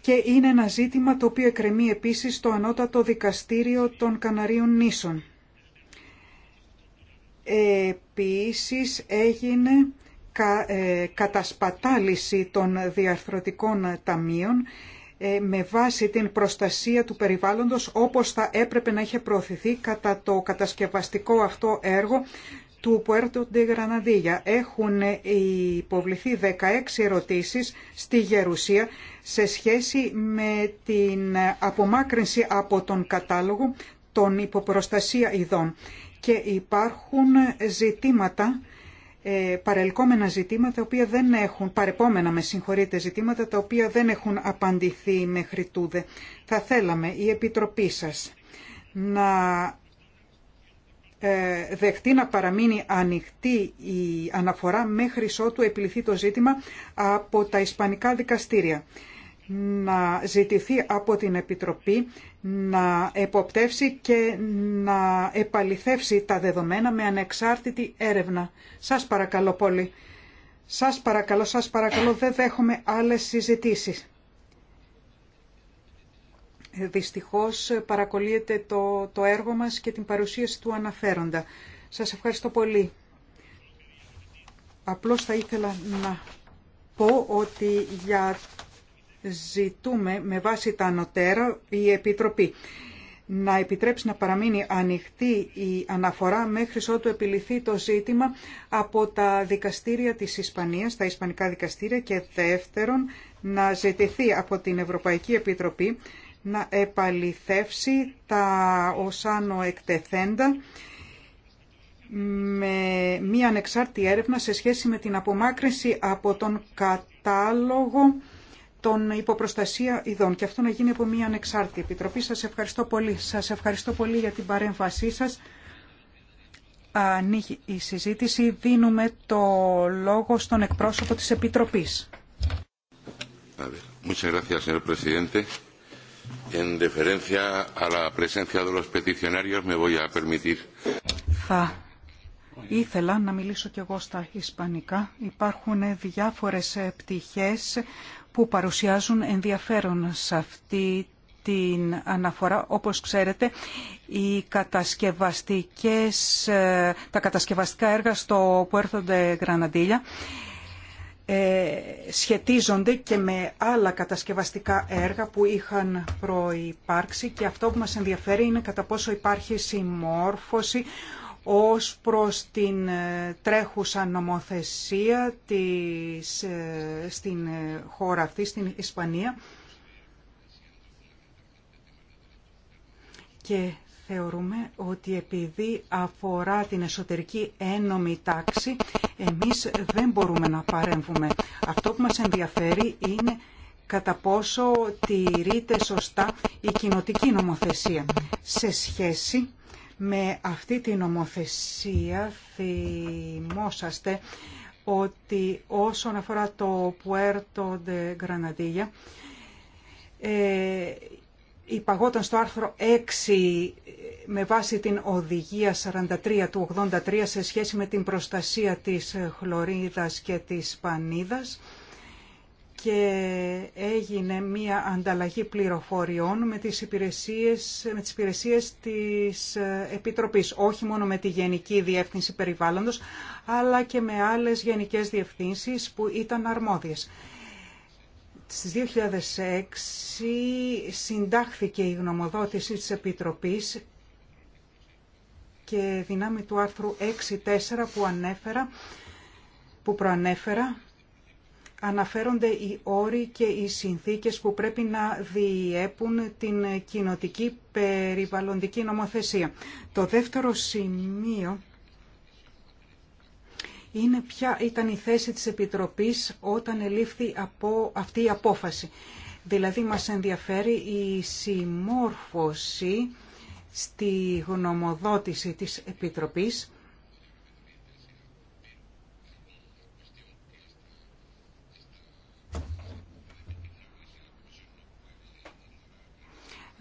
Και είναι ένα ζήτημα το οποίο εκκρεμεί επίσης το Ανώτατο Δικαστήριο των Καναρίων Νήσων. Επίσης έγινε κα, ε, κατασπατάληση των διαρθρωτικών ταμείων ε, με βάση την προστασία του περιβάλλοντος όπως θα έπρεπε να είχε προωθηθεί κατά το κατασκευαστικό αυτό έργο του Puerto de Granadilla. Έχουν ε, υποβληθεί 16 ερωτήσεις στη Γερουσία σε σχέση με την απομάκρυνση από τον κατάλογο των υποπροστασία ειδών και υπάρχουν ζητήματα ε, παρελκόμενα ζητήματα, δεν έχουν, παρεπόμενα με συγχωρείτε, ζητήματα τα οποία δεν έχουν απαντηθεί μέχρι τούδε. Θα θέλαμε η Επιτροπή σας να ε, δεχτεί να παραμείνει ανοιχτή η αναφορά μέχρι ότου επιληθεί το ζήτημα από τα Ισπανικά δικαστήρια να ζητηθεί από την Επιτροπή να εποπτεύσει και να επαληθεύσει τα δεδομένα με ανεξάρτητη έρευνα. Σας παρακαλώ πολύ. Σας παρακαλώ, σας παρακαλώ, δεν δέχομαι άλλες συζητήσεις. Δυστυχώς παρακολύεται το, το έργο μας και την παρουσίαση του αναφέροντα. Σας ευχαριστώ πολύ. Απλώς θα ήθελα να πω ότι για ζητούμε με βάση τα ανωτέρα η Επιτροπή να επιτρέψει να παραμείνει ανοιχτή η αναφορά μέχρι ότου επιληθεί το ζήτημα από τα δικαστήρια της Ισπανίας, τα Ισπανικά δικαστήρια και δεύτερον να ζητηθεί από την Ευρωπαϊκή Επιτροπή να επαληθεύσει τα οσάνο εκτεθέντα με μία ανεξάρτητη έρευνα σε σχέση με την απομάκρυνση από τον κατάλογο των υποπροστασία ειδών και αυτό να γίνει από μια ανεξάρτητη επιτροπή. Σας ευχαριστώ πολύ. Σας ευχαριστώ πολύ για την παρέμβασή σας. Ανοίγει η συζήτηση. Δίνουμε το λόγο στον εκπρόσωπο της Επιτροπής. Muchas gracias, señor presidente. En a la presencia de los peticionarios, me Θα ήθελα να μιλήσω κι εγώ στα ισπανικά. Υπάρχουν διάφορες πτυχές που παρουσιάζουν ενδιαφέρον σε αυτή την αναφορά. Όπως ξέρετε, οι κατασκευαστικές, ε, τα κατασκευαστικά έργα στο που de ε, σχετίζονται και με άλλα κατασκευαστικά έργα που είχαν προϋπάρξει και αυτό που μας ενδιαφέρει είναι κατά πόσο υπάρχει συμμόρφωση ως προς την ε, τρέχουσα νομοθεσία της, ε, στην ε, χώρα αυτή, στην Ισπανία. Και θεωρούμε ότι επειδή αφορά την εσωτερική ένομη τάξη, εμείς δεν μπορούμε να παρέμβουμε. Αυτό που μας ενδιαφέρει είναι κατά πόσο τηρείται σωστά η κοινοτική νομοθεσία σε σχέση με αυτή την νομοθεσία θυμόσαστε ότι όσον αφορά το Puerto de Granadilla, ε, υπαγόταν στο άρθρο 6 ε, με βάση την οδηγία 43 του 83 σε σχέση με την προστασία της χλωρίδας και της πανίδας και έγινε μία ανταλλαγή πληροφοριών με τις, υπηρεσίες, με τις υπηρεσίες της ε, Επιτροπής, όχι μόνο με τη Γενική Διεύθυνση Περιβάλλοντος, αλλά και με άλλες γενικές διευθύνσεις που ήταν αρμόδιες. Στις 2006 συντάχθηκε η γνωμοδότηση της Επιτροπής και δυνάμει του άρθρου 6.4 που ανέφερα, που προανέφερα, αναφέρονται οι όροι και οι συνθήκες που πρέπει να διέπουν την κοινοτική περιβαλλοντική νομοθεσία. Το δεύτερο σημείο είναι ποια ήταν η θέση της Επιτροπής όταν ελήφθη από αυτή η απόφαση. Δηλαδή μας ενδιαφέρει η συμμόρφωση στη γνωμοδότηση της Επιτροπής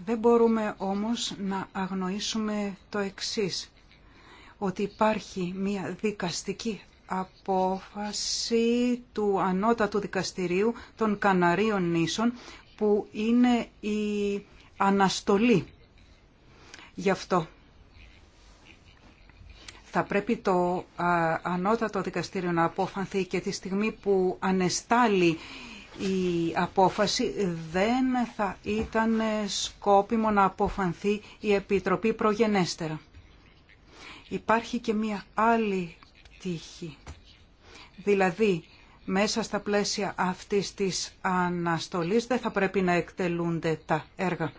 Δεν μπορούμε όμως να αγνοήσουμε το εξής, ότι υπάρχει μια δικαστική απόφαση του Ανώτατου Δικαστηρίου των Καναρίων Νήσων που είναι η αναστολή. Γι' αυτό θα πρέπει το Ανώτατο Δικαστήριο να απόφανθει και τη στιγμή που ανεστάλλει η απόφαση δεν θα ήταν σκόπιμο να αποφανθεί η Επιτροπή προγενέστερα. Υπάρχει και μία άλλη πτύχη. Δηλαδή, μέσα στα πλαίσια αυτής της αναστολής δεν θα πρέπει να εκτελούνται τα έργα.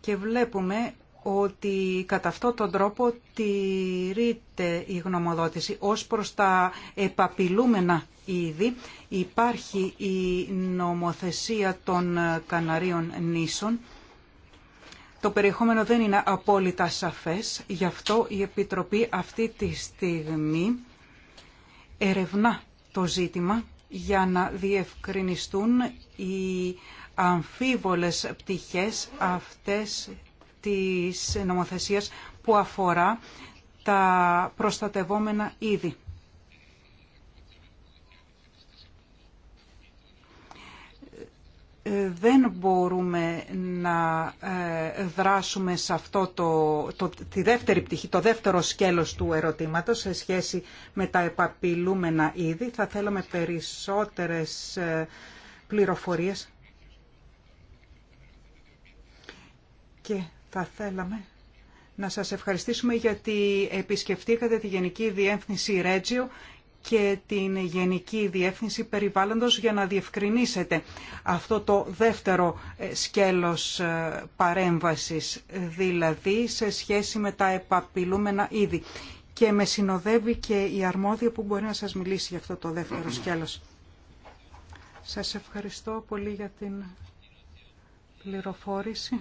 Και βλέπουμε ότι κατά αυτόν τον τρόπο τηρείται η γνωμοδότηση. Ως προς τα επαπειλούμενα είδη υπάρχει η νομοθεσία των Καναρίων νήσων. Το περιεχόμενο δεν είναι απόλυτα σαφές, γι' αυτό η Επιτροπή αυτή τη στιγμή ερευνά το ζήτημα για να διευκρινιστούν οι αμφίβολες πτυχές αυτές της νομοθεσίας που αφορά τα προστατευόμενα είδη. δεν μπορούμε να ε, δράσουμε σε αυτό το, το, τη δεύτερη πτυχή, το δεύτερο σκέλος του ερωτήματος σε σχέση με τα επαπειλούμενα είδη. Θα θέλαμε περισσότερες ε, πληροφορίες. Και θα θέλαμε να σας ευχαριστήσουμε γιατί επισκεφτήκατε τη Γενική Διεύθυνση Ρέτζιο και την Γενική Διεύθυνση Περιβάλλοντος για να διευκρινίσετε αυτό το δεύτερο ε, σκέλος ε, παρέμβασης, δηλαδή σε σχέση με τα επαπειλούμενα είδη. Και με συνοδεύει και η αρμόδια που μπορεί να σας μιλήσει για αυτό το δεύτερο σκέλος. Σας ευχαριστώ πολύ για την πληροφόρηση.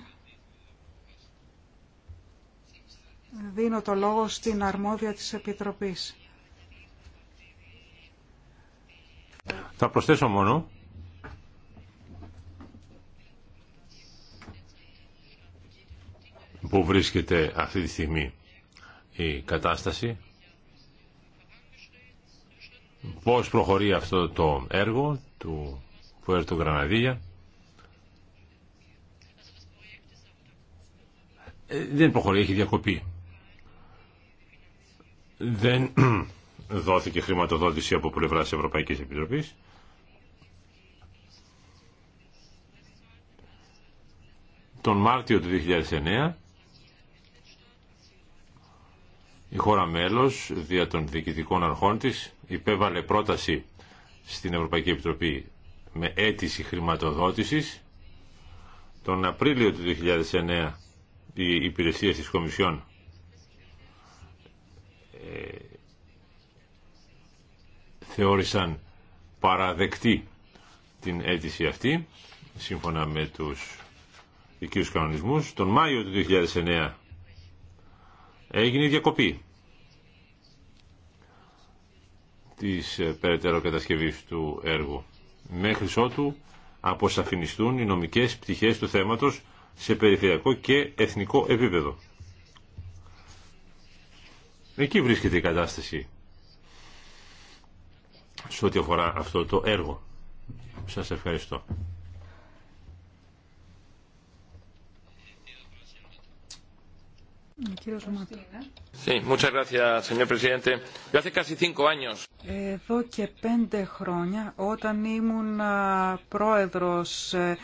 δίνω το λόγο στην αρμόδια της Επιτροπής. Θα προσθέσω μόνο που βρίσκεται αυτή τη στιγμή η κατάσταση, πώς προχωρεί αυτό το έργο του Πουέρτο Γραναδία. Ε, δεν προχωρεί, έχει διακοπεί δεν <clears throat> δόθηκε χρηματοδότηση από πλευρά Ευρωπαϊκή Ευρωπαϊκής Επιτροπής. Τον Μάρτιο του 2009 η χώρα μέλος δια των διοικητικών αρχών της υπέβαλε πρόταση στην Ευρωπαϊκή Επιτροπή με αίτηση χρηματοδότησης. Τον Απρίλιο του 2009 η υπηρεσία της Κομισιόν θεώρησαν παραδεκτή την αίτηση αυτή, σύμφωνα με τους δικείους κανονισμούς. Τον Μάιο του 2009 έγινε η διακοπή της ε, περαιτέρω κατασκευής του έργου. Μέχρι ότου αποσαφινιστούν οι νομικές πτυχές του θέματος σε περιφερειακό και εθνικό επίπεδο. Εκεί βρίσκεται η κατάσταση σε ό,τι αφορά αυτό το έργο. Σας ευχαριστώ. Εδώ και πέντε χρόνια, όταν ήμουν πρόεδρος ε,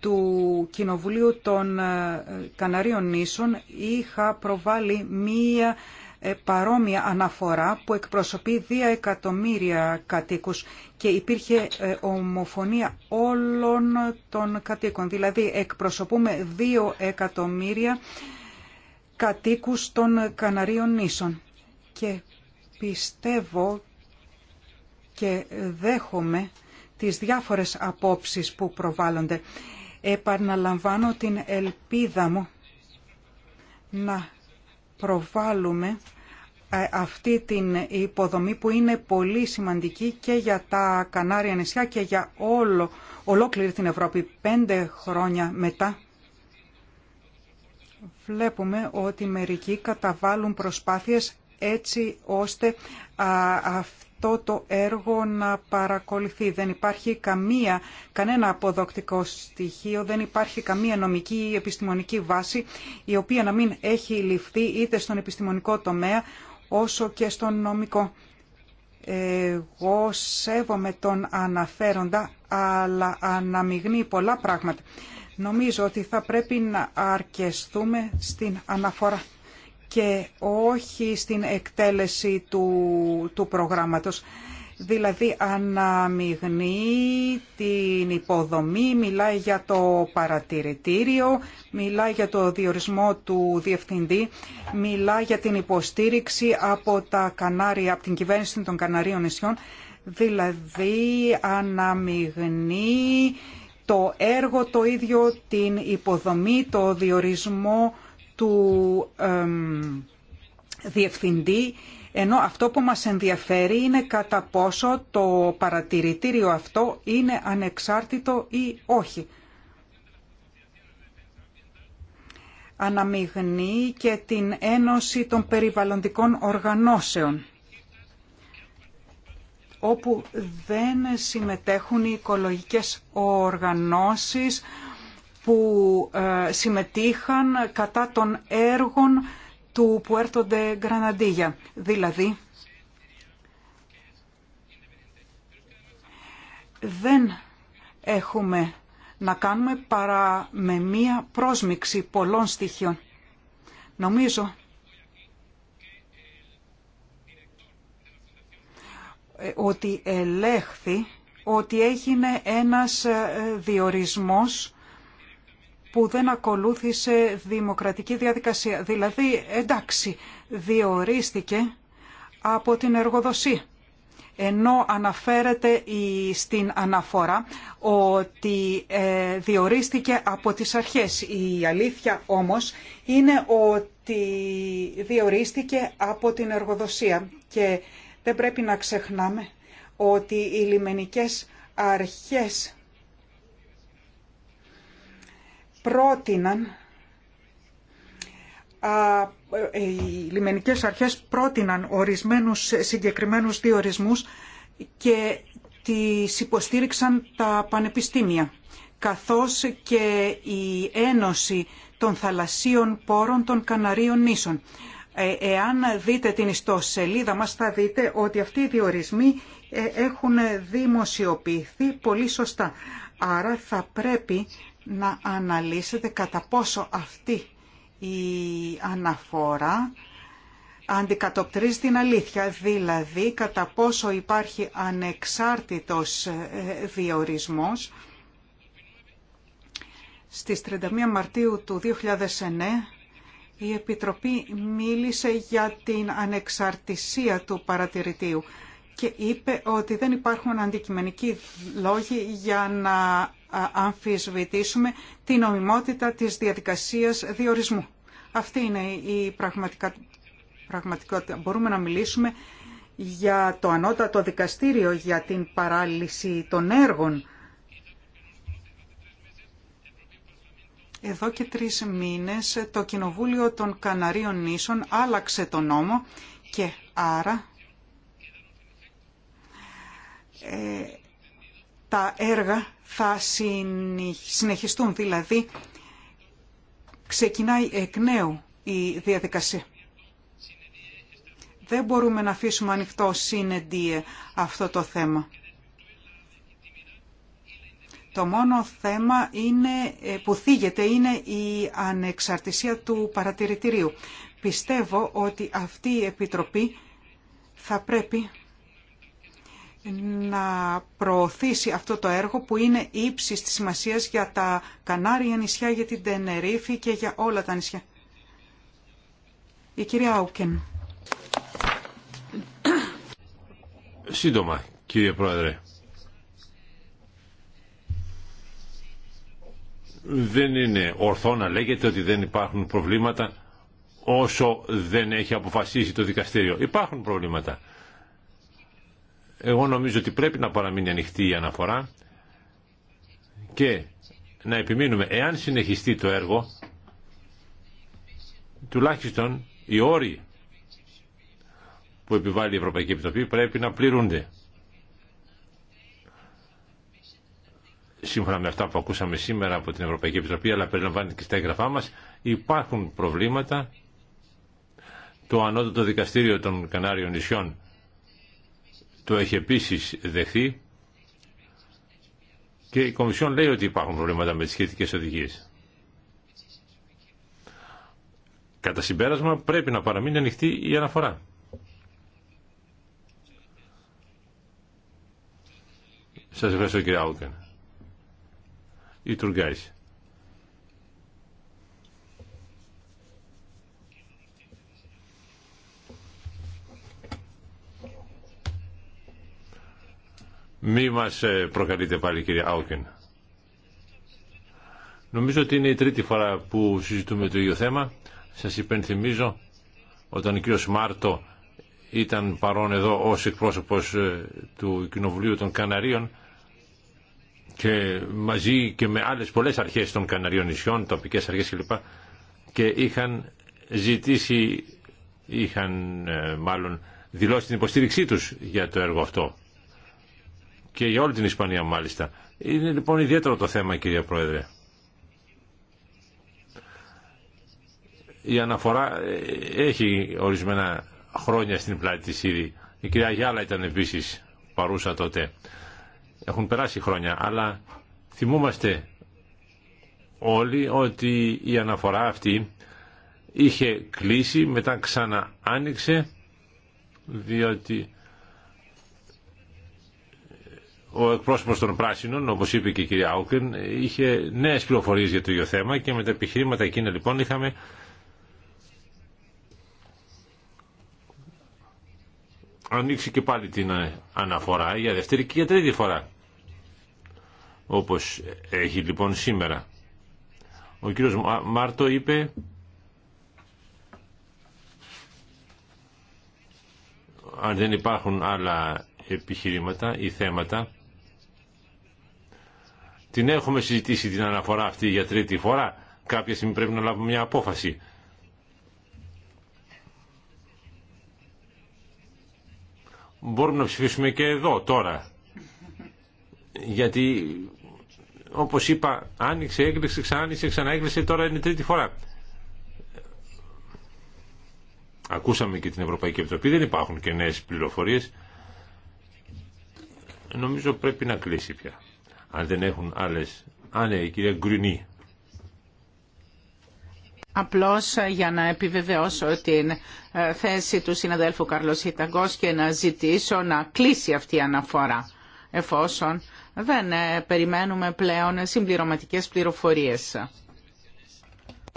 του Κοινοβουλίου των ε, Καναρίων Νήσων, είχα προβάλει μία παρόμοια αναφορά που εκπροσωπεί 2 εκατομμύρια κατοίκους και υπήρχε ε, ομοφωνία όλων των κατοίκων. Δηλαδή εκπροσωπούμε 2 εκατομμύρια κατοίκους των Καναρίων νήσων. Και πιστεύω και δέχομαι τις διάφορες απόψεις που προβάλλονται. Επαναλαμβάνω την ελπίδα μου να προβάλλουμε ε, αυτή την υποδομή που είναι πολύ σημαντική και για τα Κανάρια νησιά και για όλο, ολόκληρη την Ευρώπη. Πέντε χρόνια μετά βλέπουμε ότι μερικοί καταβάλουν προσπάθειες έτσι ώστε αυτό το έργο να παρακολουθεί. Δεν υπάρχει καμία, κανένα αποδοκτικό στοιχείο, δεν υπάρχει καμία νομική ή επιστημονική βάση η οποία να μην έχει ληφθεί είτε στον επιστημονικό τομέα όσο και στον νομικό. Εγώ σέβομαι τον αναφέροντα, αλλά αναμειγνύει πολλά πράγματα. Νομίζω ότι θα πρέπει να αρκεστούμε στην αναφορά και όχι στην εκτέλεση του, του προγράμματος. Δηλαδή αναμειγνύει την υποδομή, μιλάει για το παρατηρητήριο, μιλάει για το διορισμό του διευθυντή, μιλάει για την υποστήριξη από τα Κανάρια, από την κυβέρνηση των Καναρίων νησιών, δηλαδή αναμειγνύει το έργο το ίδιο, την υποδομή, το διορισμό του διευθυντή ενώ αυτό που μας ενδιαφέρει είναι κατά πόσο το παρατηρητήριο αυτό είναι ανεξάρτητο ή όχι. Αναμειγνύει και την Ένωση των Περιβαλλοντικών Οργανώσεων όπου δεν συμμετέχουν οι οικολογικές οργανώσεις που ε, συμμετείχαν κατά των έργων του που έρθονται Γκραναντίγια. Δηλαδή, δεν έχουμε να κάνουμε παρά με μία πρόσμιξη πολλών στοιχείων. Νομίζω ότι ελέγχθη ότι έγινε ένας ε, διορισμός που δεν ακολούθησε δημοκρατική διαδικασία. Δηλαδή, εντάξει, διορίστηκε από την εργοδοσία. Ενώ αναφέρεται στην αναφορά ότι ε, διορίστηκε από τις αρχές. Η αλήθεια όμως είναι ότι διορίστηκε από την εργοδοσία. Και δεν πρέπει να ξεχνάμε ότι οι λιμενικές αρχές πρότειναν ε, οι λιμενικές αρχές πρότειναν ορισμένους ε, συγκεκριμένους διορισμούς και τις υποστήριξαν τα πανεπιστήμια καθώς και η Ένωση των Θαλασσίων Πόρων των Καναρίων Νήσων. Ε, εάν δείτε την ιστοσελίδα μας θα δείτε ότι αυτοί οι διορισμοί έχουν δημοσιοποιηθεί πολύ σωστά. Άρα θα πρέπει να αναλύσετε κατά πόσο αυτή η αναφορά αντικατοπτρίζει την αλήθεια, δηλαδή κατά πόσο υπάρχει ανεξάρτητος ε, διορισμός. Στις 31 Μαρτίου του 2009 η Επιτροπή μίλησε για την ανεξαρτησία του παρατηρητήου και είπε ότι δεν υπάρχουν αντικειμενικοί λόγοι για να αμφισβητήσουμε την νομιμότητα της διαδικασίας διορισμού. Αυτή είναι η πραγματικότητα. Μπορούμε να μιλήσουμε για το ανώτατο δικαστήριο για την παράλυση των έργων. Εδώ και τρεις μήνες το Κοινοβούλιο των Καναρίων Νήσων άλλαξε τον νόμο και άρα ε, τα έργα θα συνεχιστούν, δηλαδή ξεκινάει εκ νέου η διαδικασία. Δεν μπορούμε να αφήσουμε ανοιχτό συνεντίε αυτό το θέμα. Το μόνο θέμα είναι, ε, που θίγεται είναι η ανεξαρτησία του παρατηρητηρίου. Πιστεύω ότι αυτή η Επιτροπή θα πρέπει να προωθήσει αυτό το έργο που είναι ύψης της σημασίας για τα Κανάρια νησιά, για την Τενερίφη και για όλα τα νησιά. Η κυρία Άουκεν. Σύντομα, κύριε Πρόεδρε. Δεν είναι ορθό να λέγεται ότι δεν υπάρχουν προβλήματα όσο δεν έχει αποφασίσει το δικαστήριο. Υπάρχουν προβλήματα. Εγώ νομίζω ότι πρέπει να παραμείνει ανοιχτή η αναφορά και να επιμείνουμε, εάν συνεχιστεί το έργο, τουλάχιστον οι όροι που επιβάλλει η Ευρωπαϊκή Επιτροπή πρέπει να πληρούνται. Σύμφωνα με αυτά που ακούσαμε σήμερα από την Ευρωπαϊκή Επιτροπή, αλλά περιλαμβάνεται και στα έγγραφά μας, υπάρχουν προβλήματα. Το ανώτατο δικαστήριο των Κανάριων νησιών το έχει επίσης δεχθεί και η Κομισιόν λέει ότι υπάρχουν προβλήματα με τις σχετικές οδηγίες. Κατά συμπέρασμα πρέπει να παραμείνει ανοιχτή η αναφορά. Σας ευχαριστώ κύριε Άουκεν. Η Τουργκάης. Μη μας ε, προκαλείτε πάλι κύριε Άουκεν. Νομίζω ότι είναι η τρίτη φορά που συζητούμε το ίδιο θέμα. Σας υπενθυμίζω όταν ο κύριο Μάρτο ήταν παρόν εδώ ως εκπρόσωπος ε, του Κοινοβουλίου των Καναρίων και μαζί και με άλλες πολλές αρχές των Καναρίων νησιών, τοπικές αρχές κλπ. Και είχαν ζητήσει, είχαν ε, μάλλον δηλώσει την υποστήριξή τους για το έργο αυτό και για όλη την Ισπανία μάλιστα. Είναι λοιπόν ιδιαίτερο το θέμα κυρία Πρόεδρε. Η αναφορά ε, έχει ορισμένα χρόνια στην πλάτη της ήδη. Η κυρία Γιάλα ήταν επίσης παρούσα τότε. Έχουν περάσει χρόνια, αλλά θυμούμαστε όλοι ότι η αναφορά αυτή είχε κλείσει, μετά ξανά άνοιξε, διότι ο εκπρόσωπος των Πράσινων, όπως είπε και η κυρία Άουκεν, είχε νέες πληροφορίες για το ίδιο θέμα και με τα επιχειρήματα εκείνα λοιπόν είχαμε ανοίξει και πάλι την αναφορά για δεύτερη και για τρίτη φορά, όπως έχει λοιπόν σήμερα. Ο κύριος Μάρτο είπε αν δεν υπάρχουν άλλα επιχειρήματα ή θέματα την έχουμε συζητήσει την αναφορά αυτή για τρίτη φορά. Κάποια στιγμή πρέπει να λάβουμε μια απόφαση. Μπορούμε να ψηφίσουμε και εδώ τώρα. Γιατί όπως είπα άνοιξε, έγκλεισε, ξανάνοιξε, ξαναέγκλεισε, τώρα είναι τρίτη φορά. Ακούσαμε και την Ευρωπαϊκή Επιτροπή, δεν υπάρχουν και νέες πληροφορίες. Νομίζω πρέπει να κλείσει πια αν δεν έχουν άλλες. Α, ναι, η κυρία Γκρινή. Απλώς για να επιβεβαιώσω την ε, θέση του συναδέλφου Καρλος Χιταγκός και να ζητήσω να κλείσει αυτή η αναφορά, εφόσον δεν ε, περιμένουμε πλέον συμπληρωματικές πληροφορίες.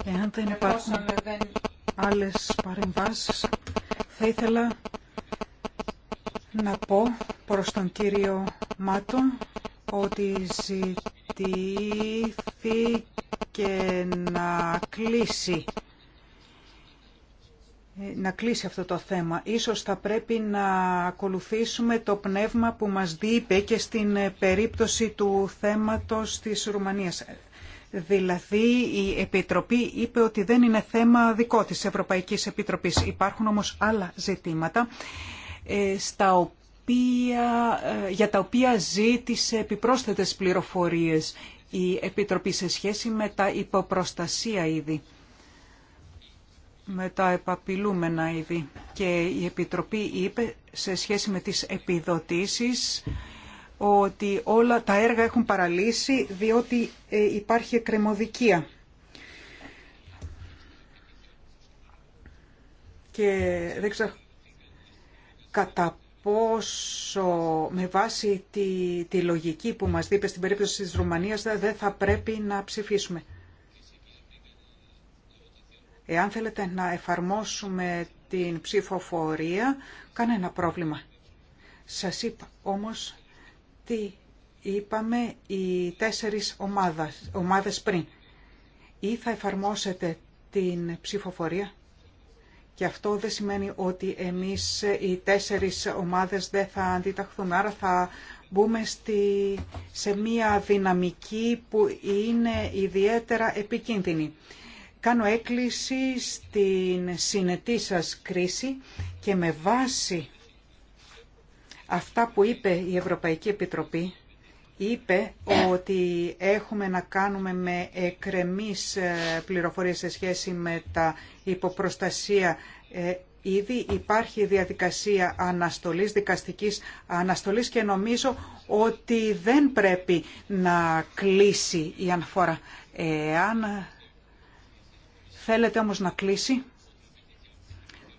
Εάν δεν υπάρχουν δεν... άλλες παρεμβάσεις, θα ήθελα να πω προς τον κύριο Μάτο ότι ζητήθηκε να κλείσει να κλείσει αυτό το θέμα. Ίσως θα πρέπει να ακολουθήσουμε το πνεύμα που μας διείπε και στην περίπτωση του θέματος της Ρουμανίας. Δηλαδή η Επιτροπή είπε ότι δεν είναι θέμα δικό της Ευρωπαϊκής Επιτροπής. Υπάρχουν όμως άλλα ζητήματα ε, στα οποία ε, για τα οποία ζήτησε επιπρόσθετες πληροφορίες η Επιτροπή σε σχέση με τα υποπροστασία είδη, με τα επαπειλούμενα είδη. Και η Επιτροπή είπε σε σχέση με τις επιδοτήσεις ότι όλα τα έργα έχουν παραλύσει διότι ε, υπάρχει εκκρεμωδικία. Και δεν κατά πόσο με βάση τη, τη λογική που μας δείπε στην περίπτωση της Ρουμανίας δεν θα πρέπει να ψηφίσουμε. Εάν θέλετε να εφαρμόσουμε την ψηφοφορία, κανένα πρόβλημα. Σας είπα όμως τι είπαμε οι τέσσερις ομάδες, ομάδες πριν. Ή θα εφαρμόσετε την ψηφοφορία και αυτό δεν σημαίνει ότι εμείς οι τέσσερις ομάδες δεν θα αντιταχθούμε. Άρα θα μπούμε σε μία δυναμική που είναι ιδιαίτερα επικίνδυνη. Κάνω έκκληση στην συνετή σας κρίση και με βάση αυτά που είπε η Ευρωπαϊκή Επιτροπή, είπε ότι έχουμε να κάνουμε με εκρεμείς ε, πληροφορίες σε σχέση με τα υποπροστασία ε, ήδη υπάρχει διαδικασία αναστολής, δικαστικής αναστολής και νομίζω ότι δεν πρέπει να κλείσει η αναφορά. Εάν θέλετε όμως να κλείσει,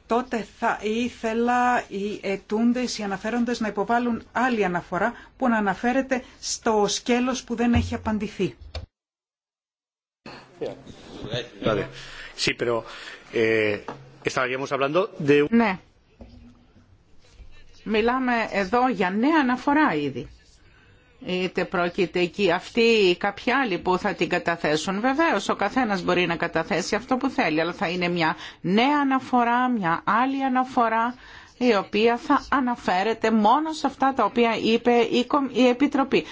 τότε θα ήθελα οι ετούντες, οι αναφέροντες να υποβάλουν άλλη αναφορά που να αναφέρεται στο σκέλος που δεν έχει απαντηθεί. Yeah. Ε, ναι. Μιλάμε εδώ για νέα αναφορά ήδη. Είτε πρόκειται εκεί αυτή ή κάποιοι άλλοι που θα την καταθέσουν. Βεβαίω, ο καθένας μπορεί να καταθέσει αυτό που θέλει, αλλά θα είναι μια νέα αναφορά, μια άλλη αναφορά η οποία θα αναφέρεται μόνο σε αυτά τα οποία είπε η Επιτροπή.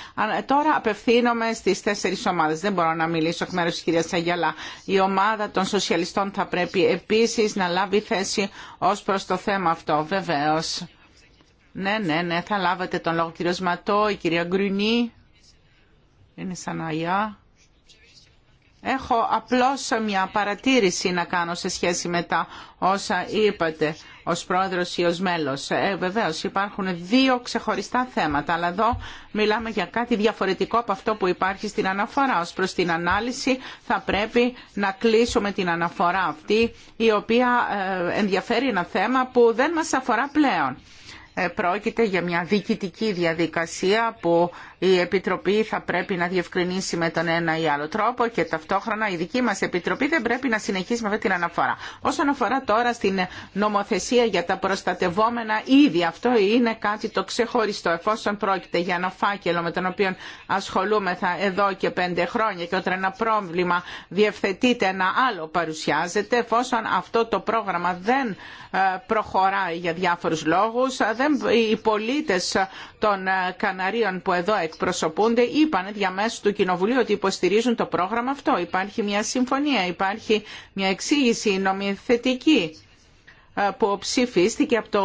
Τώρα απευθύνομαι στις τέσσερις ομάδες. Δεν μπορώ να μιλήσω εκ μέρου τη κυρία Σαγιαλά. Η ομάδα των σοσιαλιστών θα πρέπει επίσης να λάβει θέση ως προς το θέμα αυτό. βεβαίω. Ναι, ναι, ναι, θα λάβετε τον λόγο κύριο Ματώ, η κυρία Γκρουνή. Είναι σαν αγιά. Έχω απλώς μια παρατήρηση να κάνω σε σχέση με τα όσα είπατε ω πρόεδρο ή ω μέλο. Ε, βεβαίως υπάρχουν δύο ξεχωριστά θέματα, αλλά εδώ μιλάμε για κάτι διαφορετικό από αυτό που υπάρχει στην αναφορά. Ω προ την ανάλυση θα πρέπει να κλείσουμε την αναφορά αυτή, η οποία ε, ενδιαφέρει ένα θέμα που δεν μας αφορά πλέον. Ε, πρόκειται για μια διοικητική διαδικασία που η Επιτροπή θα πρέπει να διευκρινίσει με τον ένα ή άλλο τρόπο και ταυτόχρονα η δική μας Επιτροπή δεν πρέπει να συνεχίσει με αυτή την αναφορά. Όσον αφορά τώρα στην νομοθεσία για τα προστατευόμενα ήδη, αυτό είναι κάτι το ξεχωριστό εφόσον πρόκειται για ένα φάκελο με τον οποίο ασχολούμεθα εδώ και πέντε χρόνια και όταν ένα πρόβλημα διευθετείται ένα άλλο παρουσιάζεται εφόσον αυτό το πρόγραμμα δεν ε, προχωράει για διάφορους λόγους ε, οι πολίτες των ε, Καναρίων που εδώ εκπροσωπούνται είπαν διαμέσου του Κοινοβουλίου ότι υποστηρίζουν το πρόγραμμα αυτό. Υπάρχει μια συμφωνία, υπάρχει μια εξήγηση νομιθετική ε, που ψηφίστηκε από το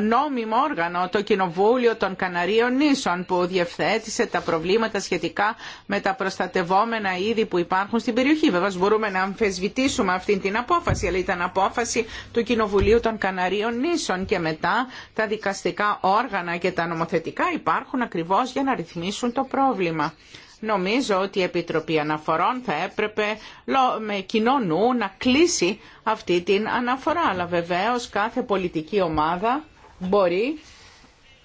νόμιμο όργανο, το Κοινοβούλιο των Καναρίων Νήσων, που διευθέτησε τα προβλήματα σχετικά με τα προστατευόμενα είδη που υπάρχουν στην περιοχή. Βέβαια, μπορούμε να αμφισβητήσουμε αυτή την απόφαση, αλλά ήταν απόφαση του Κοινοβουλίου των Καναρίων Νήσων και μετά τα δικαστικά όργανα και τα νομοθετικά υπάρχουν ακριβώς για να ρυθμίσουν το πρόβλημα. Νομίζω ότι η Επιτροπή Αναφορών θα έπρεπε με κοινό νου να κλείσει αυτή την αναφορά. Αλλά βεβαίως κάθε πολιτική ομάδα μπορεί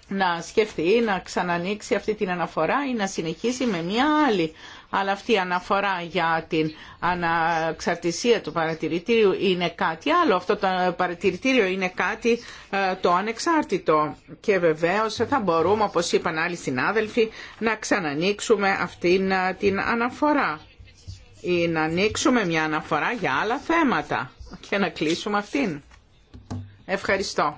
να σκεφτεί να ξανανοίξει αυτή την αναφορά ή να συνεχίσει με μια άλλη αλλά αυτή η αναφορά για την αναξαρτησία του παρατηρητήριου είναι κάτι άλλο. Αυτό το παρατηρητήριο είναι κάτι ε, το ανεξάρτητο και βεβαίως θα μπορούμε, όπως είπαν άλλοι συνάδελφοι, να ξανανοίξουμε αυτήν ε, την αναφορά ή να ανοίξουμε μια αναφορά για άλλα θέματα και να κλείσουμε αυτήν. Ευχαριστώ.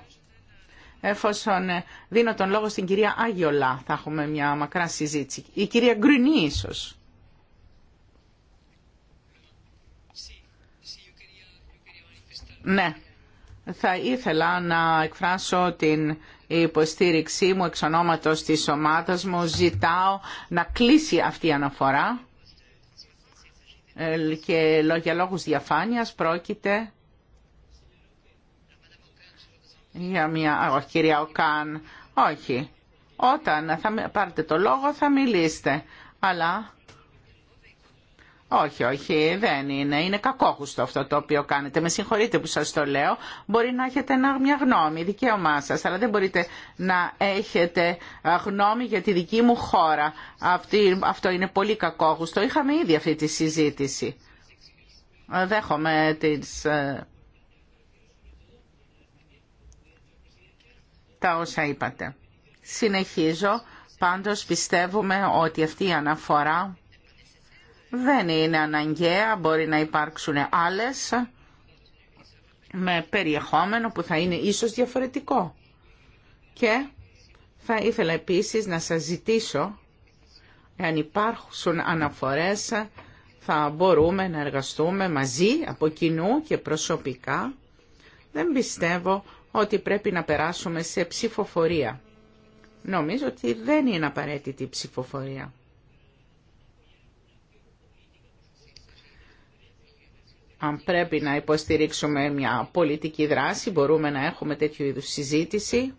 Εφόσον ε, δίνω τον λόγο στην κυρία Άγιολα, θα έχουμε μια μακρά συζήτηση. Η κυρία Γκρινή ίσως. Ναι, θα ήθελα να εκφράσω την υποστήριξή μου εξ ονόματος της ομάδας μου. Ζητάω να κλείσει αυτή η αναφορά ε, και για λόγους διαφάνειας πρόκειται για μια... Όχι, κυρία Οκάν, όχι. Όταν θα πάρετε το λόγο θα μιλήσετε. Αλλά όχι, όχι, δεν είναι. Είναι κακόχουστο αυτό το οποίο κάνετε. Με συγχωρείτε που σας το λέω. Μπορεί να έχετε μια γνώμη, δικαίωμά σας, αλλά δεν μπορείτε να έχετε γνώμη για τη δική μου χώρα. Αυτή, αυτό είναι πολύ κακόχουστο. Είχαμε ήδη αυτή τη συζήτηση. Δέχομαι τις... Ε, τα όσα είπατε. Συνεχίζω. Πάντως πιστεύουμε ότι αυτή η αναφορά δεν είναι αναγκαία, μπορεί να υπάρξουν άλλες με περιεχόμενο που θα είναι ίσως διαφορετικό. Και θα ήθελα επίσης να σας ζητήσω, εάν υπάρχουν αναφορές, θα μπορούμε να εργαστούμε μαζί, από κοινού και προσωπικά. Δεν πιστεύω ότι πρέπει να περάσουμε σε ψηφοφορία. Νομίζω ότι δεν είναι απαραίτητη η ψηφοφορία. αν πρέπει να υποστηρίξουμε μια πολιτική δράση, μπορούμε να έχουμε τέτοιου είδους συζήτηση.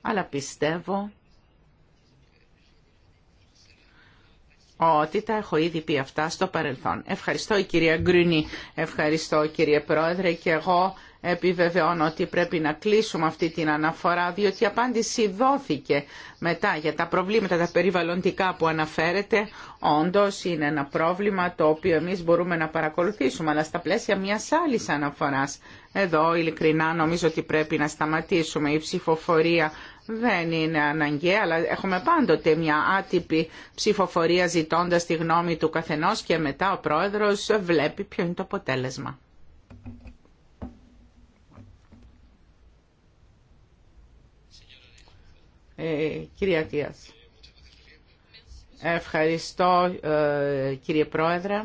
Αλλά πιστεύω ότι τα έχω ήδη πει αυτά στο παρελθόν. Ευχαριστώ η κυρία Γκρινή, ευχαριστώ κύριε Πρόεδρε και εγώ επιβεβαιώνω ότι πρέπει να κλείσουμε αυτή την αναφορά διότι η απάντηση δόθηκε μετά για τα προβλήματα τα περιβαλλοντικά που αναφέρεται όντως είναι ένα πρόβλημα το οποίο εμείς μπορούμε να παρακολουθήσουμε αλλά στα πλαίσια μιας άλλης αναφοράς εδώ ειλικρινά νομίζω ότι πρέπει να σταματήσουμε η ψηφοφορία δεν είναι αναγκαία, αλλά έχουμε πάντοτε μια άτυπη ψηφοφορία ζητώντας τη γνώμη του καθενός και μετά ο πρόεδρος βλέπει ποιο είναι το αποτέλεσμα. Ε, κυρία Ευχαριστώ ε, κύριε Πρόεδρε.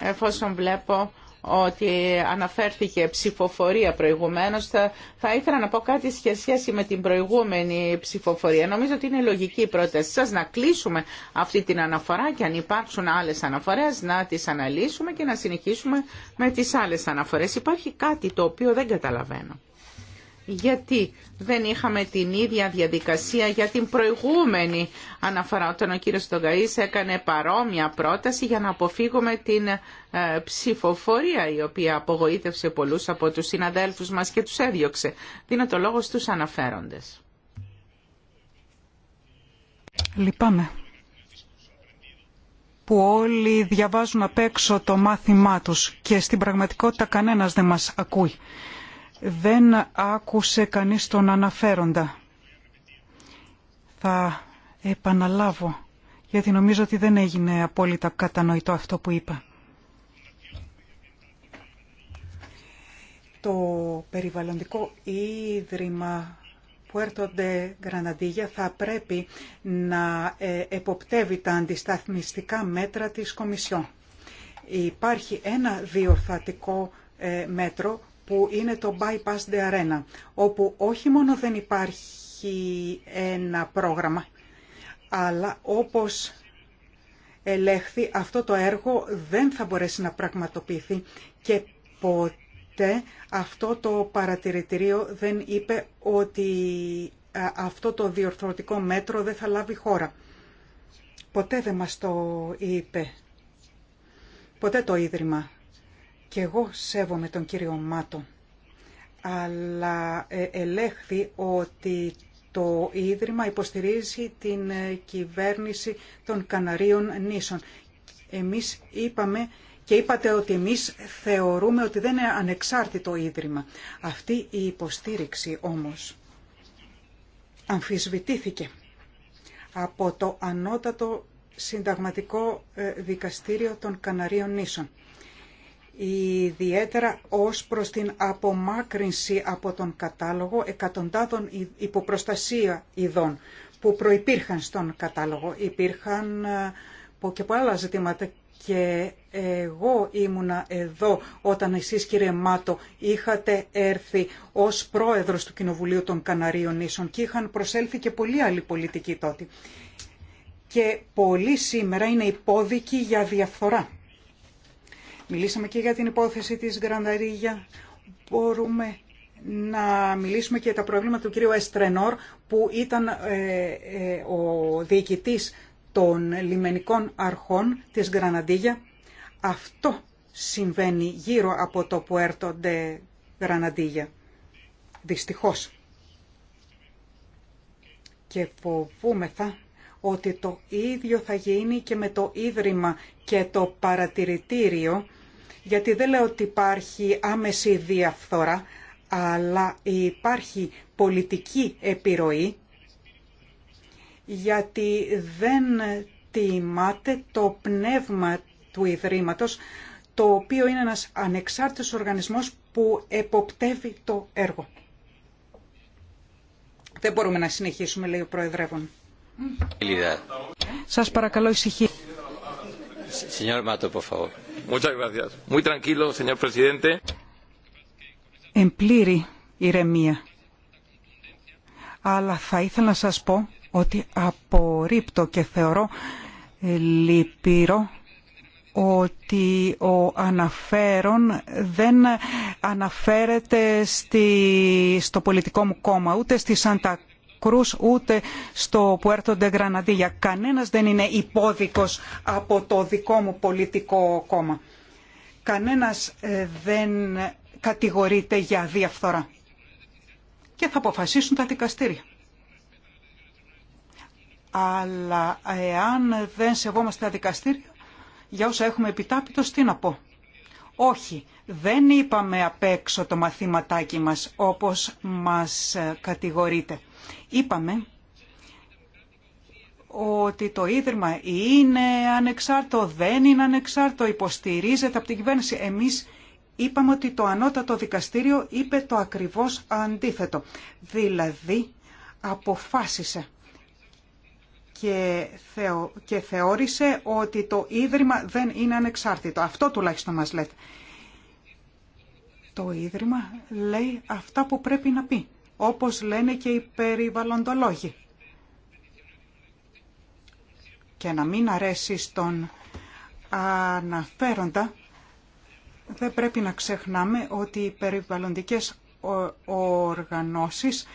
Εφόσον βλέπω ότι αναφέρθηκε ψηφοφορία προηγουμένως, θα, θα ήθελα να πω κάτι σε σχέση με την προηγούμενη ψηφοφορία. Νομίζω ότι είναι λογική η πρόταση σας να κλείσουμε αυτή την αναφορά και αν υπάρξουν άλλες αναφορές να τις αναλύσουμε και να συνεχίσουμε με τις άλλες αναφορές. Υπάρχει κάτι το οποίο δεν καταλαβαίνω γιατί δεν είχαμε την ίδια διαδικασία για την προηγούμενη αναφορά όταν ο κύριος Στογκαής έκανε παρόμοια πρόταση για να αποφύγουμε την ε, ψηφοφορία η οποία απογοήτευσε πολλούς από τους συναδέλφους μας και τους έδιωξε. Δίνω το λόγο στους αναφέροντες. Λυπάμαι που όλοι διαβάζουν απ' έξω το μάθημά τους και στην πραγματικότητα κανένας δεν μας ακούει δεν άκουσε κανείς τον αναφέροντα. Θα επαναλάβω, γιατί νομίζω ότι δεν έγινε απόλυτα κατανοητό αυτό που είπα. Το περιβαλλοντικό ίδρυμα de Γραναντίγια θα πρέπει να ε, εποπτεύει τα αντισταθμιστικά μέτρα της Κομισιόν. Υπάρχει ένα διορθατικό ε, μέτρο που είναι το Bypass the Arena, όπου όχι μόνο δεν υπάρχει ένα πρόγραμμα, αλλά όπως ελέγχθη αυτό το έργο δεν θα μπορέσει να πραγματοποιηθεί και ποτέ αυτό το παρατηρητηρίο δεν είπε ότι ε, αυτό το διορθωτικό μέτρο δεν θα λάβει χώρα. Ποτέ δεν μας το είπε. Ποτέ το Ίδρυμα και εγώ σέβομαι τον κύριο Μάτο, αλλά ε, ελέγχθη ότι το Ίδρυμα υποστηρίζει την ε, κυβέρνηση των Καναρίων νήσων. Εμείς είπαμε και είπατε ότι εμείς θεωρούμε ότι δεν είναι ανεξάρτητο Ίδρυμα. Αυτή η υποστήριξη όμως αμφισβητήθηκε από το Ανώτατο Συνταγματικό ε, Δικαστήριο των Καναρίων νήσων ιδιαίτερα ως προς την απομάκρυνση από τον κατάλογο εκατοντάδων υποπροστασία ειδών που προϋπήρχαν στον κατάλογο. Υπήρχαν ε, και πολλά άλλα ζητήματα και εγώ ήμουνα εδώ όταν εσείς κύριε Μάτο είχατε έρθει ως πρόεδρος του Κοινοβουλίου των Καναρίων Ίσων και είχαν προσέλθει και πολλοί άλλοι πολιτικοί τότε. Και πολλοί σήμερα είναι υπόδικοι για διαφθορά. Μιλήσαμε και για την υπόθεση της Γκρανταρίγια. Μπορούμε να μιλήσουμε και για τα προβλήματα του κύριου Εστρενόρ που ήταν ε, ε, ο διοικητής των λιμενικών αρχών της Γκραναντίγια. Αυτό συμβαίνει γύρω από το που έρτονται Γκραναντίγια. Δυστυχώς. Και φοβούμεθα ότι το ίδιο θα γίνει και με το Ίδρυμα και το Παρατηρητήριο γιατί δεν λέω ότι υπάρχει άμεση διαφθορά, αλλά υπάρχει πολιτική επιρροή, γιατί δεν τιμάται το πνεύμα του Ιδρύματος, το οποίο είναι ένας ανεξάρτητος οργανισμός που εποπτεύει το έργο. Δεν μπορούμε να συνεχίσουμε, λέει ο Προεδρεύων. Σας παρακαλώ ησυχία. Εν πλήρη ηρεμία. Αλλά θα ήθελα να σας πω ότι απορρίπτω και θεωρώ ε, λυπηρό ότι ο αναφέρον δεν αναφέρεται στο πολιτικό μου κόμμα, ούτε στη Σάντα Κρούς ούτε στο Πουέρτο Ντεγκραναντίγια. Κανένας δεν είναι υπόδικος από το δικό μου πολιτικό κόμμα. Κανένας ε, δεν κατηγορείται για διαφθορά. Και θα αποφασίσουν τα δικαστήρια. Αλλά εάν δεν σεβόμαστε τα δικαστήρια, για όσα έχουμε επιτάπητος, τι να πω. Όχι, δεν είπαμε απ' έξω το μαθήματάκι μας όπως μας κατηγορείτε. Είπαμε ότι το Ίδρυμα είναι ανεξάρτητο, δεν είναι ανεξάρτητο, υποστηρίζεται από την κυβέρνηση. Εμείς είπαμε ότι το Ανώτατο Δικαστήριο είπε το ακριβώς αντίθετο. Δηλαδή αποφάσισε και, θεώρησε ότι το Ίδρυμα δεν είναι ανεξάρτητο. Αυτό τουλάχιστον μας λέτε. Το Ίδρυμα λέει αυτά που πρέπει να πει, όπως λένε και οι περιβαλλοντολόγοι. Και να μην αρέσει στον αναφέροντα, δεν πρέπει να ξεχνάμε ότι οι περιβαλλοντικές οργανώσεις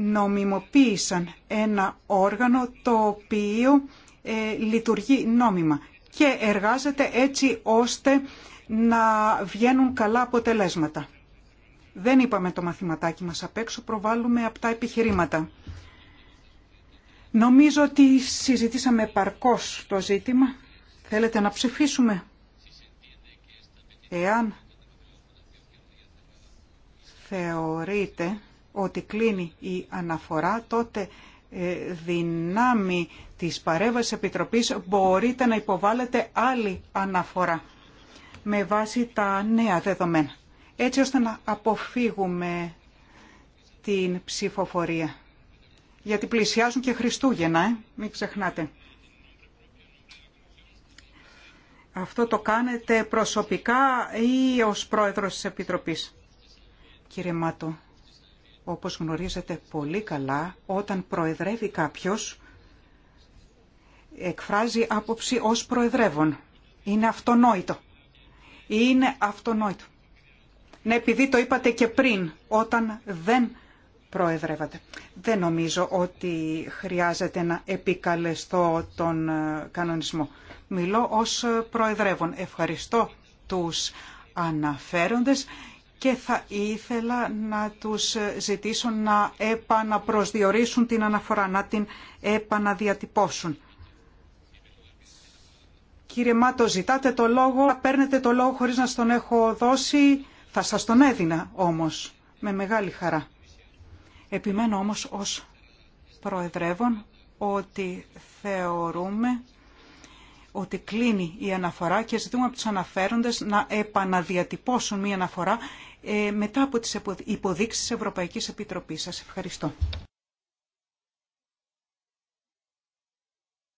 νομιμοποίησαν ένα όργανο το οποίο ε, λειτουργεί νόμιμα και εργάζεται έτσι ώστε να βγαίνουν καλά αποτελέσματα. Δεν είπαμε το μαθηματάκι μας απ' έξω, προβάλλουμε απ' τα επιχειρήματα. Νομίζω ότι συζητήσαμε παρκώς το ζήτημα. Θέλετε να ψηφίσουμε. Εάν θεωρείτε ότι κλείνει η αναφορά, τότε ε, δυνάμει της παρέμβασης επιτροπής μπορείτε να υποβάλλετε άλλη αναφορά με βάση τα νέα δεδομένα, έτσι ώστε να αποφύγουμε την ψηφοφορία. Γιατί πλησιάζουν και Χριστούγεννα, ε? μην ξεχνάτε. Αυτό το κάνετε προσωπικά ή ως πρόεδρος της Επιτροπής. Κύριε Μάτο, όπως γνωρίζετε πολύ καλά, όταν προεδρεύει κάποιος, εκφράζει άποψη ως προεδρεύων. Είναι αυτονόητο. Είναι αυτονόητο. Ναι, επειδή το είπατε και πριν, όταν δεν προεδρεύατε. Δεν νομίζω ότι χρειάζεται να επικαλεστώ τον ε, κανονισμό. Μιλώ ως ε, προεδρεύων. Ευχαριστώ τους αναφέροντες και θα ήθελα να τους ζητήσω να επαναπροσδιορίσουν την αναφορά, να την επαναδιατυπώσουν. Κύριε Μάτο, ζητάτε το λόγο, παίρνετε το λόγο χωρίς να στον έχω δώσει, θα σας τον έδινα όμως, με μεγάλη χαρά. Επιμένω όμως ως προεδρεύων ότι θεωρούμε ότι κλείνει η αναφορά και ζητούμε από τους αναφέροντες να επαναδιατυπώσουν μία αναφορά ε, μετά από τις υποδείξεις της Ευρωπαϊκής Επιτροπής. Σας ευχαριστώ.